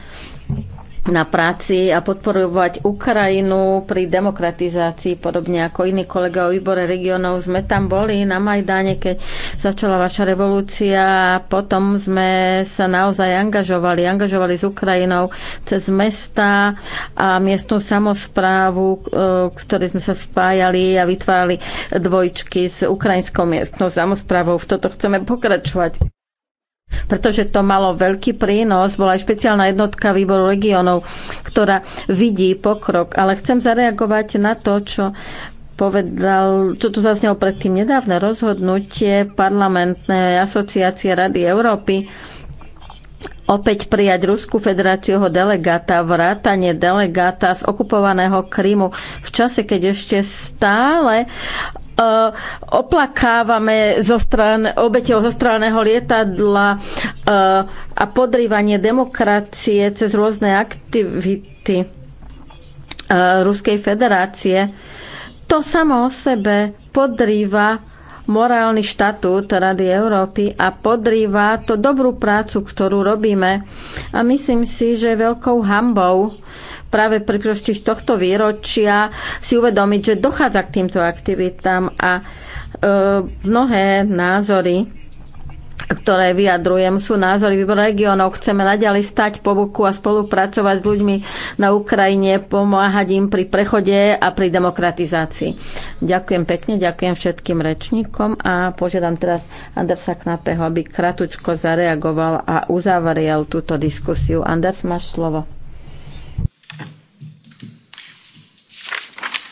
na práci a podporovať Ukrajinu pri demokratizácii, podobne ako iní kolega o výbore regionov. Sme tam boli na Majdáne, keď začala vaša revolúcia a potom sme sa naozaj angažovali. Angažovali s Ukrajinou cez mesta a miestnú samozprávu, e, ktoré sme sa spájali a vytvárali dvojčky s ukrajinskou miestnou samozprávou. V toto chceme pokračovať pretože to malo veľký prínos. Bola aj špeciálna jednotka výboru regiónov, ktorá vidí pokrok. Ale chcem zareagovať na to, čo povedal, čo tu zaznelo predtým nedávne rozhodnutie parlamentnej asociácie Rady Európy, opäť prijať Ruskú federáciu delegáta, vrátanie delegáta z okupovaného Krymu v čase, keď ešte stále Eh, oplakávame zo stran, obete zostrelného lietadla eh, a podrývanie demokracie cez rôzne aktivity eh, Ruskej federácie. To samo o sebe podrýva morálny štatút Rady Európy a podrýva to dobrú prácu, ktorú robíme. A myslím si, že veľkou hambou práve pri z tohto výročia si uvedomiť, že dochádza k týmto aktivitám a e, mnohé názory ktoré vyjadrujem, sú názory v regiónoch. Chceme naďalej stať po boku a spolupracovať s ľuďmi na Ukrajine, pomáhať im pri prechode a pri demokratizácii. Ďakujem pekne, ďakujem všetkým rečníkom a požiadam teraz Andersa Knapeho, aby kratučko zareagoval a uzavrel túto diskusiu. Anders, máš slovo.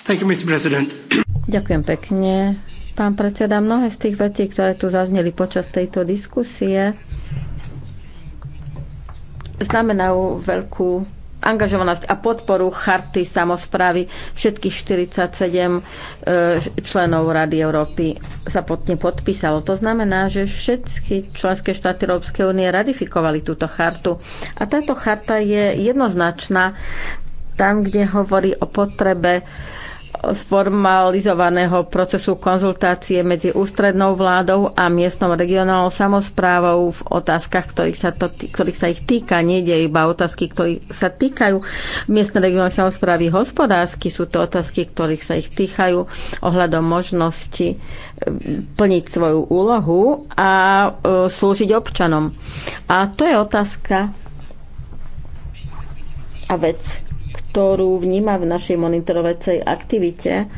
You, Ďakujem pekne. Pán predseda, mnohé z tých vetí, ktoré tu zazneli počas tejto diskusie, znamenajú veľkú angažovanosť a podporu charty samozprávy všetkých 47 e, členov Rady Európy sa pod ne podpísalo. To znamená, že všetky členské štáty Európskej únie ratifikovali túto chartu. A táto charta je jednoznačná tam, kde hovorí o potrebe uh, sformalizovaného procesu konzultácie medzi ústrednou vládou a miestnou regionálnou samozprávou v otázkach, ktorých sa, to, ktorých sa ich týka. Nejde iba otázky, ktorých sa týkajú miestnej regionálnej samozprávy hospodársky, sú to otázky, ktorých sa ich týkajú ohľadom možnosti e, plniť svoju úlohu a e, slúžiť občanom. A to je otázka a vec, ktorú vníma v našej monitorovacej aktivite,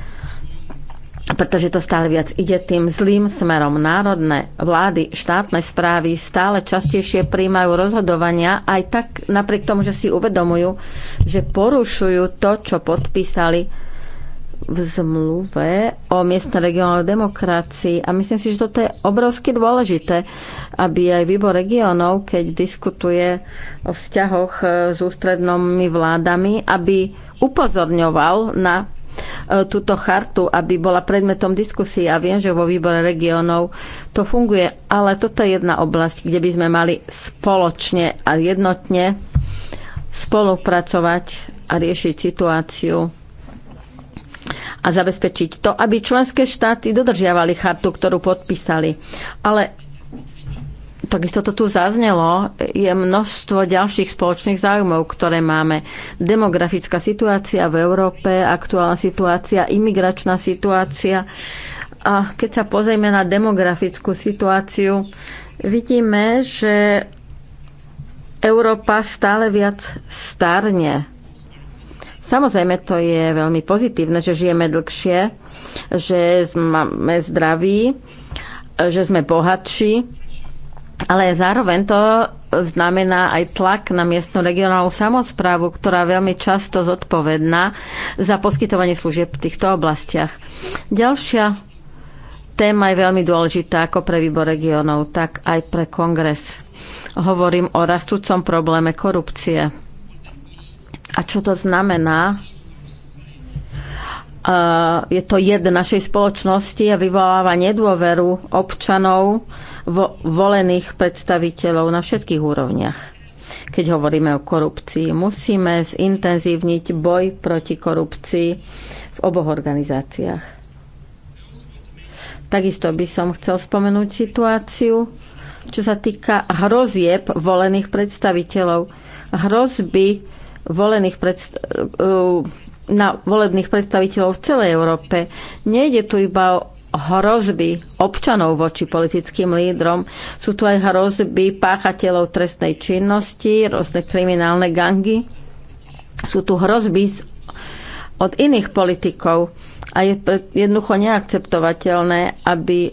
pretože to stále viac ide tým zlým smerom. Národné vlády, štátne správy stále častejšie príjmajú rozhodovania, aj tak napriek tomu, že si uvedomujú, že porušujú to, čo podpísali v zmluve o miestnej regionálnej demokracii a myslím si, že toto je obrovsky dôležité, aby aj výbor regionov, keď diskutuje o vzťahoch e, s ústrednými vládami, aby upozorňoval na e, túto chartu, aby bola predmetom diskusie. Ja viem, že vo výbore regionov to funguje, ale toto je jedna oblasť, kde by sme mali spoločne a jednotne spolupracovať a riešiť situáciu a zabezpečiť to, aby členské štáty dodržiavali chartu, ktorú podpísali. Ale Takisto to tu zaznelo, je množstvo ďalších spoločných záujmov, ktoré máme. Demografická situácia v Európe, aktuálna situácia, imigračná situácia. A keď sa pozrieme na demografickú situáciu, vidíme, že Európa stále viac starne Samozrejme, to je veľmi pozitívne, že žijeme dlhšie, že máme zdraví, že sme bohatší, ale zároveň to znamená aj tlak na miestnu regionálnu samozprávu, ktorá veľmi často zodpovedná za poskytovanie služieb v týchto oblastiach. Ďalšia téma je veľmi dôležitá ako pre výbor regionov, tak aj pre kongres. Hovorím o rastúcom probléme korupcie a čo to znamená? je to jed našej spoločnosti a vyvoláva nedôveru občanov vo volených predstaviteľov na všetkých úrovniach. Keď hovoríme o korupcii, musíme zintenzívniť boj proti korupcii v oboch organizáciách. Takisto by som chcel spomenúť situáciu, čo sa týka hrozieb volených predstaviteľov. Hrozby volených predst- e, e, na volebných predstaviteľov v celej Európe. Nejde tu iba o hrozby občanov voči politickým lídrom. Sú tu aj hrozby páchateľov trestnej činnosti, rôzne kriminálne gangy. Sú tu hrozby od iných politikov a je jednoducho neakceptovateľné, aby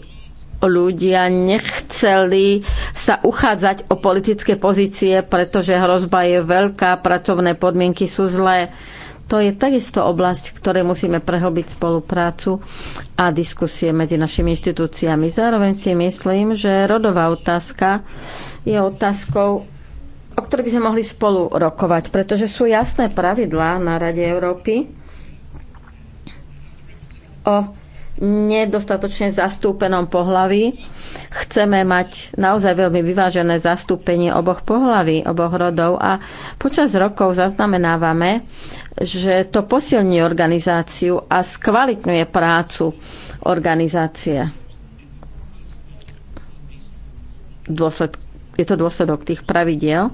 ľudia nechceli sa uchádzať o politické pozície, pretože hrozba je veľká, pracovné podmienky sú zlé. To je takisto oblasť, v ktorej musíme prehlbiť spoluprácu a diskusie medzi našimi inštitúciami. Zároveň si myslím, že rodová otázka je otázkou, o ktorej by sme mohli spolu rokovať, pretože sú jasné pravidlá na Rade Európy o nedostatočne zastúpenom pohlaví. Chceme mať naozaj veľmi vyvážené zastúpenie oboch pohlaví, oboch rodov a počas rokov zaznamenávame, že to posilní organizáciu a skvalitňuje prácu organizácie. Dôsled, je to dôsledok tých pravidiel,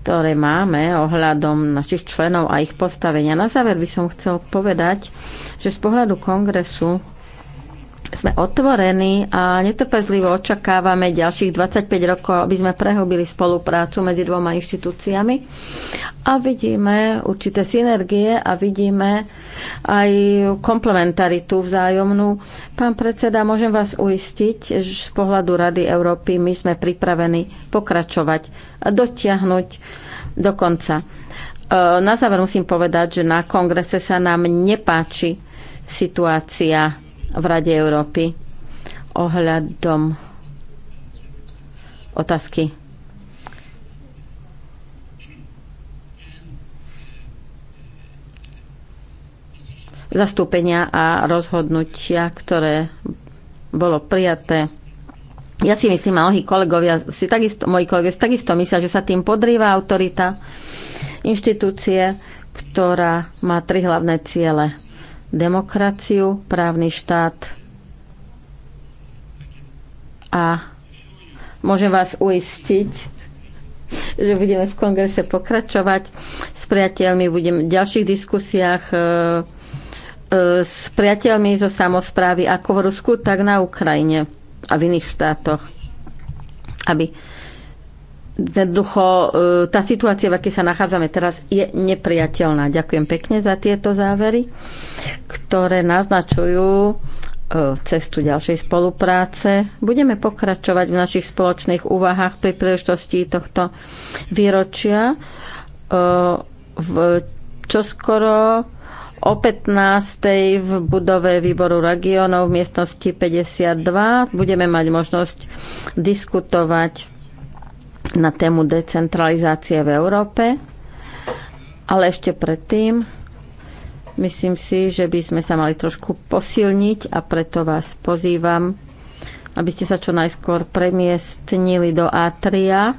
ktoré máme ohľadom našich členov a ich postavenia. Na záver by som chcel povedať, že z pohľadu kongresu sme otvorení a netrpezlivo očakávame ďalších 25 rokov, aby sme prehobili spoluprácu medzi dvoma inštitúciami a vidíme určité synergie a vidíme aj komplementaritu vzájomnú. Pán predseda, môžem vás uistiť, že z pohľadu Rady Európy my sme pripravení pokračovať, dotiahnuť do konca. E, na záver musím povedať, že na kongrese sa nám nepáči situácia v Rade Európy ohľadom otázky zastúpenia a rozhodnutia, ktoré bolo prijaté. Ja si myslím, a mnohí kolegovia si takisto, moji kolegovia si takisto myslia, že sa tým podrýva autorita inštitúcie, ktorá má tri hlavné ciele demokraciu, právny štát a môžem vás uistiť, že budeme v kongrese pokračovať s priateľmi, budem v ďalších diskusiách e, e, s priateľmi zo samozprávy ako v Rusku, tak na Ukrajine a v iných štátoch, aby Jednoducho, e, tá situácia, v akej sa nachádzame teraz, je nepriateľná. Ďakujem pekne za tieto závery, ktoré naznačujú e, cestu ďalšej spolupráce. Budeme pokračovať v našich spoločných úvahách pri príležitosti tohto výročia. E, v čoskoro o 15. v budove výboru regionov v miestnosti 52 budeme mať možnosť diskutovať na tému decentralizácie v Európe. Ale ešte predtým myslím si, že by sme sa mali trošku posilniť a preto vás pozývam, aby ste sa čo najskôr premiestnili do Atria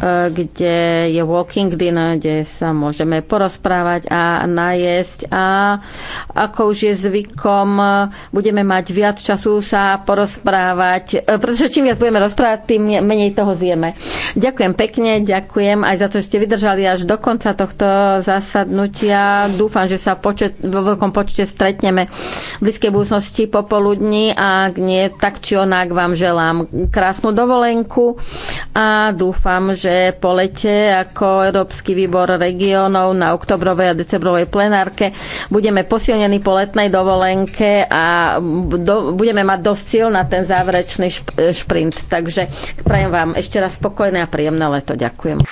E, kde je walking dinner, kde sa môžeme porozprávať a najesť. A ako už je zvykom, budeme mať viac času sa porozprávať, e, pretože čím viac budeme rozprávať, tým menej toho zjeme. Ďakujem pekne, ďakujem aj za to, že ste vydržali až do konca tohto zasadnutia. Dúfam, že sa počet, vo veľkom počte stretneme v blízkej budúcnosti popoludní a ak nie, tak či onak vám želám krásnu dovolenku a dúfam, že že po lete ako Európsky výbor regiónov na oktobrovej a decembrovej plenárke budeme posilnení po letnej dovolenke a do, budeme mať dosť cieľ na ten záverečný e, šprint. Takže prajem vám ešte raz spokojné a príjemné leto. Ďakujem.